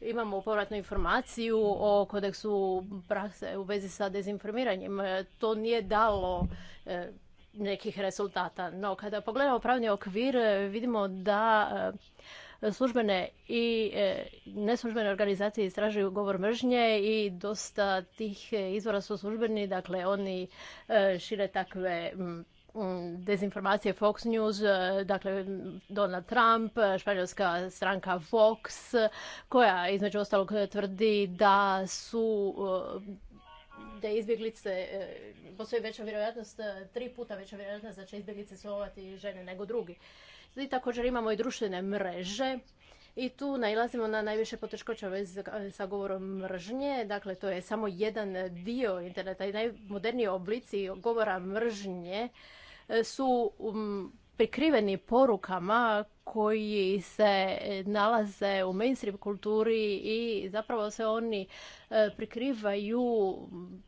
imamo povratnu informaciju o kodeksu prakse u vezi sa dezinformiranjem. E, to nije dalo e, nekih rezultata. No, kada pogledamo pravni okvir, vidimo da službene i e, neslužbene organizacije istražuju govor mržnje i dosta tih e, izvora su službeni, dakle oni e, šire takve dezinformacije Fox News, dakle Donald Trump, španjolska stranka Fox, koja između ostalog tvrdi da su da izbjeglice, postoji veća vjerojatnost, tri puta veća vjerojatnost da će izbjeglice slovati žene nego drugi. I također imamo i društvene mreže i tu nailazimo na najviše poteškoća sa govorom mržnje. Dakle, to je samo jedan dio interneta i najmoderniji oblici govora mržnje e, su um, prikriveni porukama koji se nalaze u mainstream kulturi i zapravo se oni e, prikrivaju mm,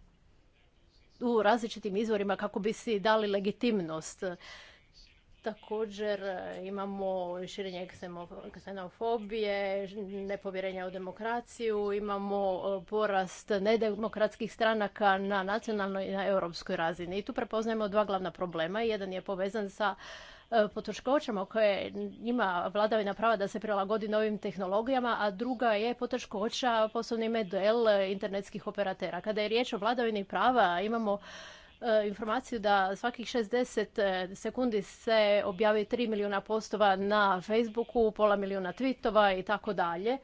u različitim izvorima kako bi si dali legitimnost. Također e, imamo širenje ksenofobije, nepovjerenja u demokraciju, imamo e, porast nedemokratskih stranaka na nacionalnoj i na europskoj razini. I tu prepoznajemo dva glavna problema. Jedan je povezan sa e, poteškoćama koje ima vladavina prava da se prilagodi novim tehnologijama, a druga je poteškoća poslovni model internetskih operatera. Kada je riječ o vladavini prava, imamo E, informaciju da svakih 60 e, sekundi se objavi 3 milijuna postova na Facebooku, pola milijuna tweetova i tako dalje.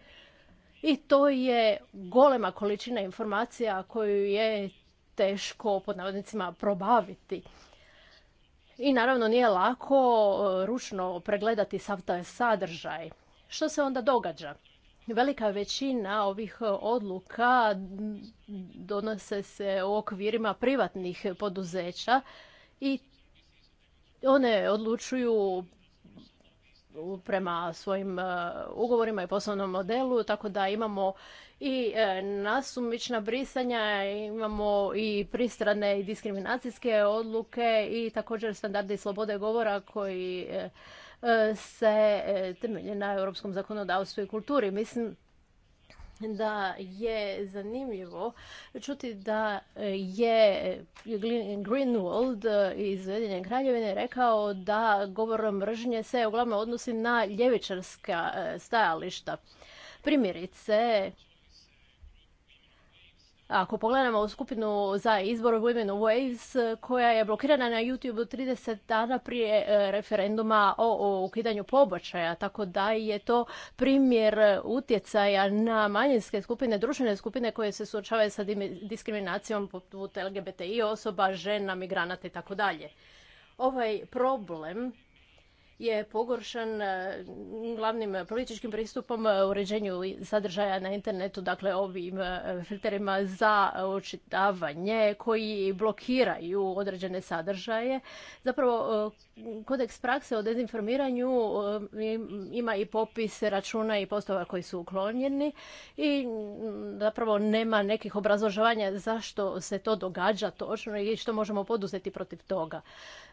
I to je golema količina informacija koju je teško pod navodnicima probaviti. I naravno nije lako e, ručno pregledati sav taj sadržaj. Što se onda događa? Velika većina ovih e, odluka donose se u okvirima privatnih poduzeća i one odlučuju prema svojim e, ugovorima i poslovnom modelu, tako da imamo i e, nasumična brisanja, imamo i pristrane i diskriminacijske odluke i također standardi slobode govora koji E, se e, temelje na europskom zakonodavstvu i kulturi. Mislim da je zanimljivo čuti da je Greenwald iz Ujedinjene kraljevine rekao da govor mržnje se uglavnom odnosi na ljevičarska e, stajališta. Primjerice, ako pogledamo skupinu za izbor Women Waves koja je blokirana na YouTube 30 dana prije e, referenduma o, ukidanju pobačaja, tako da je to primjer utjecaja na manjinske skupine, društvene skupine koje se suočavaju sa diskriminacijom poput LGBTI osoba, žena, migranata i tako dalje. Ovaj problem je pogoršan e, glavnim političkim pristupom e, uređenju sadržaja na internetu, dakle ovim e, filterima za očitavanje koji blokiraju određene sadržaje. Zapravo kodeks prakse o dezinformiranju e, ima i popis računa i postova koji su uklonjeni i zapravo nema nekih obrazloženja zašto se to događa točno i što možemo poduzeti protiv toga.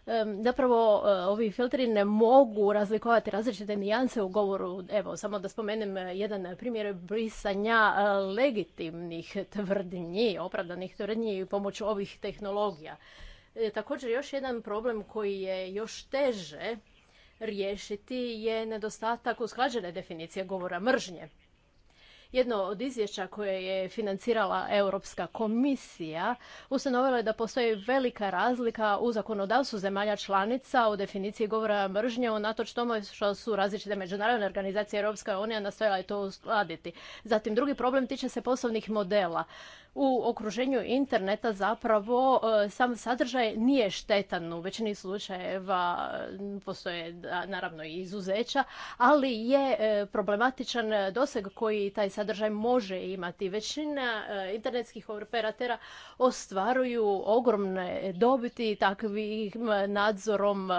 E, zapravo e, ovi filtri ne mogu razlikovati različite nijanse u govoru. Evo, samo da spomenem jedan primjer brisanja legitimnih tvrdnji, opravdanih tvrdnji pomoću ovih tehnologija. E, također još jedan problem koji je još teže riješiti je nedostatak usklađene definicije govora mržnje. Jedno od izvješća koje je financirala Europska komisija ustanovilo je da postoji velika razlika u zakonodavstvu zemalja članica u definiciji govora mržnje, unatoč tome što su različite međunarodne organizacije Europska unija nastojala je to uskladiti. Zatim drugi problem tiče se poslovnih modela u okruženju interneta zapravo e, sam sadržaj nije štetan. U većini slučajeva postoje naravno i izuzeća, ali je e, problematičan doseg koji taj sadržaj može imati. Većina e, internetskih operatera ostvaruju ogromne dobiti takvim nadzorom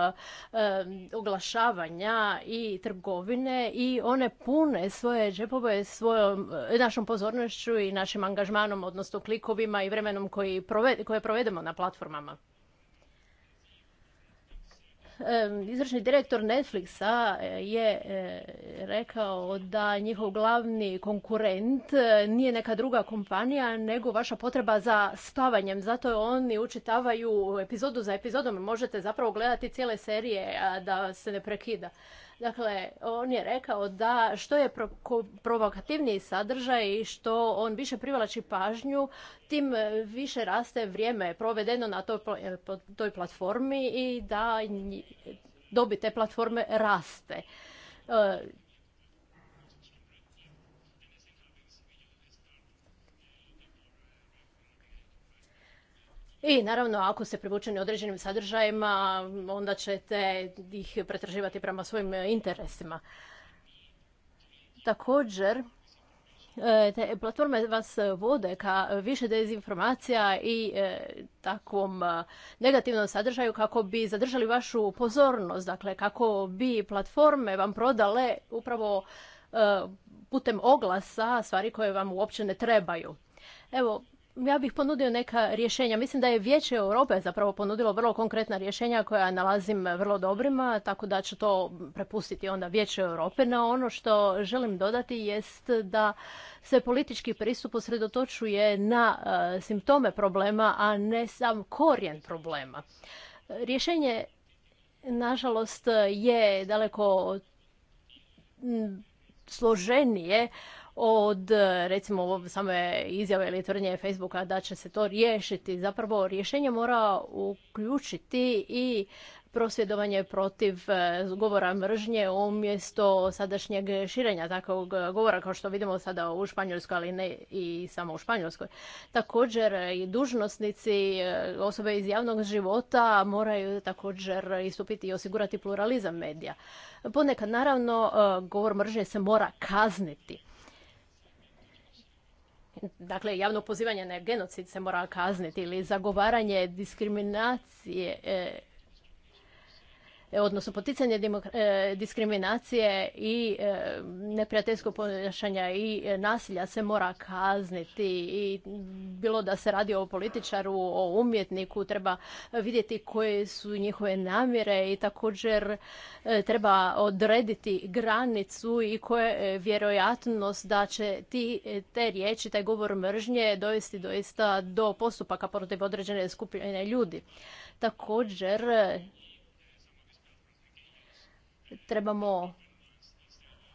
oglašavanja i trgovine i one pune svoje džepove svojom našom pozornošću i našim angažmanom, odnosno klikovima i vremenom koji koje provedemo na platformama. Izvršni direktor Netflixa eh, je eh, rekao da njihov glavni konkurent eh, nije neka druga kompanija, nego vaša potreba za stavanjem. Zato oni učitavaju epizodu za epizodom. Možete zapravo gledati cijele serije a da se ne prekida. Dakle, on je rekao da što je provokativniji sadržaj i što on više privlači pažnju, tim e, više raste vrijeme provedeno na toj, e, platformi i da dobit te platforme raste. E, I naravno, ako ste privučeni određenim sadržajima, onda ćete ih pretraživati prema svojim interesima. Također, e, te platforme vas vode ka više dezinformacija i e, takvom e, negativnom sadržaju kako bi zadržali vašu pozornost, dakle kako bi platforme vam prodale upravo putem oglasa stvari koje vam uopće ne trebaju. Evo, ja bih ponudio neka rješenja. Mislim da je Vijeće Europe zapravo ponudilo vrlo konkretna rješenja koja nalazim vrlo dobrima, tako da ću to prepustiti onda Vijeće Europe. No ono što želim dodati jest da se politički pristup usredotočuje na e, simptome problema, a ne sam korijen problema. Rješenje, nažalost, je daleko složenije od e, recimo same izjave ili tvrdnje Facebooka da će se to riješiti. Zapravo rješenje mora uključiti i prosvjedovanje protiv e, govora mržnje umjesto sadašnjeg širenja takvog govora kao što vidimo sada u Španjolskoj, ali ne i samo u Španjolskoj. Također i dužnosnici, e, osobe iz javnog života moraju također istupiti i osigurati pluralizam medija. Ponekad naravno govor mržnje se mora kazniti. Dakle, javno pozivanje na genocid se mora kazniti ili zagovaranje diskriminacije e, E, odnosno poticanje e, diskriminacije i e, neprijateljskog ponašanja i nasilja se mora kazniti i bilo da se radi o političaru, o umjetniku, treba vidjeti koje su njihove namjere i također treba odrediti granicu i koja je vjerojatnost da će ti, te riječi, taj govor mržnje dovesti doista do postupaka protiv određene skupine ljudi. Također trebamo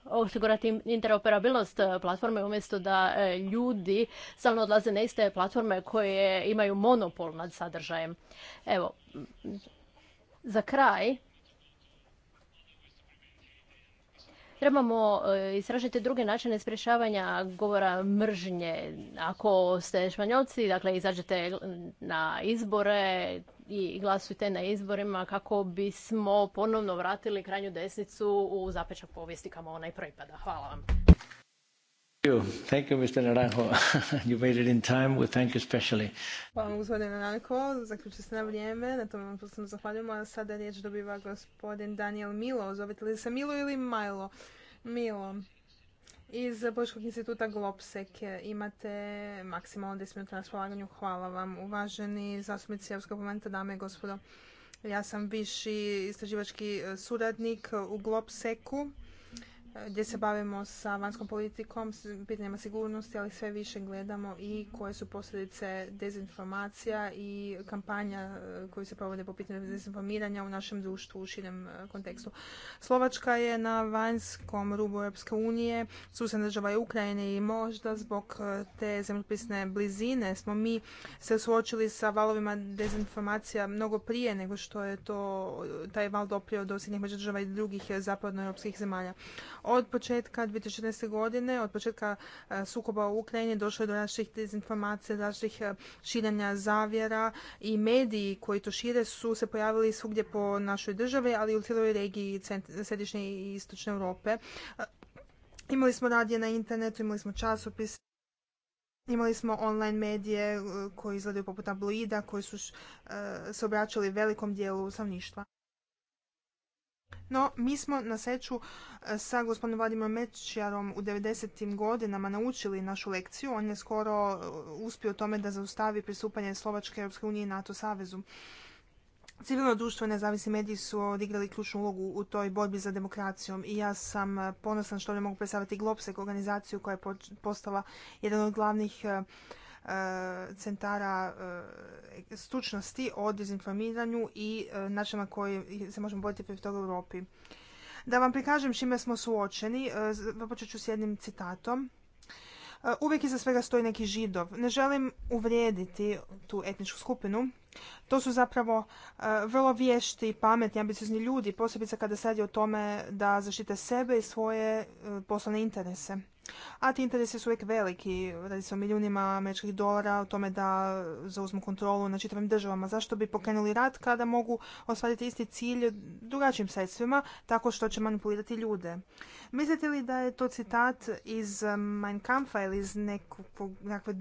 osigurati interoperabilnost platforme umjesto da e, ljudi stalno odlaze na iste platforme koje imaju monopol nad sadržajem. Evo, za kraj Trebamo e, istražiti druge načine sprječavanja govora mržnje. Ako ste španjolci, dakle, izađete na izbore i glasujte na izborima kako bismo ponovno vratili krajnju desnicu u zapečak povijesti kamo ona i proipada. Hvala vam. Hvala vam, gospodine Naranjo. Zaključili ste na vrijeme. Na tom vam posljedno zahvaljujemo. A sada riječ dobiva gospodin Daniel Milo. Zovete li se Milo ili Milo? Milo. Iz Boškog instituta Globsek. imate maksimalno 10 minuta na raspolaganju. Hvala vam. Uvaženi zastupnici Europskog parlamenta, dame i gospodo. Ja sam viši istraživački suradnik u Globseku gdje se bavimo sa vanjskom politikom, s pitanjima sigurnosti, ali sve više gledamo i koje su posljedice dezinformacija i kampanja e, koji se provode po pitanju dezinformiranja u našem društvu u širem e, kontekstu. Slovačka je na vanjskom rubu Europske unije, susjedna država je Ukrajine i možda zbog e, te zemljopisne blizine smo mi se suočili sa valovima dezinformacija mnogo prije nego što je to taj val doprio do Sjednjih država i drugih zapadnoeuropskih zemalja. Od početka 2014. godine, od početka e, sukoba u Ukrajini došlo je do različitih dezinformacija, različitih e, širenja zavjera i mediji koji to šire su se pojavili svugdje po našoj državi, ali i u cijeloj regiji središnje i istočne Europe. E, imali smo radije na internetu, imali smo časopis, Imali smo online medije koji izgledaju poput tabloida, koji su se obraćali velikom dijelu samništva. No, mi smo na sreću e, sa gospodinom Vladimom Mečijarom u 90. godinama naučili našu lekciju. On je skoro e, uspio tome da zaustavi pristupanje Slovačke, Europske unije i NATO savezu. Civilno društvo i nezavisni mediji su odigrali ključnu ulogu u toj borbi za demokracijom i ja sam e, ponosan što ne mogu predstaviti Globsek, organizaciju koja je postala jedan od glavnih E, centara e, stručnosti o dezinformiranju i e, na koji se možemo boriti protiv toga u Europi. Da vam prikažem čime smo suočeni, započet ću s jednim citatom. Uvijek iza svega stoji neki židov. Ne želim uvrijediti tu etničku skupinu. To su zapravo vrlo vješti, pametni, ambiciozni ljudi, posebice kada se radi o tome da zaštite sebe i svoje poslovne interese. A ti interesi su uvijek veliki, radi se o milijunima američkih dolara, o tome da zauzmu kontrolu na čitavim državama. Zašto bi pokrenuli rat kada mogu ostvariti isti cilj drugačijim sredstvima, tako što će manipulirati ljude? Mislite li da je to citat iz Mein Kampfa ili iz nekakve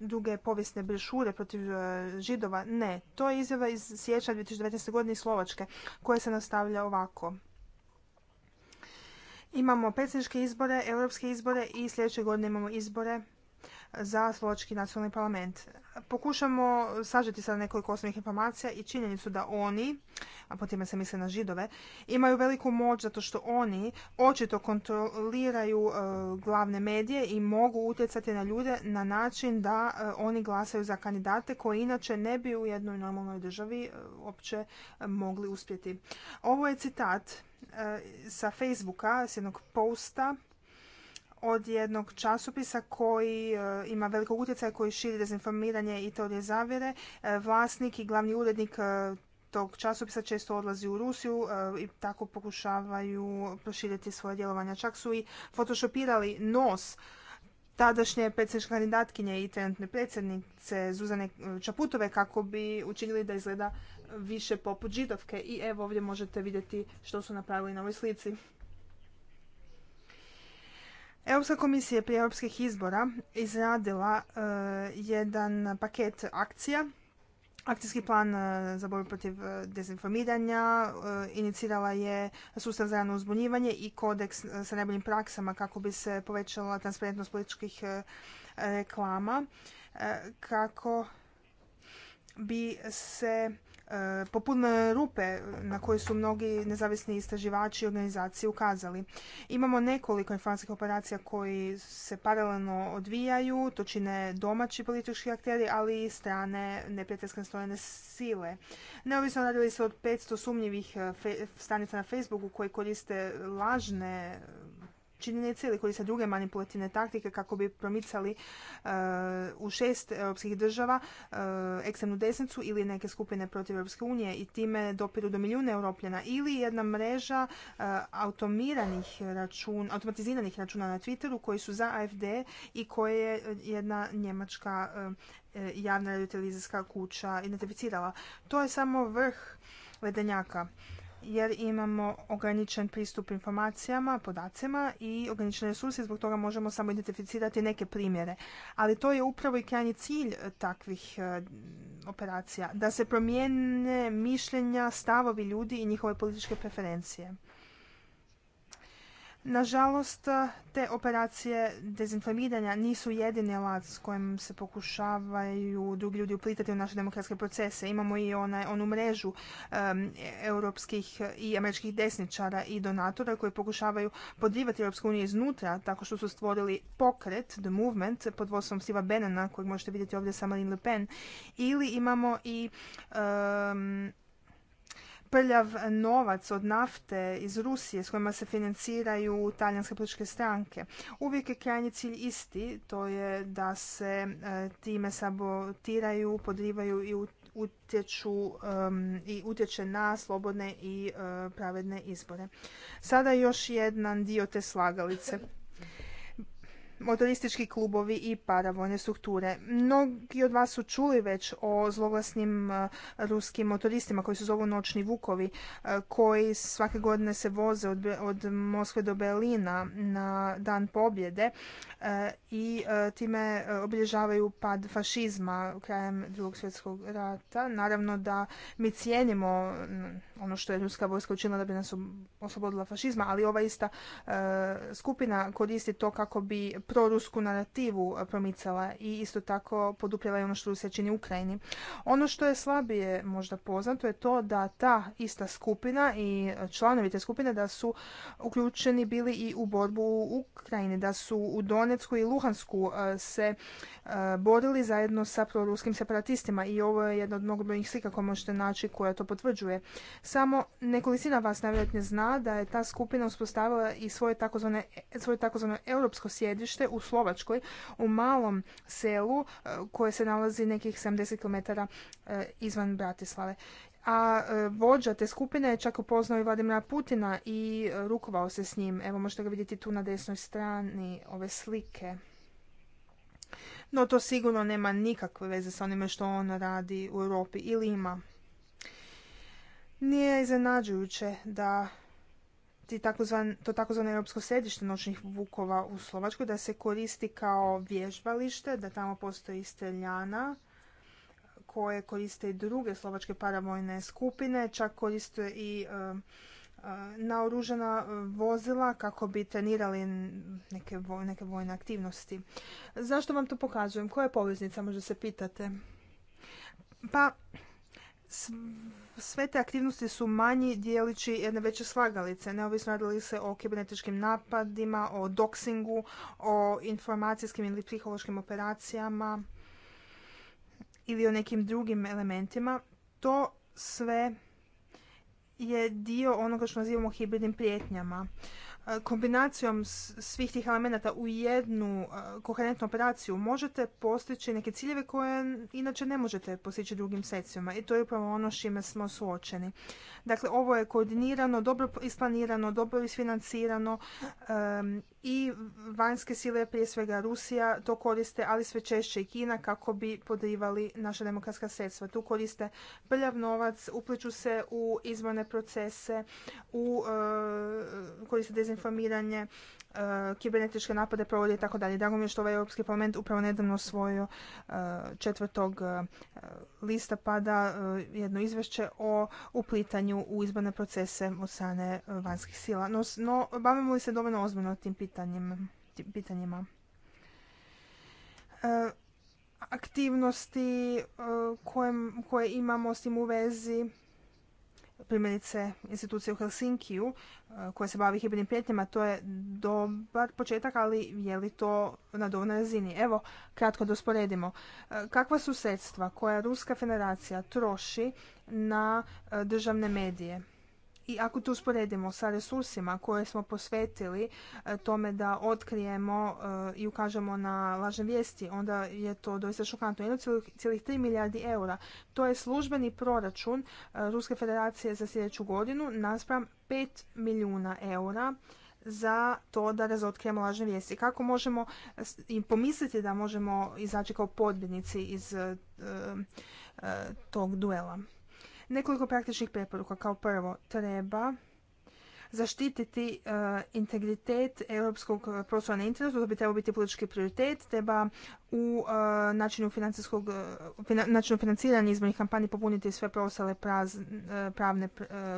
duge povijesne brošure protiv e, židova? Ne, to je izjava iz sjeća 2019. godine iz Slovačke, koja se nastavlja ovako. Imamo predsjedničke izbore, europske izbore i sljedeće godine imamo izbore za Slovački nacionalni parlament pokušamo sažeti sa nekoliko osnovnih informacija i činjenicu da oni, a po time se misle na židove, imaju veliku moć zato što oni očito kontroliraju e, glavne medije i mogu utjecati na ljude na način da e, oni glasaju za kandidate koji inače ne bi u jednoj normalnoj državi e, uopće mogli uspjeti. Ovo je citat sa Facebooka, s jednog posta od jednog časopisa koji e, ima velikog utjecaja, koji širi dezinformiranje i teorije zavjere. E, vlasnik i glavni urednik e, tog časopisa često odlazi u Rusiju i tako pokušavaju proširiti svoje djelovanja. Čak su i photoshopirali nos tadašnje predsjedničke kandidatkinje i trenutne predsjednice Zuzane Čaputove kako bi učinili da izgleda više poput židovke. I evo ovdje možete vidjeti što su napravili na ovoj slici. Europska komisija je prije europskih izbora izradila eh, jedan paket akcija, akcijski plan eh, za borbu protiv uh, dezinformiranja, inicirala je sustav za rano uzbunjivanje i kodeks sa najboljim praksama kako bi se povećala transparentnost političkih reklama, kako bi se E, popune rupe na koje su mnogi nezavisni istraživači i organizacije ukazali. Imamo nekoliko informacijskih operacija koji se paralelno odvijaju, to čine domaći politički akteri, ali i strane neprijateljske nastrojene sile. Neovisno radili se od 500 sumnjivih e, stanica na Facebooku koji koriste lažne činjenice ili koriste druge manipulativne taktike kako bi promicali e, u šest europskih država e, ekstremnu desnicu ili neke skupine protiv Europske unije i time dopiru do milijuna europljena ili jedna mreža e, automiranih automatiziranih računa na Twitteru koji su za AFD i koje je jedna njemačka javna radio-televizijska kuća identificirala. To je samo vrh ledenjaka jer imamo ograničen pristup informacijama, podacima i ograničene resurse, zbog toga možemo samo identificirati neke primjere. Ali to je upravo i krajnji cilj e, takvih e, operacija, da se promijene mišljenja, stavovi ljudi i njihove političke preferencije. Nažalost, te operacije dezinformiranja nisu jedini alat s kojim se pokušavaju drugi ljudi uplitati u naše demokratske procese. Imamo i onaj, onu mrežu europskih i američkih desničara i donatora koji pokušavaju podrivati Europsku uniju iznutra tako što su stvorili pokret, The Movement, pod vodstvom Siva Benena kojeg možete vidjeti ovdje sa Marine Le Pen. Ili imamo i prljav novac od nafte iz Rusije s kojima se financiraju talijanske političke stranke. Uvijek je krajnji cilj isti, to je da se e, time sabotiraju, podrivaju i utječu i utječe na slobodne i e, pravedne izbore. Sada još jedan dio te slagalice motoristički klubovi i paravojne strukture. Mnogi od vas su čuli već o zloglasnim e, ruskim motoristima koji se zovu Noćni Vukovi, e, koji svake godine se voze od Moskve do Berlina na dan pobjede e, i time obilježavaju pad fašizma krajem drugog svjetskog rata. Naravno da mi cijenimo ono što je ruska vojska učinila da bi nas oslobodila fašizma, ali ova ista skupina koristi to kako bi prorusku narativu promicala i isto tako podupljava i ono što se čini Ukrajini. Ono što je slabije možda poznato je to da ta ista skupina i članovi te skupine da su uključeni bili i u borbu u Ukrajini, da su u Donetsku i Luhansku e, se e, borili zajedno sa proruskim separatistima i ovo je jedna od mnogobrojnih slika koje možete naći koja to potvrđuje. Samo nekolicina vas najvjerojatnije zna da je ta skupina uspostavila i svoje takozvano europsko sjedište u Slovačkoj, u malom selu e, koje se nalazi nekih 70 km e, izvan Bratislave. A e, vođa te skupine je čak upoznao i Vladimira Putina i rukovao se s njim. Evo možete ga vidjeti tu na desnoj strani ove slike. No to sigurno nema nikakve veze sa onime što on radi u Europi ili ima. Nije iznenađujuće da to takozvano europsko središte noćnih vukova u Slovačkoj, da se koristi kao vježbalište, da tamo postoji streljana koje koriste i druge slovačke paravojne skupine, čak koriste i e, e, naoružana vozila kako bi trenirali neke, neke vojne aktivnosti. Zašto vam to pokazujem? Koja je poveznica, možda se pitate? Pa, sve te aktivnosti su manji dijelići jedne veće slagalice, neovisno li se o kibernetičkim napadima, o doksingu, o informacijskim ili psihološkim operacijama ili o nekim drugim elementima. To sve je dio onoga što nazivamo hibridnim prijetnjama kombinacijom svih tih elemenata u jednu koherentnu operaciju možete postići neke ciljeve koje inače ne možete postići drugim sredstvima i to je upravo ono s čime smo suočeni. Dakle, ovo je koordinirano, dobro isplanirano, dobro isfinancirano i vanjske sile, prije svega Rusija, to koriste, ali sve češće i Kina kako bi podrivali naše demokratska sredstva. Tu koriste prljav novac, upliču se u izborne procese, u, e, koriste dezinformiranje, E, kibernetičke napade provodi i tako dalje. Drago mi je što ovaj Europski parlament upravo nedavno osvojio e, četvrtog e, listopada jedno izvješće o uplitanju u izborne procese od strane vanjskih sila. No, no bavimo li se dovoljno ozbiljno tim pitanjima? Aktivnosti koje, koje imamo s tim u vezi primjerice institucije u Helsinkiju e, koja se bavi hibridnim prijetnjama, to je dobar početak, ali je li to na dovoljnoj razini? Evo, kratko da usporedimo. E, kakva su sredstva koja Ruska federacija troši na e, državne medije? I ako to usporedimo sa resursima koje smo posvetili e, tome da otkrijemo e, i ukažemo na lažne vijesti, onda je to doista šokantno. 1,3 milijardi eura. To je službeni proračun e, Ruske federacije za sljedeću godinu naspram 5 milijuna eura za to da razotkrijemo lažne vijesti. Kako možemo im pomisliti da možemo izaći kao podbjednici iz tog duela? Nekoliko praktičnih preporuka. Kao prvo, treba zaštititi e, integritet europskog prostora na internetu, to bi trebao biti politički prioritet, treba u e, načinu, financijskog, e, načinu financiranja izbornih kampanji popuniti sve preostale pravne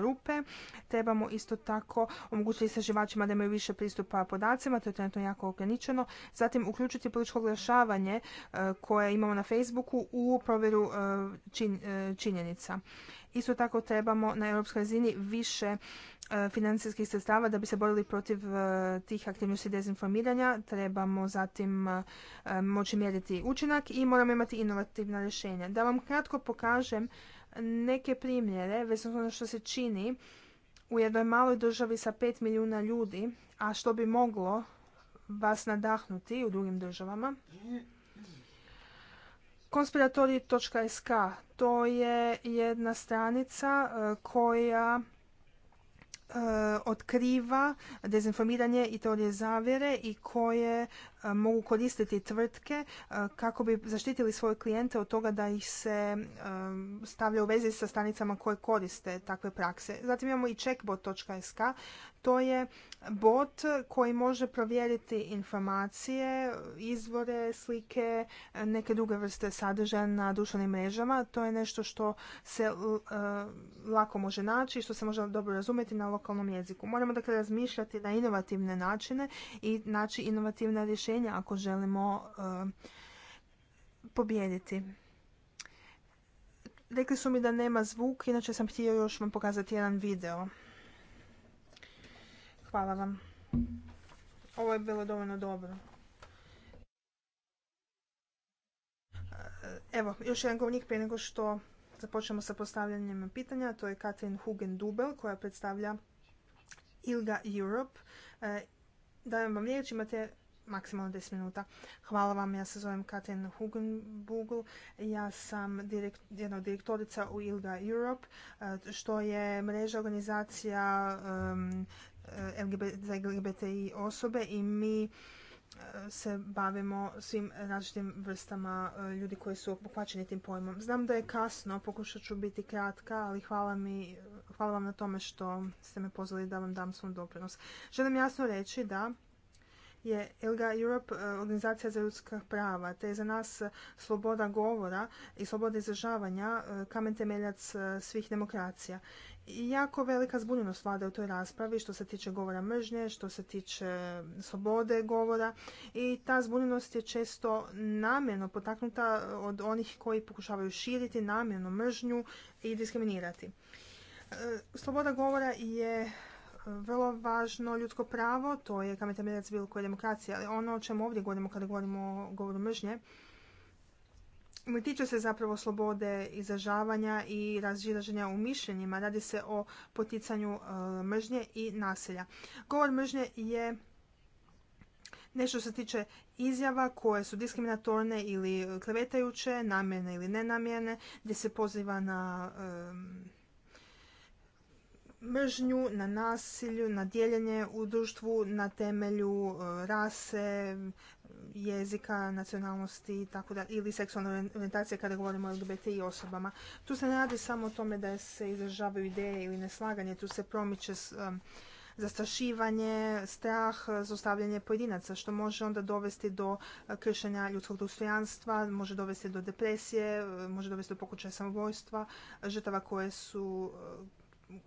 rupe. Trebamo isto tako omogućiti istraživačima da imaju više pristupa podacima, to je trenutno jako ograničeno. Zatim uključiti političko oglašavanje koje imamo na Facebooku u provjeru činjenica. Isto tako trebamo na europskoj razini više E, financijskih sredstava da bi se borili protiv e, tih aktivnosti dezinformiranja. Trebamo zatim e, moći mjeriti učinak i moramo imati inovativna rješenja. Da vam kratko pokažem neke primjere vezano ono što se čini u jednoj maloj državi sa 5 milijuna ljudi, a što bi moglo vas nadahnuti u drugim državama. Konspiratori.sk to je jedna stranica koja E, otkriva dezinformiranje i teorije zavjere i koje e, mogu koristiti tvrtke e, kako bi zaštitili svoje klijente od toga da ih se stavlja u vezi sa stanicama koje koriste takve prakse. Zatim imamo i checkbot.sk, to je bot koji može provjeriti informacije, izvore, slike, neke druge vrste sadržaja na društvenim mrežama. To je nešto što se e, lako može naći i što se može dobro razumjeti na lokalnom jeziku. Moramo dakle razmišljati na inovativne načine i naći inovativna rješenja ako želimo e, pobijediti. Rekli su mi da nema zvuk, inače sam htio još vam pokazati jedan video. Hvala vam. Ovo je bilo dovoljno dobro. Evo, još jedan govnik prije nego što započnemo sa postavljanjem pitanja. To je Katrin Hugen-Dubel koja predstavlja ILGA Europe. E, dajem vam riječ, imate maksimalno 10 minuta. Hvala vam, ja se zovem Katrin Hugenbugl, ja sam jedna od direktorica u ILGA Europe, e, što je mreža organizacija za LGBTI osobe i mi e, se bavimo svim različitim vrstama e, ljudi koji su obuhvaćeni tim pojmom. Znam da je kasno, pokušat ću biti kratka, ali hvala, mi, hvala vam na tome što ste me pozvali da vam dam svom doprinos. Želim jasno reći da je Elga Europe e, organizacija za ljudska prava, te je za nas e, sloboda govora i sloboda izražavanja e, kamen temeljac svih demokracija. I jako velika zbunjenost vlada u toj raspravi što se tiče govora mržnje, što se tiče slobode govora i ta zbunjenost je često namjerno potaknuta od onih koji pokušavaju širiti namjernu mržnju i diskriminirati. Sloboda govora je vrlo važno ljudsko pravo, to je kamen temeljac bilo koje demokracije, ali ono o čemu ovdje govorimo kada govorimo o govoru mržnje, tiče se zapravo slobode izražavanja i razžiraženja u mišljenjima. Radi se o poticanju e, mržnje i nasilja. Govor mržnje je nešto se tiče izjava koje su diskriminatorne ili klevetajuće, namjene ili nenamjene, gdje se poziva na e, mržnju, na nasilju, na dijeljenje u društvu na temelju e, rase, jezika, nacionalnosti tako da, ili seksualne orientacije kada govorimo o LGBTI osobama. Tu se ne radi samo o tome da se izražavaju ideje ili neslaganje, tu se promiče e, zastrašivanje, strah, zostavljanje pojedinaca, što može onda dovesti do e, kršenja ljudskog dostojanstva, može dovesti do depresije, može dovesti do pokušaja samoubojstva, žrtava koje su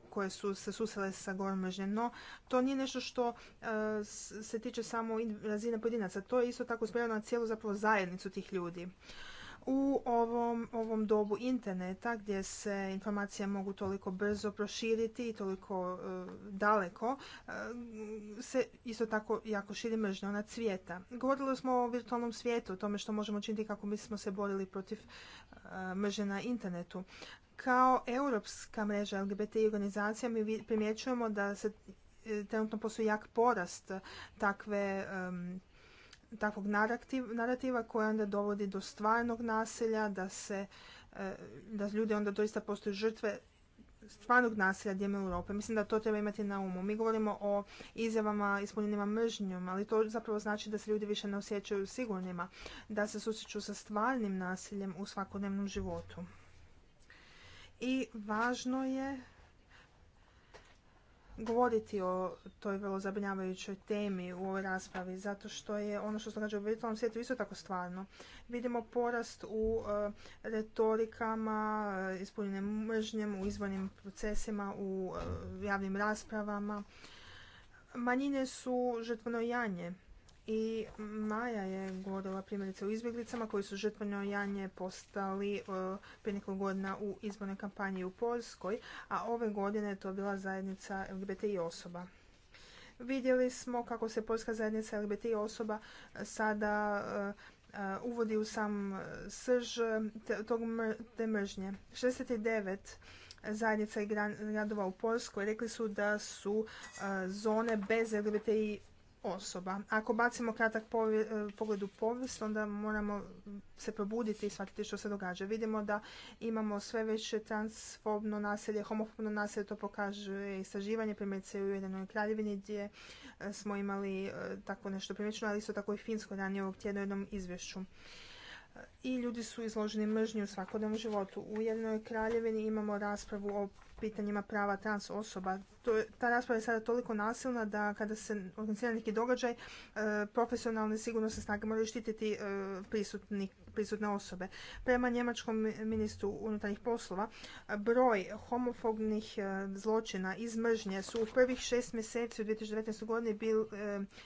koje su se susrele sa govorom mržnje. No, to nije nešto što e, se tiče samo razine pojedinaca. To je isto tako usmjereno na cijelu zapravo zajednicu tih ljudi u ovom, ovom dobu interneta gdje se informacije mogu toliko brzo proširiti i toliko e, daleko e, se isto tako jako širi mržnja ona cvijeta Govorili smo o virtualnom svijetu, o tome što možemo činiti kako bismo se borili protiv e, mržnje na internetu. Kao europska mreža LGBT organizacija mi primjećujemo da se trenutno postoji jak porast takve takvog narativa koja onda dovodi do stvarnog nasilja, da se e, da ljudi onda doista postaju žrtve stvarnog nasilja djeme Europe. Mislim da to treba imati na umu. Mi govorimo o izjavama ispunjenima mržnjom, ali to zapravo znači da se ljudi više ne osjećaju sigurnima, da se susreću sa stvarnim nasiljem u svakodnevnom životu. I važno je govoriti o toj vrlo zabrinjavajućoj temi u ovoj raspravi, zato što je ono što se događa u virtualnom svijetu isto tako stvarno. Vidimo porast u e, retorikama, e, ispunjenim mržnjem, u izvornim procesima, u e, javnim raspravama. Manjine su žrtveno janje i Maja je govorila primjerice u izbjeglicama koji su žrtveno janje postali e, prije nekoliko godina u izbornoj kampanji u Poljskoj, a ove godine je to bila zajednica LGBTI osoba. Vidjeli smo kako se Poljska zajednica i osoba sada e, e, uvodi u sam srž tog te mržnje. 69 zajednica gradova u Poljskoj rekli su da su zone bez LGBTI osoba. Ako bacimo kratak e, pogled u povijest, onda moramo se probuditi i shvatiti što se događa. Vidimo da imamo sve veće transfobno naselje, homofobno naselje, to pokaže istraživanje, primjerice u Ujedinoj kraljevini gdje e, smo imali e, tako nešto primjećeno, ali isto tako i Finskoj ranije ovog tjedna u jednom izvješću i ljudi su izloženi mržnji u svakodnevnom životu. U jednoj kraljevini imamo raspravu o pitanjima prava trans osoba. ta rasprava je sada toliko nasilna da kada se organizira neki događaj, e, profesionalne sigurnosne snage moraju štititi e, prisutne osobe. Prema njemačkom ministru unutarnjih poslova, broj homofobnih e, zločina iz mržnje su u prvih šest mjeseci u 2019. godini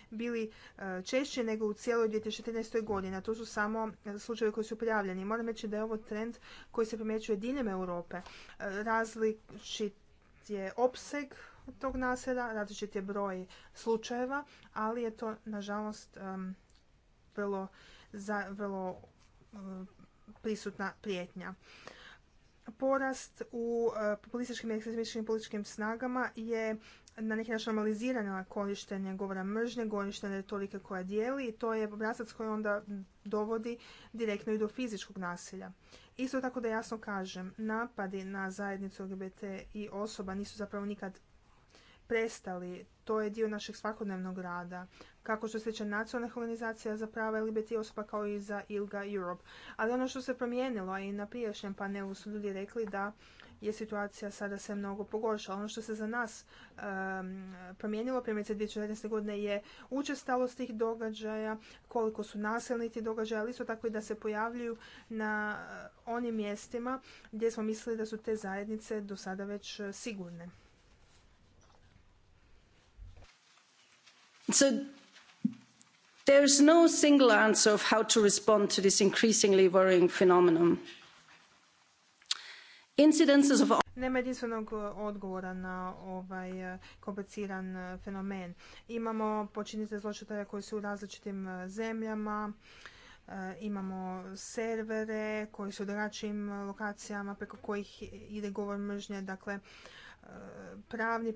bili češći nego u cijeloj 2014. godini. A to su samo slučajevi koji su prijavljeni. Moram reći da je ovo trend koji se primjećuje diljem Europe. Različit je opseg tog naselja, različit je broj slučajeva, ali je to nažalost vrlo, vrlo prisutna prijetnja. Porast u e, populističkim i ekstremističkim političkim snagama je na neki način normalizirana korištenje govora mržnje, korištenje retorike koja dijeli i to je obrazac koji onda dovodi direktno i do fizičkog nasilja. Isto tako da jasno kažem, napadi na zajednicu LGBT i osoba nisu zapravo nikad prestali. To je dio našeg svakodnevnog rada, kako što se tiče nacionalnih organizacija za prava LGBT osoba kao i za ILGA Europe. Ali ono što se promijenilo i na prijašnjem panelu su ljudi rekli da je situacija sada se mnogo pogoršala. Ono što se za nas promijenilo primjerice 2014. godine je učestalost tih događaja, koliko su nasilni događaja, ali isto tako i da se pojavljuju na eh, onim mjestima gdje smo mislili da su te zajednice do sada već eh, sigurne. So there is no single answer of how to respond to this increasingly worrying phenomenon. Nema jedinstvenog e, odgovora na ovaj e, kompliciran e, fenomen. Imamo počinitelje zločitelja koji su u različitim zemljama, imamo servere koji su u drugačijim lokacijama preko kojih ide govor mržnje, dakle pravni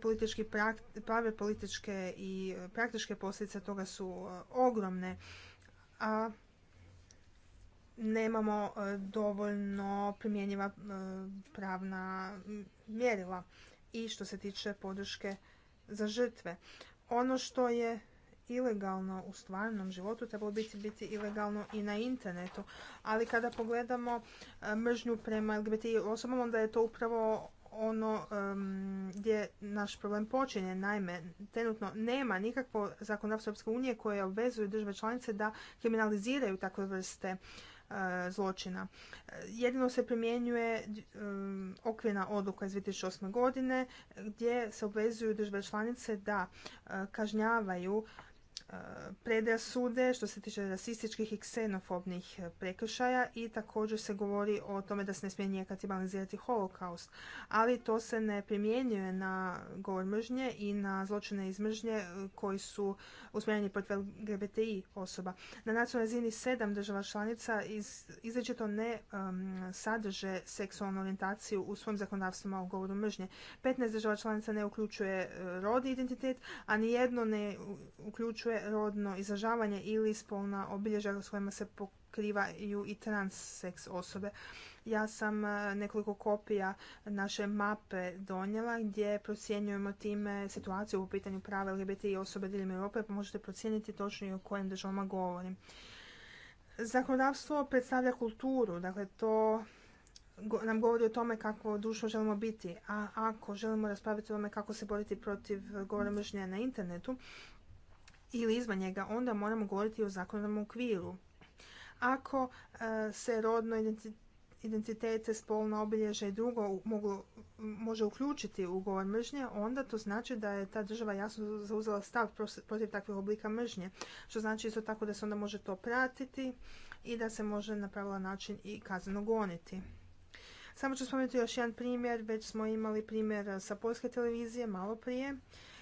prave političke i praktičke posljedice toga su ogromne. A nemamo e, dovoljno primjenjiva e, pravna mjerila i što se tiče podrške za žrtve. Ono što je ilegalno u stvarnom životu trebalo biti biti ilegalno i na internetu. Ali kada pogledamo e, mržnju prema LGBT osobama, onda je to upravo ono gdje naš problem počinje. Naime, trenutno nema nikakvo zakonodavstvo Europske unije koje obvezuje države članice da kriminaliziraju takve vrste E, zločina. Jedino se primjenjuje um, okvirna odluka iz 2008. godine gdje se obvezuju države članice da e, kažnjavaju predrasude što se tiče rasističkih i ksenofobnih prekršaja i također se govori o tome da se ne smije nijekati banalizirati holokaust. Ali to se ne primjenjuje na govor mržnje i na zločine iz mržnje e, koji su usmjereni protiv LGBTI osoba. Na nacionalnoj razini sedam država članica izrečito ne sadrže seksualnu orijentaciju u svom zakonodavstvima o govoru mržnje. Petnaest država članica ne uključuje e, rodni identitet, a nijedno ne uključuje rodno izražavanje ili spolna obilježja s kojima se pokrivaju i transseks osobe. Ja sam e, nekoliko kopija naše mape donijela gdje procjenjujemo time situaciju u pitanju prava i osobe diljem Europe, pa možete procijeniti točno i o kojim državama govorim. Zakonodavstvo predstavlja kulturu, dakle to nam govori o tome kako društvo želimo biti, a ako želimo raspraviti o tome kako se boriti protiv govora mržnje na internetu, ili izvan njega, onda moramo govoriti o zakonodavnom okviru. Ako e, se rodno identitete, spolna obilježja i drugo može uključiti u govor mržnje, onda to znači da je ta država jasno zauzela stav protiv takvih oblika mržnje. Što znači isto tako da se onda može to pratiti i da se može na pravilan način i kazneno goniti. Samo ću spomenuti još jedan primjer, već smo imali primjer sa Poljske televizije malo prije.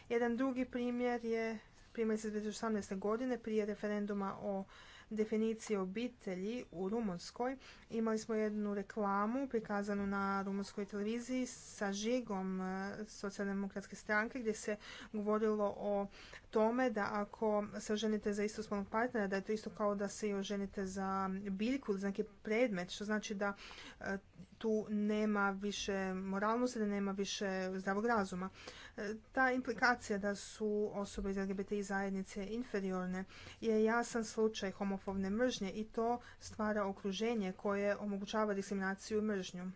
Jedan drugi primjer je primjerice 2018. godine prije referenduma o definiciji obitelji u Rumunskoj. Imali smo jednu reklamu prikazanu na rumunskoj televiziji sa žigom e, socijaldemokratske stranke gdje se govorilo o tome da ako se oženite za istospolnog partnera da je to isto kao da se i oženite za biljku ili za neki predmet, što znači da e, tu nema više moralnosti, da nema više zdravog razuma. E, ta implikacija da su osobe iz LGBTI zajednice inferiorne je jasan slučaj homofobne mržnje i to stvara okruženje koje omogućava diskriminaciju i mržnju.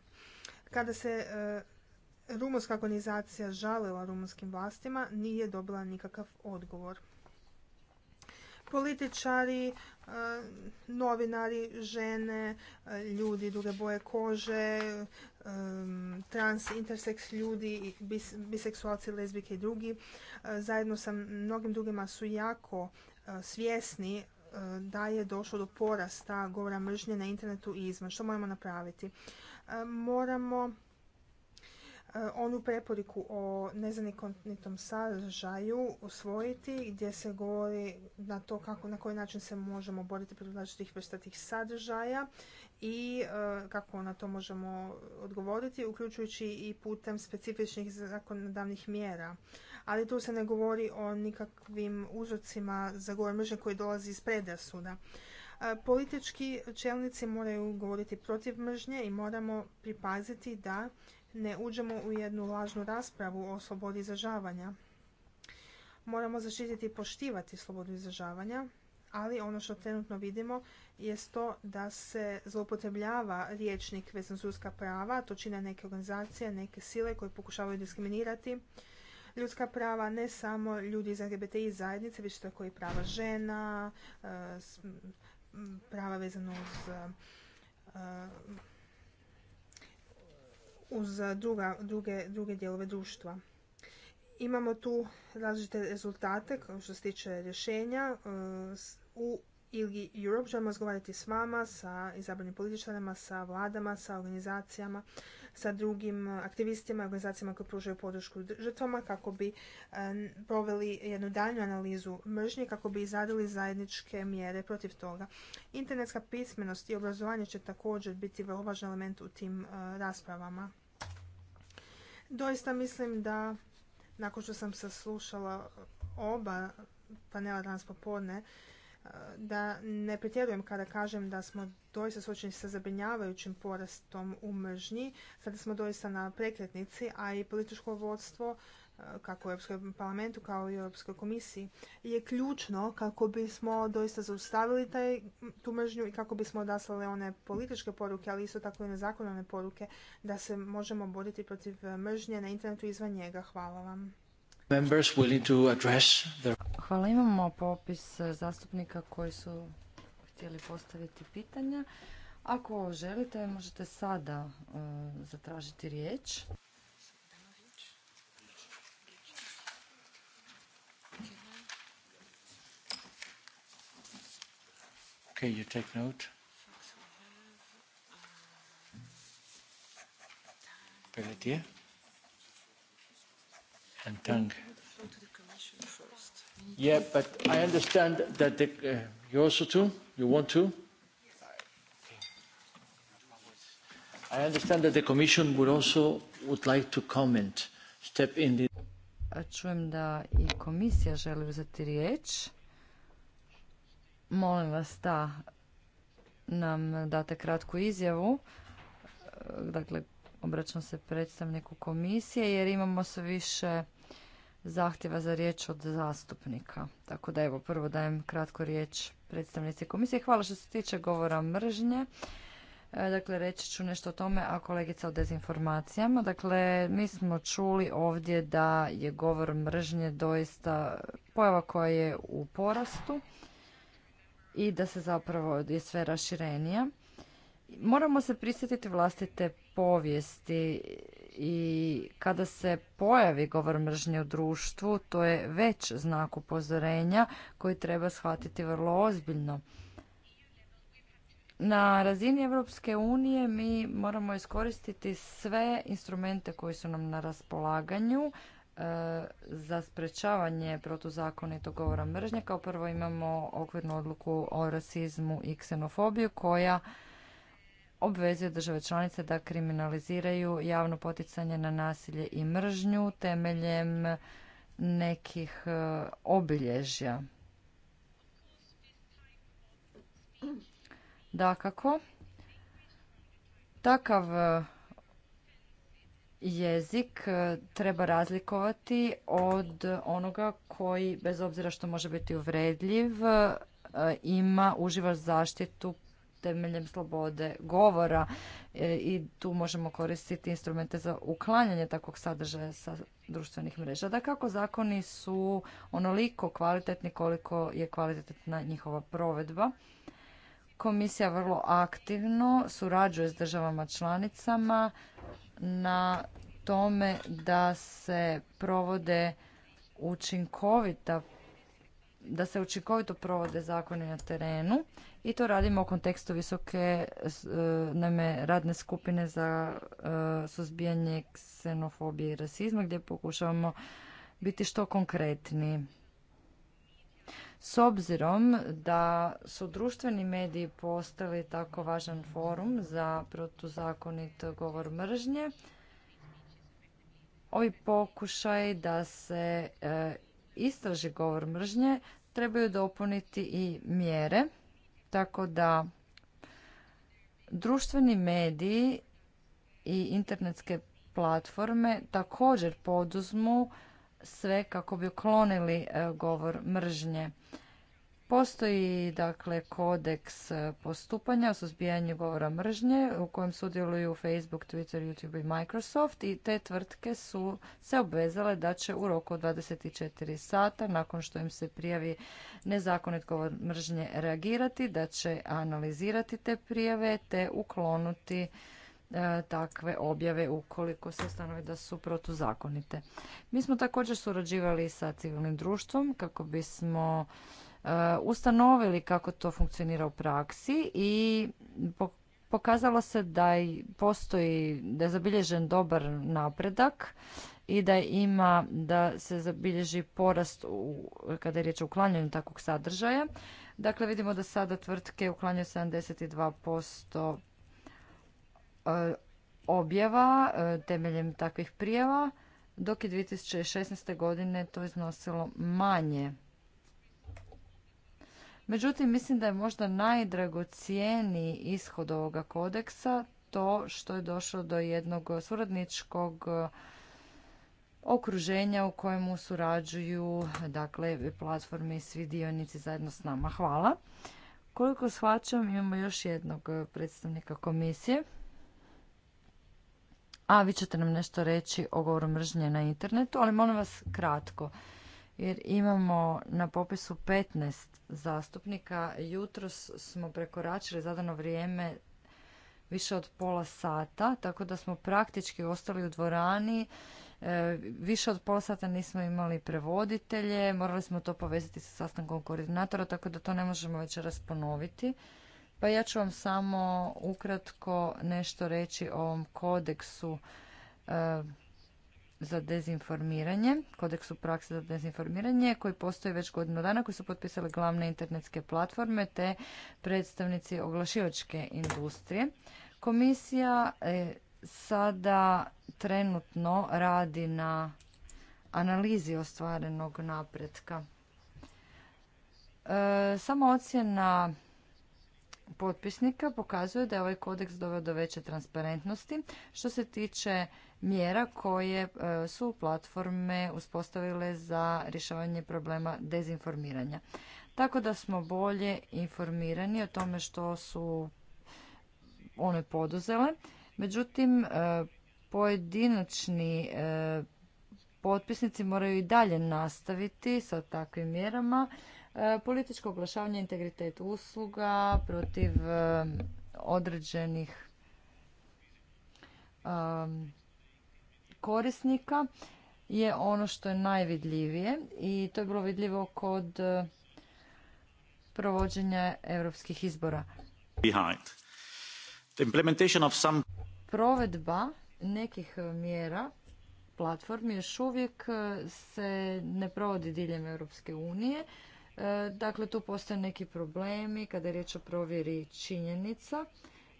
Kada se e, rumunska organizacija žalila rumunskim vlastima, nije dobila nikakav odgovor političari, e, novinari, žene, e, ljudi duge boje kože, e, trans, interseks ljudi, biseksualci, lezbike i drugi. Zajedno sa mnogim drugima su jako svjesni da je došlo do porasta govora mržnje na internetu i izvan. Što moramo napraviti? Moramo E, onu preporiku o nezakonitom sadržaju usvojiti gdje se govori na to kako, na koji način se možemo boriti protiv različitih vrsta tih sadržaja i e, kako na to možemo odgovoriti, uključujući i putem specifičnih zakonodavnih mjera. Ali tu se ne govori o nikakvim uzrocima za govor mržnje koji dolazi iz predrasuda. E, politički čelnici moraju govoriti protiv mržnje i moramo pripaziti da ne uđemo u jednu lažnu raspravu o slobodi izražavanja. Moramo zaštititi i poštivati slobodu izražavanja, ali ono što trenutno vidimo je to da se zloupotrebljava riječnik vezan s ljudska prava, to čine neke organizacije, neke sile koje pokušavaju diskriminirati ljudska prava ne samo ljudi iz LGBTI zajednice, već tako i prava žena, e, prava vezano uz e, uz eh, druga, druge, druge dijelove društva. Imamo tu različite rezultate što se tiče rješenja. Eh, u ili Europe želimo razgovarati s vama, sa izabranim političarima, sa vladama, sa organizacijama sa drugim aktivistima i organizacijama koje pružaju podršku žrtvama kako bi e, proveli jednu daljnju analizu mržnje kako bi izradili zajedničke mjere protiv toga. Internetska pismenost i obrazovanje će također biti vrlo važan element u tim e, raspravama. Doista mislim da nakon što sam saslušala oba panela danas popodne, da ne pretjerujem kada kažem da smo doista suočeni sa zabrinjavajućim porastom u mržnji. Sada smo doista na prekretnici, a i političko vodstvo e, kako u Europskom parlamentu kao i u Europskoj komisiji je ključno kako bismo doista zaustavili taj, tu mržnju i kako bismo odaslali one političke poruke, ali isto tako i nezakonane poruke da se možemo boriti protiv mržnje na internetu izvan njega. Hvala vam. Hvala. Imamo popis zastupnika koji su htjeli postaviti pitanja. Ako želite, možete sada e, zatražiti riječ. Okay, you and tongue. Yeah, but I understand that the, uh, you also too? You want to? I understand that the Commission would also would like to comment, step in the... Čujem da i komisija želi uzeti riječ. Molim vas da nam date kratku izjavu. Dakle, obraćam se predstavniku komisije jer imamo sve više zahtjeva za riječ od zastupnika. Tako da evo prvo dajem kratko riječ predstavnici komisije. Hvala što se tiče govora mržnje. E, dakle, reći ću nešto o tome, a kolegica o dezinformacijama. Dakle, mi smo čuli ovdje da je govor mržnje doista pojava koja je u porastu i da se zapravo je sve raširenija. Moramo se prisjetiti vlastite povijesti i kada se pojavi govor mržnje u društvu, to je već znak upozorenja koji treba shvatiti vrlo ozbiljno. Na razini Europske unije mi moramo iskoristiti sve instrumente koji su nam na raspolaganju e, za sprečavanje protuzakonitog govora mržnje. Kao prvo imamo okvirnu odluku o rasizmu i ksenofobiju koja obvezuje države članice da kriminaliziraju javno poticanje na nasilje i mržnju temeljem nekih e, obilježja. Dakako, takav e, jezik e, treba razlikovati od onoga koji, bez obzira što može biti uvredljiv, ima, uživa zaštitu temeljem slobode govora e, i tu možemo koristiti instrumente za uklanjanje takvog sadržaja sa društvenih mreža. Da kako zakoni su onoliko kvalitetni koliko je kvalitetna njihova provedba. Komisija vrlo aktivno surađuje s državama članicama na tome da se provode učinkovita da se učinkovito provode zakoni na terenu i to radimo u kontekstu visoke e, naime, radne skupine za e, suzbijanje ksenofobije i rasizma gdje pokušavamo biti što konkretni. S obzirom da su društveni mediji postali tako važan forum za protuzakonit govor mržnje, ovi pokušaj da se e, istraži govor mržnje trebaju dopuniti i mjere, tako da društveni mediji i internetske platforme također poduzmu sve kako bi uklonili e, govor mržnje. Postoji dakle kodeks postupanja o suzbijanju govora mržnje u kojem sudjeluju Facebook, Twitter, YouTube i Microsoft i te tvrtke su se obvezale da će u roku od 24 sata nakon što im se prijavi nezakonit govor mržnje reagirati, da će analizirati te prijave te uklonuti e, takve objave ukoliko se ustanovi da su protuzakonite. Mi smo također surađivali sa civilnim društvom kako bismo Eh, ustanovili kako to funkcionira u praksi i pokazalo se da postoji, da je zabilježen dobar napredak i da ima, da se zabilježi porast u, kada je riječ o uklanjanju takvog sadržaja. Dakle, vidimo da sada tvrtke uklanjaju 72% eh, objava eh, temeljem takvih prijava, dok je 2016. godine to iznosilo manje Međutim, mislim da je možda najdragocijeniji ishod ovoga kodeksa to što je došlo do jednog suradničkog okruženja u kojemu surađuju dakle, platforme i svi dionici zajedno s nama. Hvala. Koliko shvaćam, imamo još jednog predstavnika komisije. A vi ćete nam nešto reći o govoru mržnje na internetu, ali molim vas kratko jer imamo na popisu 15 zastupnika. Jutros smo prekoračili zadano vrijeme više od pola sata, tako da smo praktički ostali u dvorani. E, više od pola sata nismo imali prevoditelje, morali smo to povezati sa sastankom koordinatora, tako da to ne možemo večeras ponoviti. Pa ja ću vam samo ukratko nešto reći o ovom kodeksu e, za dezinformiranje, kodeksu prakse za dezinformiranje koji postoji već godinu dana koji su potpisale glavne internetske platforme te predstavnici oglašivačke industrije. Komisija e, sada trenutno radi na analizi ostvarenog napretka. E, sama ocjena potpisnika pokazuje da je ovaj kodeks doveo do veće transparentnosti. Što se tiče mjera koje e, su platforme uspostavile za rješavanje problema dezinformiranja. Tako da smo bolje informirani o tome što su one poduzele. Međutim, e, pojedinačni e, potpisnici moraju i dalje nastaviti sa takvim mjerama. Političko oglašavanje, integritet usluga protiv određenih korisnika je ono što je najvidljivije i to je bilo vidljivo kod e, provođenja europskih izbora. Provedba nekih e, mjera platformi još uvijek e, se ne provodi diljem Europske unije. Dakle, tu postoje neki problemi kada je riječ o provjeri činjenica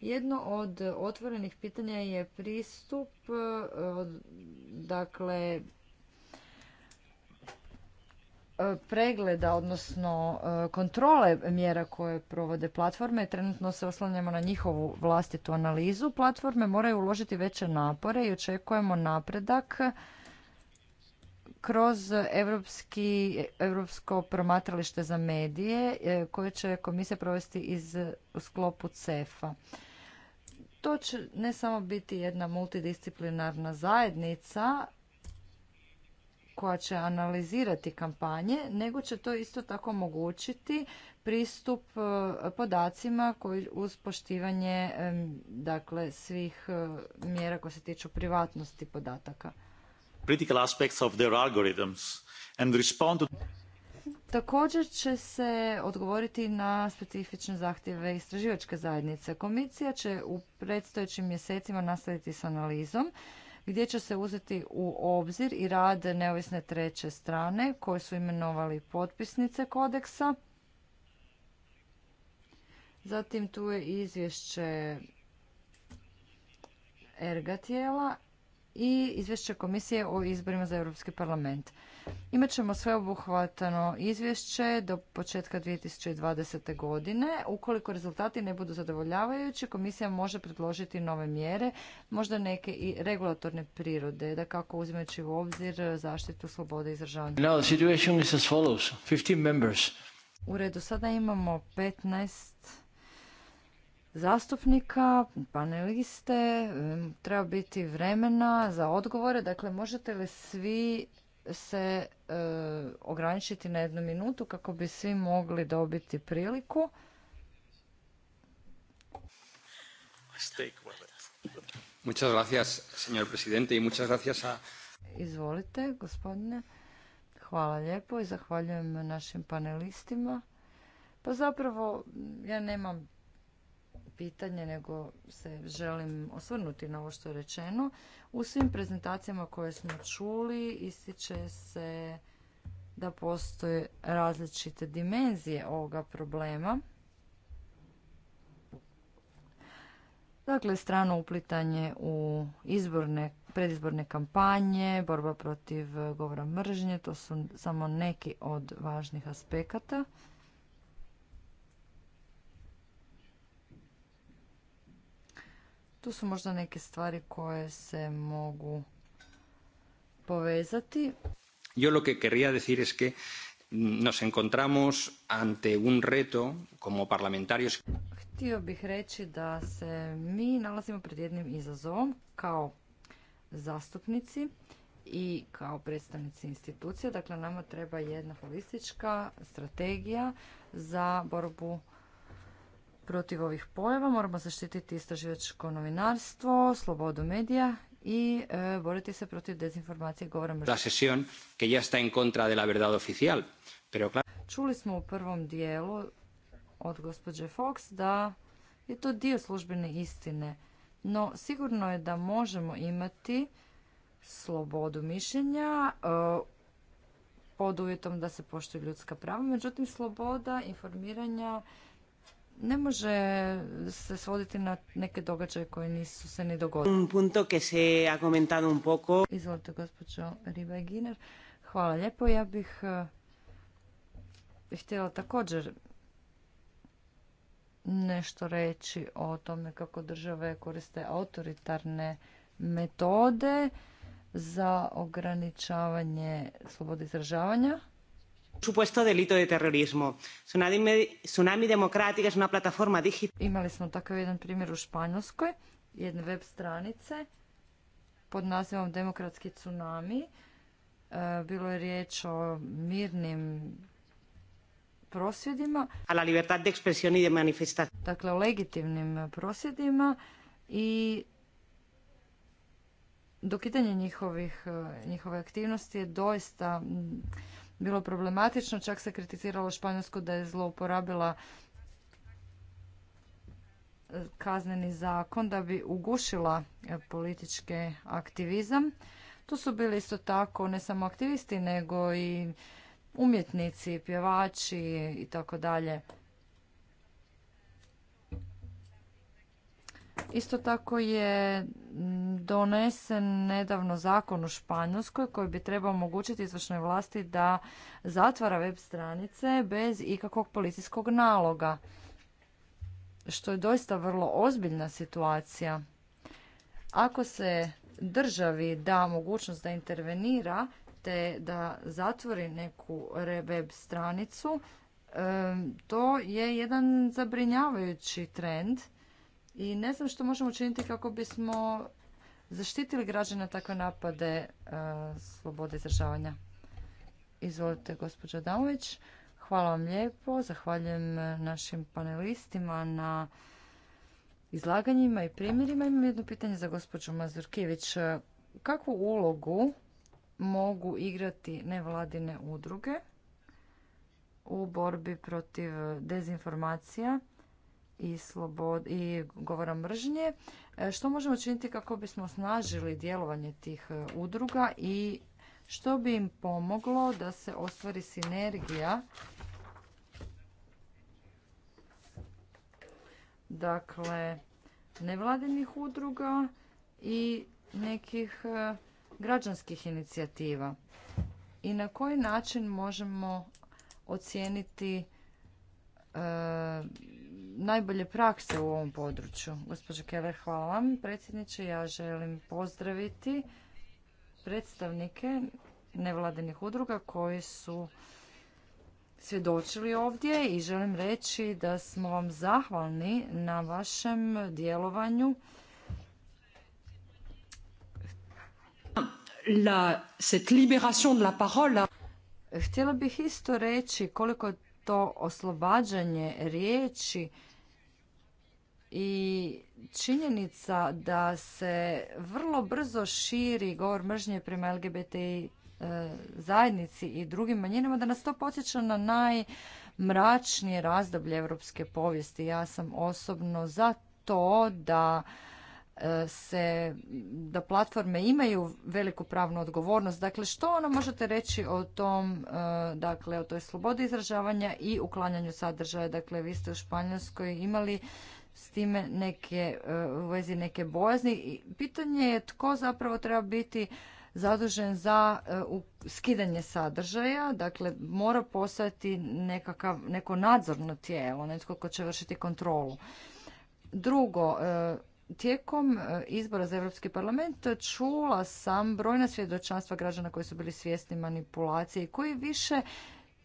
jedno od otvorenih pitanja je pristup, e, dakle, e, pregleda, odnosno e, kontrole mjera koje provode platforme. Trenutno se oslanjamo na njihovu vlastitu analizu. Platforme moraju uložiti veće napore i očekujemo napredak kroz Evropski, Evropsko promatralište za medije koje će komisija provesti iz, u sklopu CEFA. To će ne samo biti jedna multidisciplinarna zajednica koja će analizirati kampanje, nego će to isto tako omogućiti pristup e, podacima koji uz poštivanje dakle, svih e, mjera koje se tiču privatnosti podataka. aspects of their algorithms and Također će se odgovoriti na specifične zahtjeve istraživačke zajednice. Komisija će u predstojećim mjesecima nastaviti s analizom gdje će se uzeti u obzir i rad neovisne treće strane koje su imenovali potpisnice kodeksa. Zatim tu je izvješće erga tijela i izvješće komisije o izborima za Europski parlament. Imat ćemo obuhvatano izvješće do početka 2020. godine. Ukoliko rezultati ne budu zadovoljavajući, komisija može predložiti nove mjere, možda neke i regulatorne prirode, da kako uzimajući u obzir zaštitu slobode izražavanja. the situation follows. 15 members. U redu, sada imamo 15 zastupnika, paneliste, treba biti vremena za odgovore, dakle možete li svi se e, ograničiti na jednu minutu kako bi svi mogli dobiti priliku. Izvolite, gospodine. Hvala lijepo i zahvaljujem našim panelistima. Pa zapravo ja nemam pitanje, nego se želim osvrnuti na ovo što je rečeno. U svim prezentacijama koje smo čuli ističe se da postoje različite dimenzije ovoga problema. Dakle, strano uplitanje u izborne, predizborne kampanje, borba protiv govora mržnje, to su samo neki od važnih aspekata Tu su možda neke stvari koje se mogu povezati. Yo lo que querría decir es que nos encontramos ante un reto como parlamentarios. Htio bih reći da se mi nalazimo pred jednim izazovom kao zastupnici i kao predstavnici institucija. Dakle, nama treba jedna holistička strategija za borbu protiv ovih pojava, moramo zaštititi istraživačko novinarstvo, slobodu medija i e, boriti se protiv dezinformacije govora mržnje. que ya contra verdad oficial, pero Čuli smo u prvom dijelu od gospođe Fox da je to dio službene istine, no sigurno je da možemo imati slobodu mišljenja e, pod uvjetom da se poštuju ljudska prava, međutim sloboda informiranja ne može se svoditi na neke događaje koje nisu se ni dogodili. punto se ha Izvolite, gospođo Ribeginer. Hvala lijepo. Ja eh, bih htjela također nešto reći o tome kako države koriste autoritarne metode za ograničavanje slobode izražavanja supuesto delito de terrorismo. Tsunami, Tsunami Democratic es una plataforma digital. Imali smo takav jedan primjer u Španjolskoj, jedne web stranice pod nazivom Demokratski tsunami. E, bilo je riječ o mirnim prosvjedima. A la libertad de expresión y de manifestación. Dakle, o legitimnim prosvjedima i dokidanje njihovih, e, njihove aktivnosti je doista bilo problematično. Čak se kritiziralo Španjolsku da je zlouporabila e, kazneni zakon da bi ugušila e, politički aktivizam. Tu su bili isto tako ne samo aktivisti nego i umjetnici, pjevači i tako dalje. Isto tako je mm, donesen nedavno zakon u Španjolskoj koji bi trebao omogućiti izvršnoj vlasti da zatvara web stranice bez ikakvog policijskog naloga, što je doista vrlo ozbiljna situacija. Ako se državi da mogućnost da intervenira te da zatvori neku web stranicu, to je jedan zabrinjavajući trend i ne znam što možemo učiniti kako bismo zaštitili građana takve napade e, slobode izražavanja. Izvolite, gospođo Damović. Hvala vam lijepo. Zahvaljujem našim panelistima na izlaganjima i primjerima. Imam jedno pitanje za gospođu Mazurkević. Kakvu ulogu mogu igrati nevladine udruge u borbi protiv dezinformacija i, i govora mržnje. E, što možemo činiti kako bismo snažili djelovanje tih e, udruga i što bi im pomoglo da se ostvari sinergija dakle nevladinih udruga i nekih e, građanskih inicijativa i na koji način možemo ocijeniti najbolje prakse u ovom području. Gospođo Keller, hvala vam. Predsjedniče, ja želim pozdraviti predstavnike nevladinih udruga koji su svjedočili ovdje i želim reći da smo vam zahvalni na vašem djelovanju. La, cette libération de Htjela bih isto reći koliko to oslobađanje riječi i činjenica da se vrlo brzo širi govor mržnje prema LGBT e, zajednici i drugim manjinama, da nas to podsjeća na najmračnije razdoblje europske povijesti. Ja sam osobno za to da E, se, da platforme imaju veliku pravnu odgovornost. Dakle, što ono možete reći o tom, e, dakle, o toj slobodi izražavanja i uklanjanju sadržaja? Dakle, vi ste u Španjolskoj imali s time neke, e, u vezi neke bojazni. pitanje je tko zapravo treba biti zadužen za skidanje sadržaja, dakle mora postojati nekakav, neko nadzorno tijelo, netko tko će vršiti kontrolu. Drugo, Tijekom e, izbora za Europski parlament čula sam brojna svjedočanstva građana koji su bili svjesni manipulacije i koji više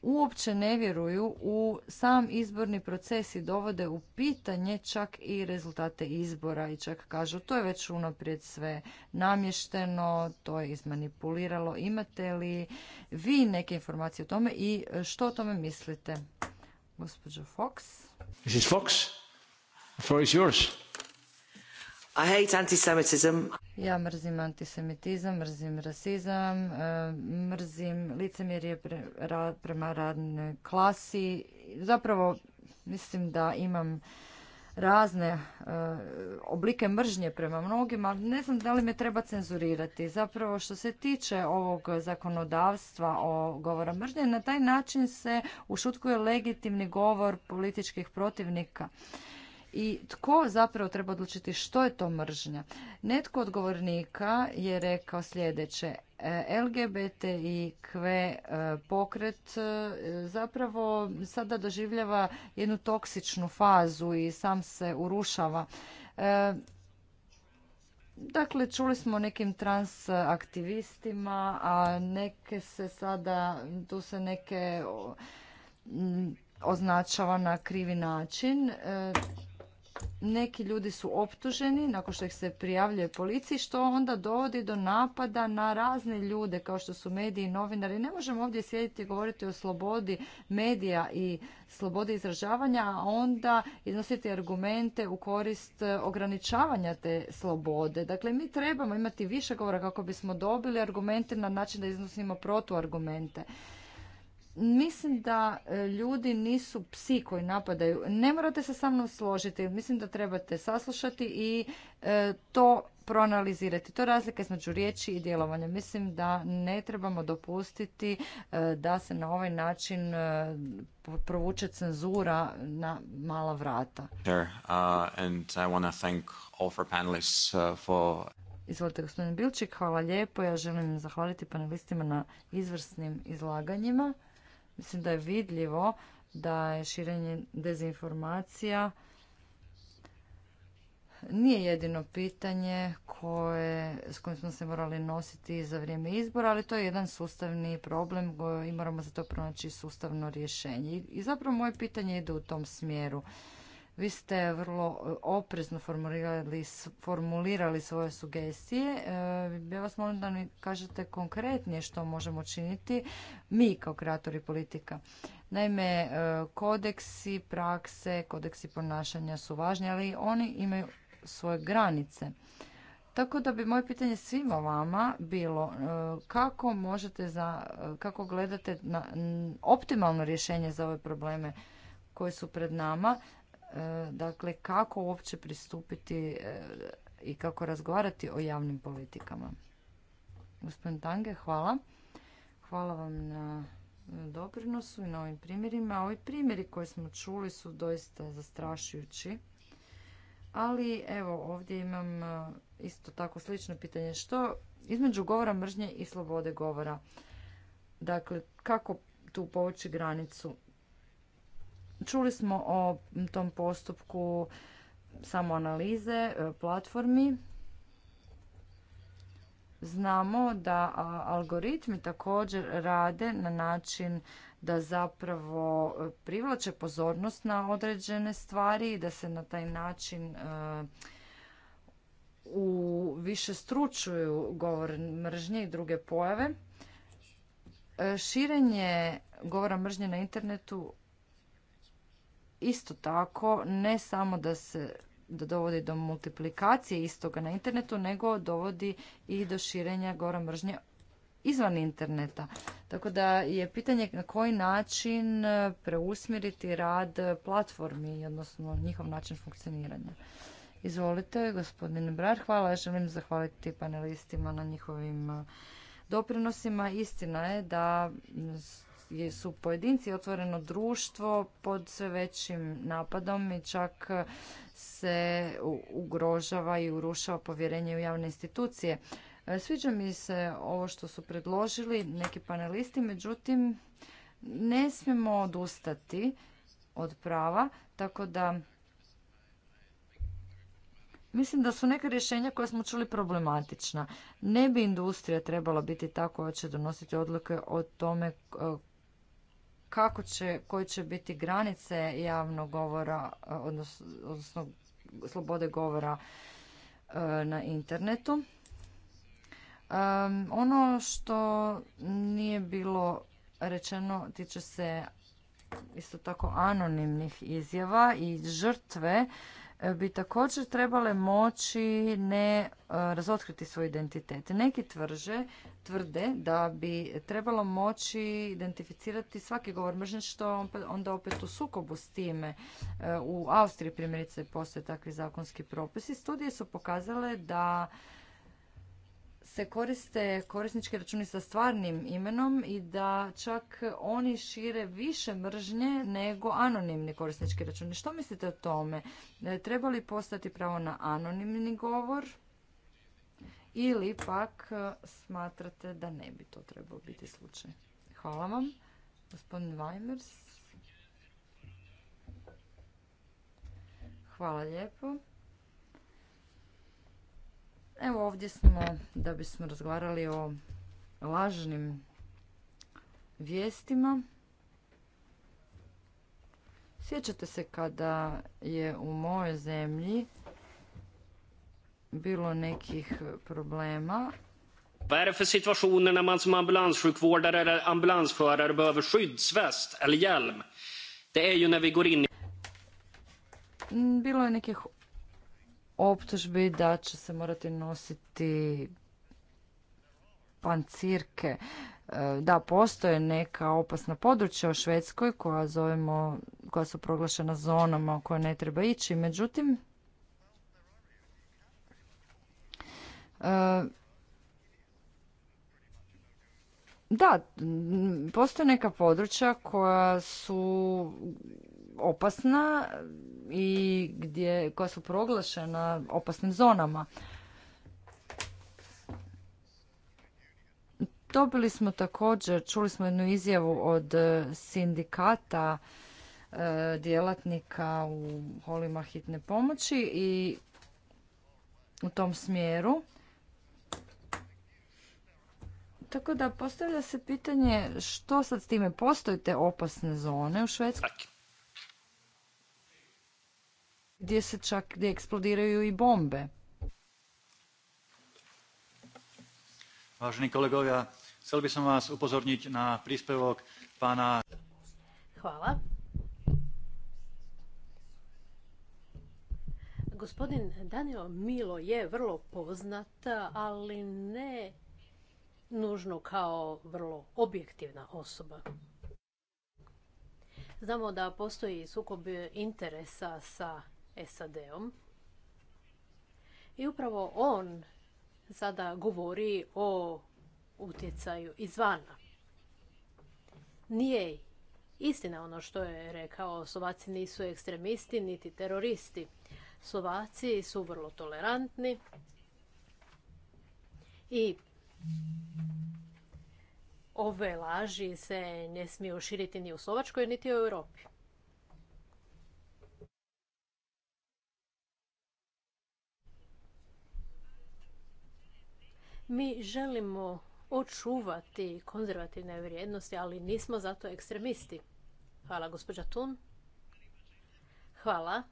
uopće ne vjeruju u sam izborni proces i dovode u pitanje čak i rezultate izbora i čak kažu to je već unaprijed sve namješteno, to je izmanipuliralo. Imate li vi neke informacije o tome i što o tome mislite? Gospođo Fox. Mrs. Fox, the yours. I hate Ja mrzim antisemitizam, mrzim rasizam, e, mrzim licemjerje prema radnoj klasi. Zapravo mislim da imam razne e, oblike mržnje prema mnogima, ali ne znam da li me treba cenzurirati. Zapravo što se tiče ovog zakonodavstva o govora mržnje, na taj način se ušutkuje legitimni govor političkih protivnika i tko zapravo treba odlučiti što je to mržnja. Netko od govornika je rekao sljedeće. E, LGBT i KV e, pokret e, zapravo sada doživljava jednu toksičnu fazu i sam se urušava. Dakle, čuli smo o nekim trans aktivistima, a neke se sada, tu se neke mm, označava na krivi način neki ljudi su optuženi nakon što ih se prijavljuje policiji što onda dovodi do napada na razne ljude kao što su mediji i novinari. Ne možemo ovdje sjediti i govoriti o slobodi medija i slobodi izražavanja, a onda iznositi argumente u korist e, ograničavanja te slobode. Dakle, mi trebamo imati više govora kako bismo dobili argumente na način da iznosimo protuargumente. Mislim da e, ljudi nisu psi koji napadaju. Ne morate se sa mnom složiti. Mislim da trebate saslušati i e, to proanalizirati. To je razlika između riječi i djelovanja. Mislim da ne trebamo dopustiti e, da se na ovaj način provuče cenzura na mala vrata. Uh, uh, Izvolite gospodin Bilčik, hvala lijepo. Ja želim zahvaliti panelistima na izvrsnim izlaganjima. Mislim da je vidljivo da je širenje dezinformacija nije jedino pitanje koje, s kojim smo se morali nositi za vrijeme izbora, ali to je jedan sustavni problem i moramo za to pronaći sustavno rješenje. I zapravo moje pitanje ide u tom smjeru. Vi ste vrlo e, oprezno formulirali, formulirali svoje sugestije. E, ja vas molim da mi kažete konkretnije što možemo činiti mi kao kreatori politika. Naime, e, kodeksi, prakse, kodeksi ponašanja su važni, ali oni imaju svoje granice. Tako da bi moje pitanje svima vama bilo kako možete za, kako gledate na optimalno rješenje za ove probleme koji su pred nama E, dakle kako uopće pristupiti e, i kako razgovarati o javnim politikama. Gospodin Tange, hvala. Hvala vam na e, doprinosu i na ovim primjerima. Ovi primjeri koje smo čuli su doista zastrašujući. Ali evo ovdje imam isto tako slično pitanje. Što između govora mržnje i slobode govora? Dakle, kako tu povući granicu? Čuli smo o tom postupku samo analize e, platformi. Znamo da algoritmi također rade na način da zapravo e, privlače pozornost na određene stvari i da se na taj način e, u više stručuju govor mržnje i druge pojave. Širenje govora mržnje na internetu isto tako ne samo da se da dovodi do multiplikacije istoga na internetu, nego dovodi i do širenja gora mržnje izvan interneta. Tako da je pitanje na koji način e, preusmjeriti rad platformi, odnosno njihov način funkcioniranja. Izvolite, gospodine Brar. Hvala, ja želim zahvaliti panelistima na njihovim e, doprinosima. Istina je da su pojedinci otvoreno društvo pod sve većim napadom i čak se ugrožava i urušava povjerenje u javne institucije. E, sviđa mi se ovo što su predložili neki panelisti, međutim ne smijemo odustati od prava, tako da Mislim da su neka rješenja koja smo čuli problematična. Ne bi industrija trebala biti ta koja će donositi odluke o tome e, kako će, koje će biti granice javnog govora, e, odnosno, slobode govora e, na internetu. E, ono što nije bilo rečeno tiče se isto tako anonimnih izjava i žrtve E, bi također trebale moći ne e, razotkriti svoj identitet. Neki tvrže, tvrde da bi trebalo moći identificirati svaki govor mržnje što onda opet u sukobu s time. E, u Austriji primjerice postoje takvi zakonski propisi. Studije su pokazale da se koriste korisnički računi sa stvarnim imenom i da čak oni šire više mržnje nego anonimni korisnički računi. Što mislite o tome? E, treba li postati pravo na anonimni govor ili pak e, smatrate da ne bi to trebao biti slučaj? Hvala vam. Gospodin Weimers. Hvala lijepo. Evo ovdje smo da bismo razgovarali o lažnim vijestima. Sjećate se kada je u mojoj zemlji bilo nekih problema. Vad är det för situationer när man som ambulanssjukvårdare eller ambulansförare behöver skyddsväst eller hjälm? Det är ju när vi går in Bilo je nekih optužbi da će se morati nositi pancirke. E, da, postoje neka opasna područja u Švedskoj koja zovemo, koja su proglašena zonama u kojoj ne treba ići. Međutim, e, da, postoje neka područja koja su opasna i gdje, koja su proglašena opasnim zonama. Dobili smo također, čuli smo jednu izjavu od sindikata e, djelatnika u holima hitne pomoći i u tom smjeru. Tako da postavlja se pitanje što sad s time te opasne zone u Švedskoj? gdje se čak gdje eksplodiraju i bombe. Važni kolegovi, chcel bih vas vas upozornit na príspevok pana... Hvala. Gospodin Danio Milo je vrlo poznat, ali ne nužno kao vrlo objektivna osoba. Znamo da postoji sukob interesa sa SAD-om. I upravo on sada govori o utjecaju izvana. Nije istina ono što je rekao, Slovaci nisu ekstremisti niti teroristi. Slovaci su vrlo tolerantni i ove laži se ne smiju širiti ni u Slovačkoj niti u Europi. Mi želimo očuvati konzervativne vrijednosti, ali nismo zato ekstremisti. Hvala, gospođa Tun. Hvala.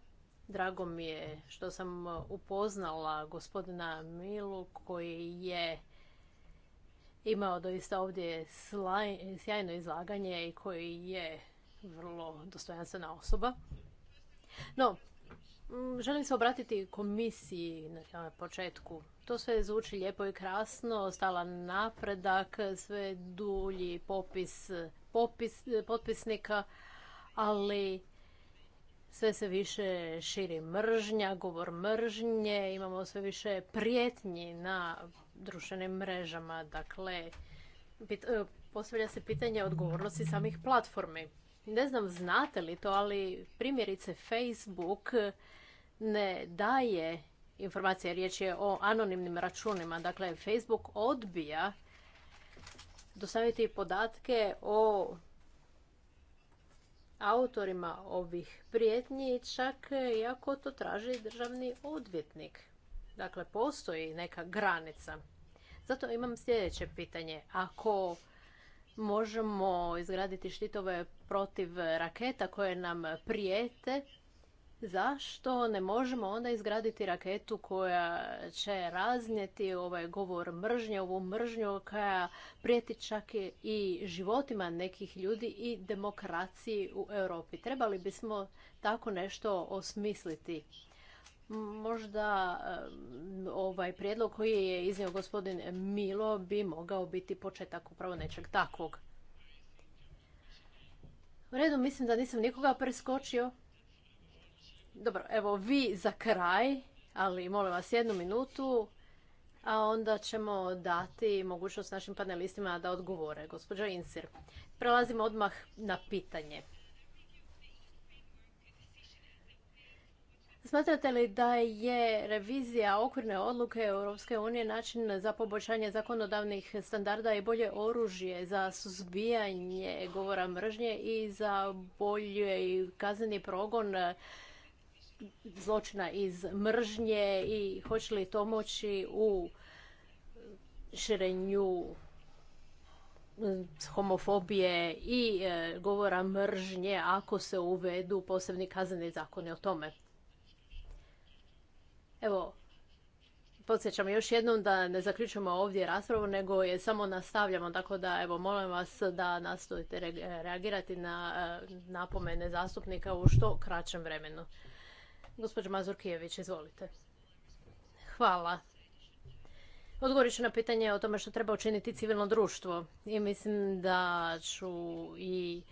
Drago mi je što sam upoznala gospodina Milu koji je imao doista ovdje sjajno izlaganje i koji je vrlo dostojanstvena osoba. No, Mm, želim se obratiti komisiji na početku. To sve zvuči lijepo i krasno, stala napredak, sve dulji popis, popis potpisnika, ali sve se više širi mržnja, govor mržnje, imamo sve više prijetnji na društvenim mrežama. Dakle, e, postavlja se pitanje odgovornosti samih platformi. Ne znam znate li to, ali primjerice Facebook ne daje informacije, riječ je o anonimnim računima. Dakle, Facebook odbija dostaviti podatke o autorima ovih prijetnji, čak iako to traži državni odvjetnik. Dakle, postoji neka granica. Zato imam sljedeće pitanje. Ako možemo izgraditi štitove protiv raketa koje nam prijete, zašto ne možemo onda izgraditi raketu koja će raznijeti ovaj govor mržnje, ovu mržnju koja prijeti čak i životima nekih ljudi i demokraciji u Europi. Trebali bismo tako nešto osmisliti. Možda ovaj prijedlog koji je iznio gospodin Milo bi mogao biti početak upravo nečeg takvog. U redu, mislim da nisam nikoga preskočio. Dobro, evo vi za kraj, ali molim vas jednu minutu, a onda ćemo dati mogućnost našim panelistima da odgovore. Gospođa Insir, prelazimo odmah na pitanje. Smatrate li da je revizija okvirne odluke Europske unije način za poboljšanje zakonodavnih standarda i bolje oružje za suzbijanje govora mržnje i za bolje kazneni progon zločina iz mržnje i hoće li to moći u širenju mm, homofobije i e, govora mržnje ako se uvedu posebni kazneni zakoni o tome. Evo, podsjećam još jednom da ne zaključujemo ovdje raspravu, nego je samo nastavljamo, tako da evo molim vas da nastojite reagirati na e, napomene zastupnika u što kraćem vremenu. Gospođa Mazurkijević, izvolite. Hvala. Odgovorit ću na pitanje o tome što treba učiniti civilno društvo. I mislim da ću i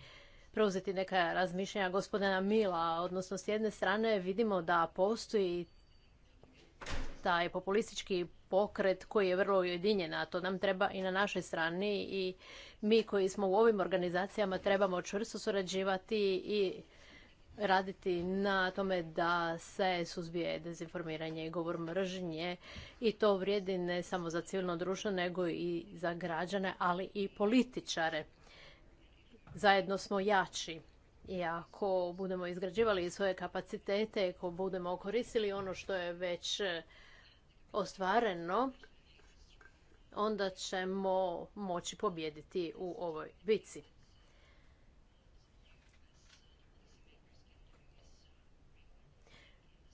preuzeti neka razmišljanja gospodina Mila. Odnosno, s jedne strane vidimo da postoji taj populistički pokret koji je vrlo ujedinjen, a to nam treba i na našoj strani i mi koji smo u ovim organizacijama trebamo čvrsto surađivati i raditi na tome da se suzbije dezinformiranje i govor mržnje i to vrijedi ne samo za civilno društvo nego i za građane, ali i političare. Zajedno smo jači i ako budemo izgrađivali svoje kapacitete, ako budemo koristili ono što je već e, ostvareno, onda ćemo moći pobijediti u ovoj bici.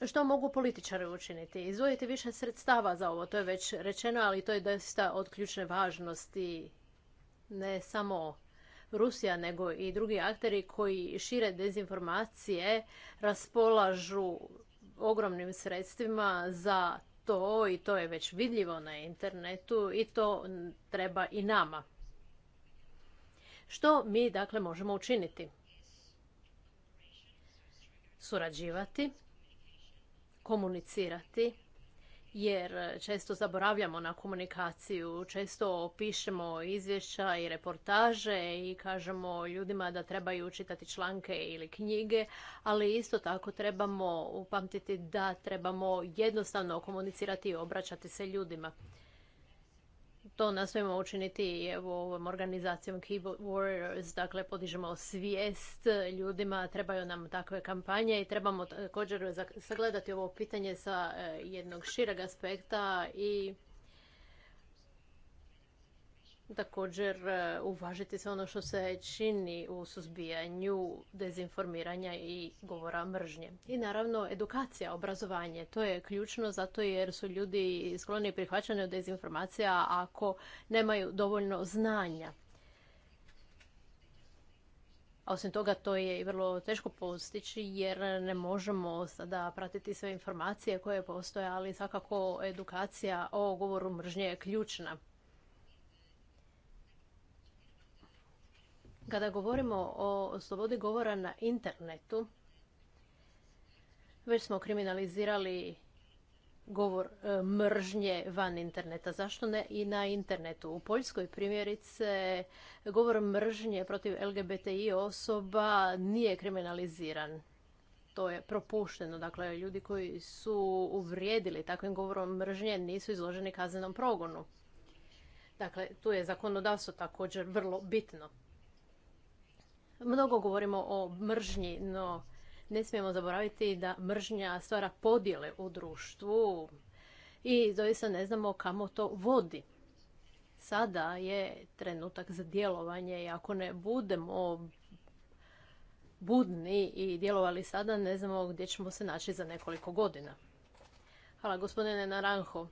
Što mogu političari učiniti? Izvojiti više sredstava za ovo, to je već rečeno, ali to je dosta od ključne važnosti. Ne samo Rusija, nego i drugi akteri koji šire dezinformacije raspolažu ogromnim sredstvima za to i to je već vidljivo na internetu i to treba i nama. Što mi dakle možemo učiniti? Surađivati komunicirati jer često zaboravljamo na komunikaciju, često pišemo izvješća i reportaže i kažemo ljudima da trebaju čitati članke ili knjige, ali isto tako trebamo upamtiti da trebamo jednostavno komunicirati i obraćati se ljudima to nastojimo učiniti i evo ovom organizacijom Keyboard Warriors, dakle podižemo svijest ljudima, trebaju nam takve kampanje i trebamo također sagledati ovo pitanje sa e, jednog šireg aspekta i također e, uvažiti se ono što se čini u suzbijanju dezinformiranja i govora mržnje. I naravno edukacija, obrazovanje, to je ključno zato jer su ljudi skloni od dezinformacija ako nemaju dovoljno znanja. A osim toga to je i vrlo teško postići jer ne možemo sada pratiti sve informacije koje postoje, ali svakako edukacija o govoru mržnje je ključna. Kada govorimo o slobodi govora na internetu, već smo kriminalizirali govor e, mržnje van interneta. Zašto ne i na internetu? U Poljskoj primjerice govor mržnje protiv LGBTI osoba nije kriminaliziran. To je propušteno. Dakle, ljudi koji su uvrijedili takvim govorom mržnje nisu izloženi kaznenom progonu. Dakle, tu je zakonodavstvo također vrlo bitno. Mnogo govorimo o mržnji, no ne smijemo zaboraviti da mržnja stvara podjele u društvu i doista ne znamo kamo to vodi. Sada je trenutak za djelovanje i ako ne budemo budni i djelovali sada, ne znamo gdje ćemo se naći za nekoliko godina. Hvala gospodine Naranjo.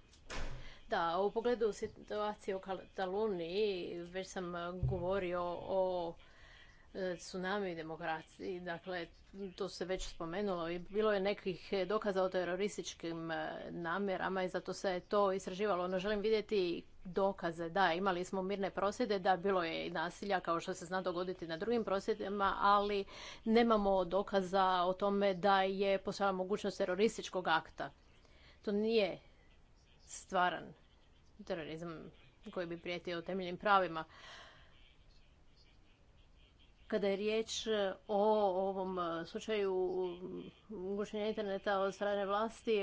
Da, u pogledu situacije u Kataluniji već sam govorio o E, tsunami demokraciji. Dakle, to se već spomenulo i bilo je nekih dokaza o terorističkim e, namjerama i zato se je to istraživalo. Ono želim vidjeti dokaze. Da, imali smo mirne prosjede, da, bilo je i nasilja kao što se zna dogoditi na drugim prosjedima, ali nemamo dokaza o tome da je postojala mogućnost terorističkog akta. To nije stvaran terorizam koji bi prijetio temeljnim pravima. Kada je riječ e, o ovom e, slučaju mm, ugušenja interneta od strane vlasti,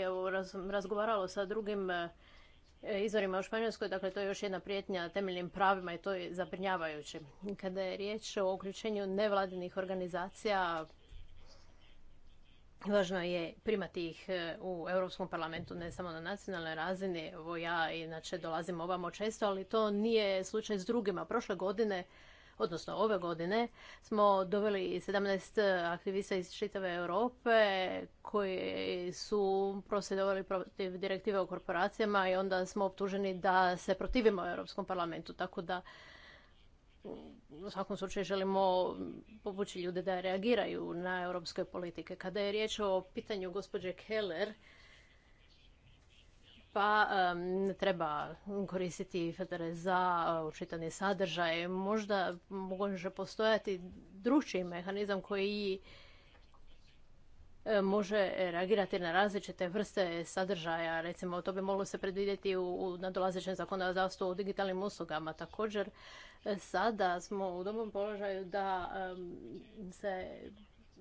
razgovaralo sa drugim e, izvorima u Španjolskoj, dakle to je još jedna prijetnja temeljnim pravima i to je zabrinjavajuće. Kada je riječ o uključenju nevladinih organizacija, Važno je primati ih u Europskom parlamentu, ne samo na nacionalnoj razini. Evo ja inače dolazim ovamo često, ali to nije slučaj s drugima. Prošle godine odnosno ove godine, smo doveli 17 aktivista iz čitave Europe koji su prosvjedovali protiv direktive o korporacijama i onda smo optuženi da se protivimo Europskom parlamentu, tako da u svakom slučaju želimo povući ljude da reagiraju na europske politike. Kada je riječ o pitanju gospođe Keller, pa um, treba koristiti filtere za e, učitani sadržaj. Možda može postojati drugčiji mehanizam koji e, može reagirati na različite vrste sadržaja. Recimo, to bi moglo se predvidjeti u, u nadolazećem zakonodavstvu o digitalnim uslugama. Također, e, sada smo u dobrom položaju da se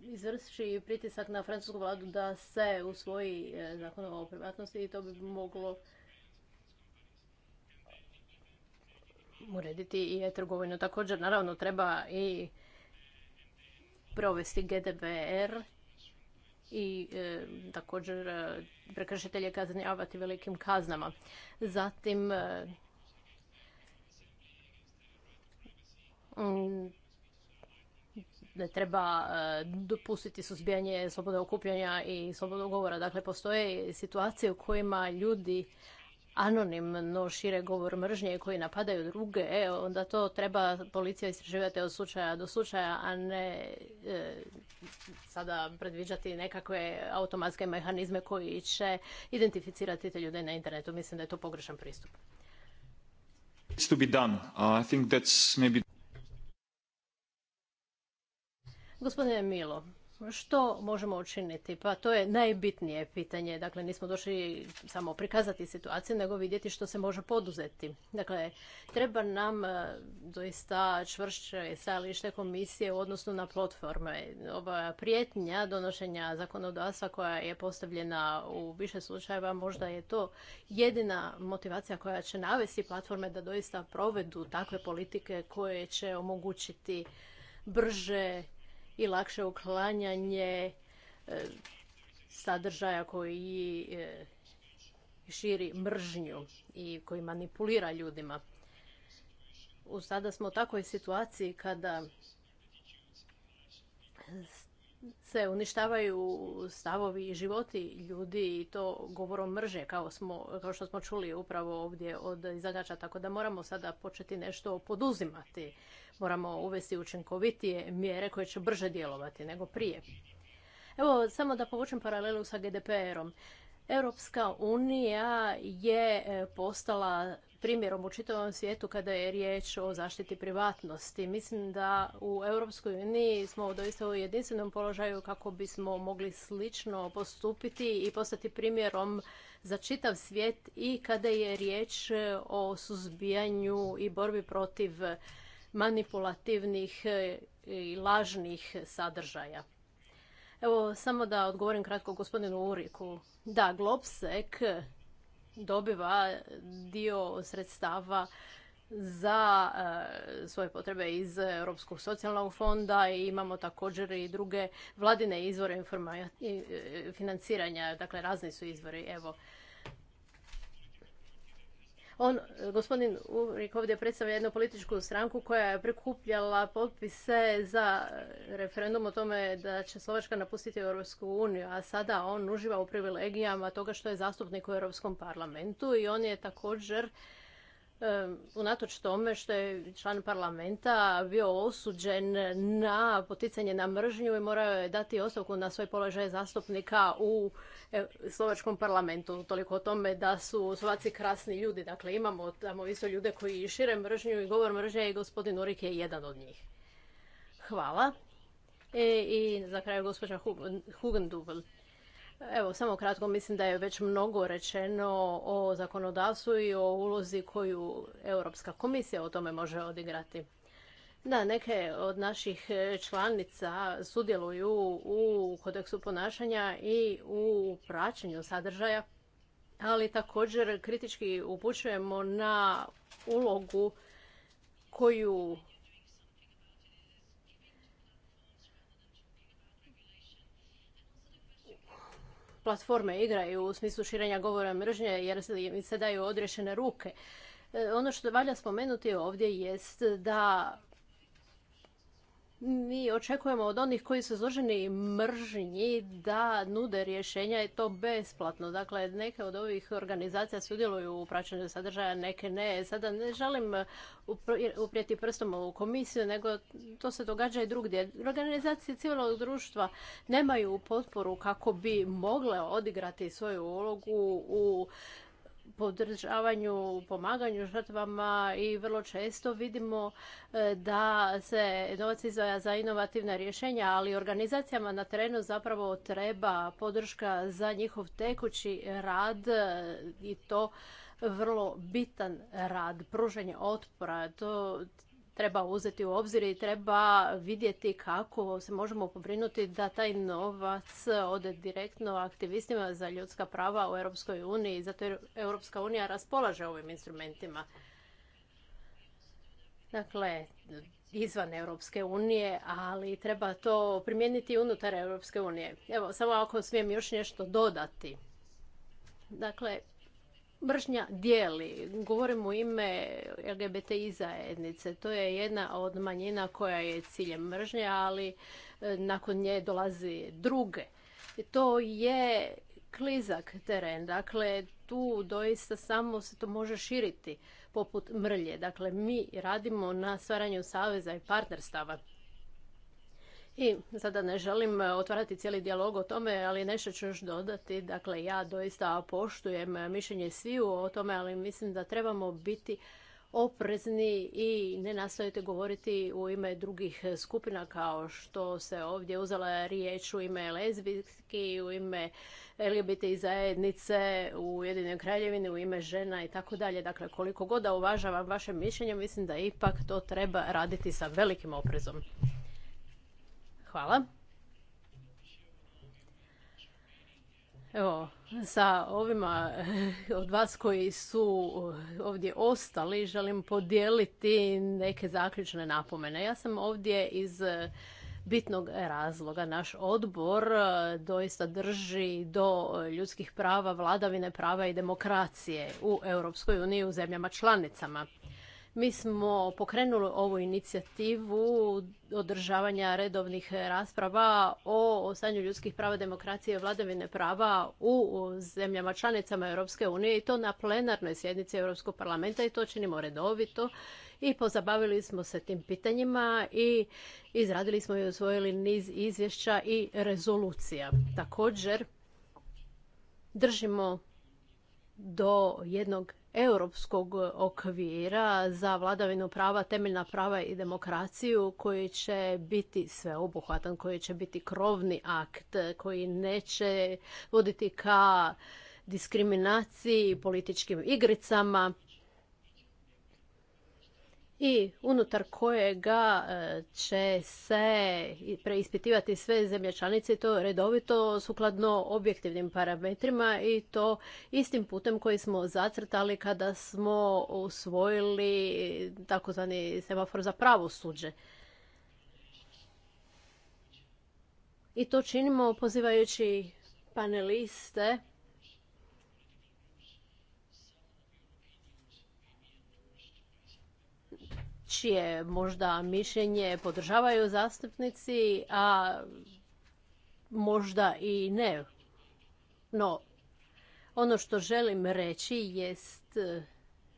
izvrši pritisak na francusku vladu da se usvoji e, zakon o privatnosti i to bi moglo urediti i e-trgovinu. Također, naravno, treba i provesti GDPR i e, također e, prekršitelje kaznjavati velikim kaznama. Zatim, da treba e, dopustiti suzbijanje slobode okupljanja i slobodnog govora. Dakle, postoje situacije u kojima ljudi anonimno šire govor mržnje koji napadaju druge, e, onda to treba policija istraživati od slučaja do slučaja, a ne e, sada predviđati nekakve automatske mehanizme koji će identificirati te ljude na internetu. Mislim da je to pogrešan pristup. to be done. Gospodine Milo, što možemo učiniti? Pa to je najbitnije pitanje. Dakle, nismo došli samo prikazati situaciju, nego vidjeti što se može poduzeti. Dakle, treba nam e, doista čvršće stajalište komisije u odnosu na platforme. Ova prijetnja donošenja zakonodavstva koja je postavljena u više slučajeva, možda je to jedina motivacija koja će navesti platforme da doista provedu takve politike koje će omogućiti brže i lakše uklanjanje e, sadržaja koji e, širi mržnju i koji manipulira ljudima. U sada smo u takvoj situaciji kada se uništavaju stavovi i životi ljudi i to govorom mrže kao, smo, kao što smo čuli upravo ovdje od izagača, tako da moramo sada početi nešto poduzimati. Moramo uvesti učinkovitije mjere koje će brže djelovati nego prije. Evo, samo da povučem paralelu sa GDPR-om. Europska unija je e, postala primjerom u čitavom svijetu kada je riječ o zaštiti privatnosti. Mislim da u Europskoj uniji smo doista u jedinstvenom položaju kako bismo mogli slično postupiti i postati primjerom za čitav svijet i kada je riječ e, o suzbijanju i borbi protiv manipulativnih e, i lažnih sadržaja. Evo, samo da odgovorim kratko gospodinu Uriku. Da, Globsec dobiva dio sredstava za e, svoje potrebe iz Europskog socijalnog fonda i imamo također i druge vladine izvore informa e, financiranja, dakle razni su izvori. Evo, on, gospodin Urik ovdje predstavlja jednu političku stranku koja je prikupljala potpise za referendum o tome da će Slovačka napustiti Europsku uniju, a sada on uživa u privilegijama toga što je zastupnik u Europskom parlamentu i on je također unatoč tome što je član parlamenta bio osuđen na poticanje na mržnju i morao je dati ostavku na svoj položaj zastupnika u e, slovačkom parlamentu. Toliko o tome da su Slovaci krasni ljudi. Dakle, imamo tamo isto ljude koji šire mržnju i govor mržnje i gospodin Urik je jedan od njih. Hvala. E, I za kraj gospođa Hugendubel. Evo, samo kratko, mislim da je već mnogo rečeno o zakonodavstvu i o ulozi koju Europska komisija o tome može odigrati. Da, neke od naših članica sudjeluju u kodeksu ponašanja i u praćenju sadržaja, ali također kritički upućujemo na ulogu koju platforme igraju u smislu širenja govora mržnje jer im se daju odrešene ruke. E, ono što valja spomenuti ovdje jest da mi očekujemo od onih koji su zloženi mržnji da nude rješenja i to besplatno. Dakle, neke od ovih organizacija sudjeluju u praćenju sadržaja, neke ne. Sada ne želim uprijeti prstom u komisiju, nego to se događa i drugdje. Organizacije civilnog društva nemaju potporu kako bi mogle odigrati svoju ulogu u podržavanju, pomaganju žrtvama i vrlo često vidimo e, da se novac izvaja za inovativna rješenja, ali organizacijama na terenu zapravo treba podrška za njihov tekući rad e, i to vrlo bitan rad, pružanje otpora. To treba uzeti u obzir i treba vidjeti kako se možemo pobrinuti da taj novac ode direktno aktivistima za ljudska prava u Europskoj uniji, zato jer Europska unija raspolaže ovim instrumentima. Dakle, izvan Europske unije, ali treba to primijeniti unutar Europske unije. Evo, samo ako smijem još nešto dodati. Dakle, mržnja dijeli. Govorim u ime LGBTI zajednice. To je jedna od manjina koja je ciljem mržnje, ali e, nakon nje dolazi druge. To je klizak teren. Dakle, tu doista samo se to može širiti poput mrlje. Dakle, mi radimo na stvaranju saveza i partnerstava. I sada ne želim e, otvarati cijeli dijalog o tome, ali nešto ću još dodati. Dakle, ja doista poštujem e, mišljenje sviju o tome, ali mislim da trebamo biti oprezni i ne nastavite govoriti u ime drugih skupina kao što se ovdje uzela riječ u ime lezbijski, u ime LGBT zajednice, u Jedinoj kraljevini, u ime žena i tako dalje. Dakle, koliko god da uvažavam vaše mišljenje, mislim da ipak to treba raditi sa velikim oprezom. Hvala. Evo, sa ovima eh, od vas koji su eh, ovdje ostali, želim podijeliti neke zaključne napomene. Ja sam ovdje iz eh, bitnog razloga. Naš odbor doista drži do ljudskih prava, vladavine prava i demokracije u Europskoj u zemljama članicama. Mi smo pokrenuli ovu inicijativu održavanja redovnih rasprava o stanju ljudskih prava, demokracije i vladavine prava u zemljama članicama Europske unije i to na plenarnoj sjednici Europskog parlamenta i to činimo redovito i pozabavili smo se tim pitanjima i izradili smo i usvojili niz izvješća i rezolucija. Također držimo do jednog europskog okvira za vladavinu prava, temeljna prava i demokraciju koji će biti sveobuhvatan, koji će biti krovni akt, koji neće voditi ka diskriminaciji, političkim igricama, i unutar kojega e, će se preispitivati sve zemlje članice i to redovito sukladno objektivnim parametrima i to istim putem koji smo zacrtali kada smo usvojili takozvani semafor za pravosuđe. I to činimo pozivajući paneliste čije možda mišljenje podržavaju zastupnici, a možda i ne. No, ono što želim reći jest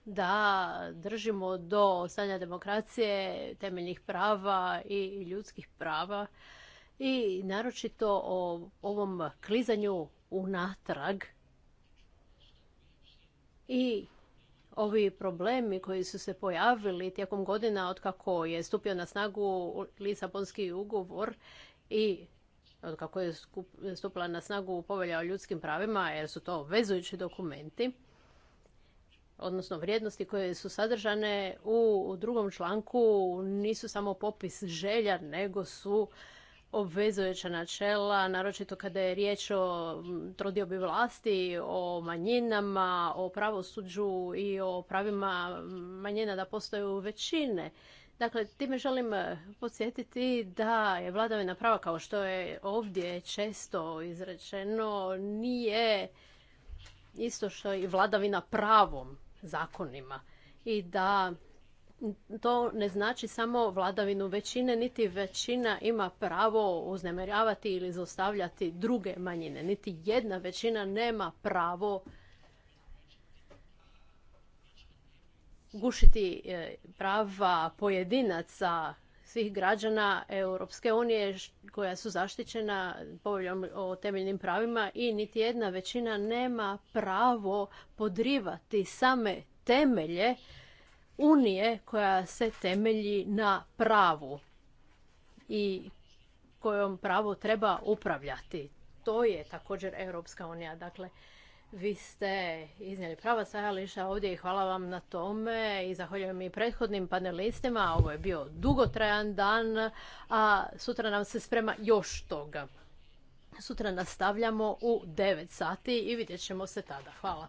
da držimo do stanja demokracije, temeljnih prava i ljudskih prava i naročito o ovom klizanju unatrag i ovi problemi koji su se pojavili tijekom godina od kako je stupio na snagu Lisabonski ugovor i od kako je stupila na snagu povelja o ljudskim pravima, jer su to obvezujući dokumenti, odnosno vrijednosti koje su sadržane u drugom članku nisu samo popis želja, nego su obvezujuća načela, naročito kada je riječ o trodiobi vlasti, o manjinama, o pravosuđu i o pravima manjina da postaju većine. Dakle, time želim e, podsjetiti da je vladavina prava, kao što je ovdje često izrečeno, nije isto što i vladavina pravom zakonima i da to ne znači samo vladavinu većine, niti većina ima pravo uznemiravati ili zaustavljati druge manjine. Niti jedna većina nema pravo gušiti e, prava pojedinaca svih građana Europske unije koja su zaštićena poveljom o temeljnim pravima i niti jedna većina nema pravo podrivati same temelje unije koja se temelji na pravu i kojom pravo treba upravljati. To je također Europska unija. Dakle, vi ste iznijeli prava stajališta ovdje i hvala vam na tome i zahvaljujem i prethodnim panelistima. Ovo je bio dugotrajan dan, a sutra nam se sprema još toga. Sutra nastavljamo u 9 sati i vidjet ćemo se tada. Hvala.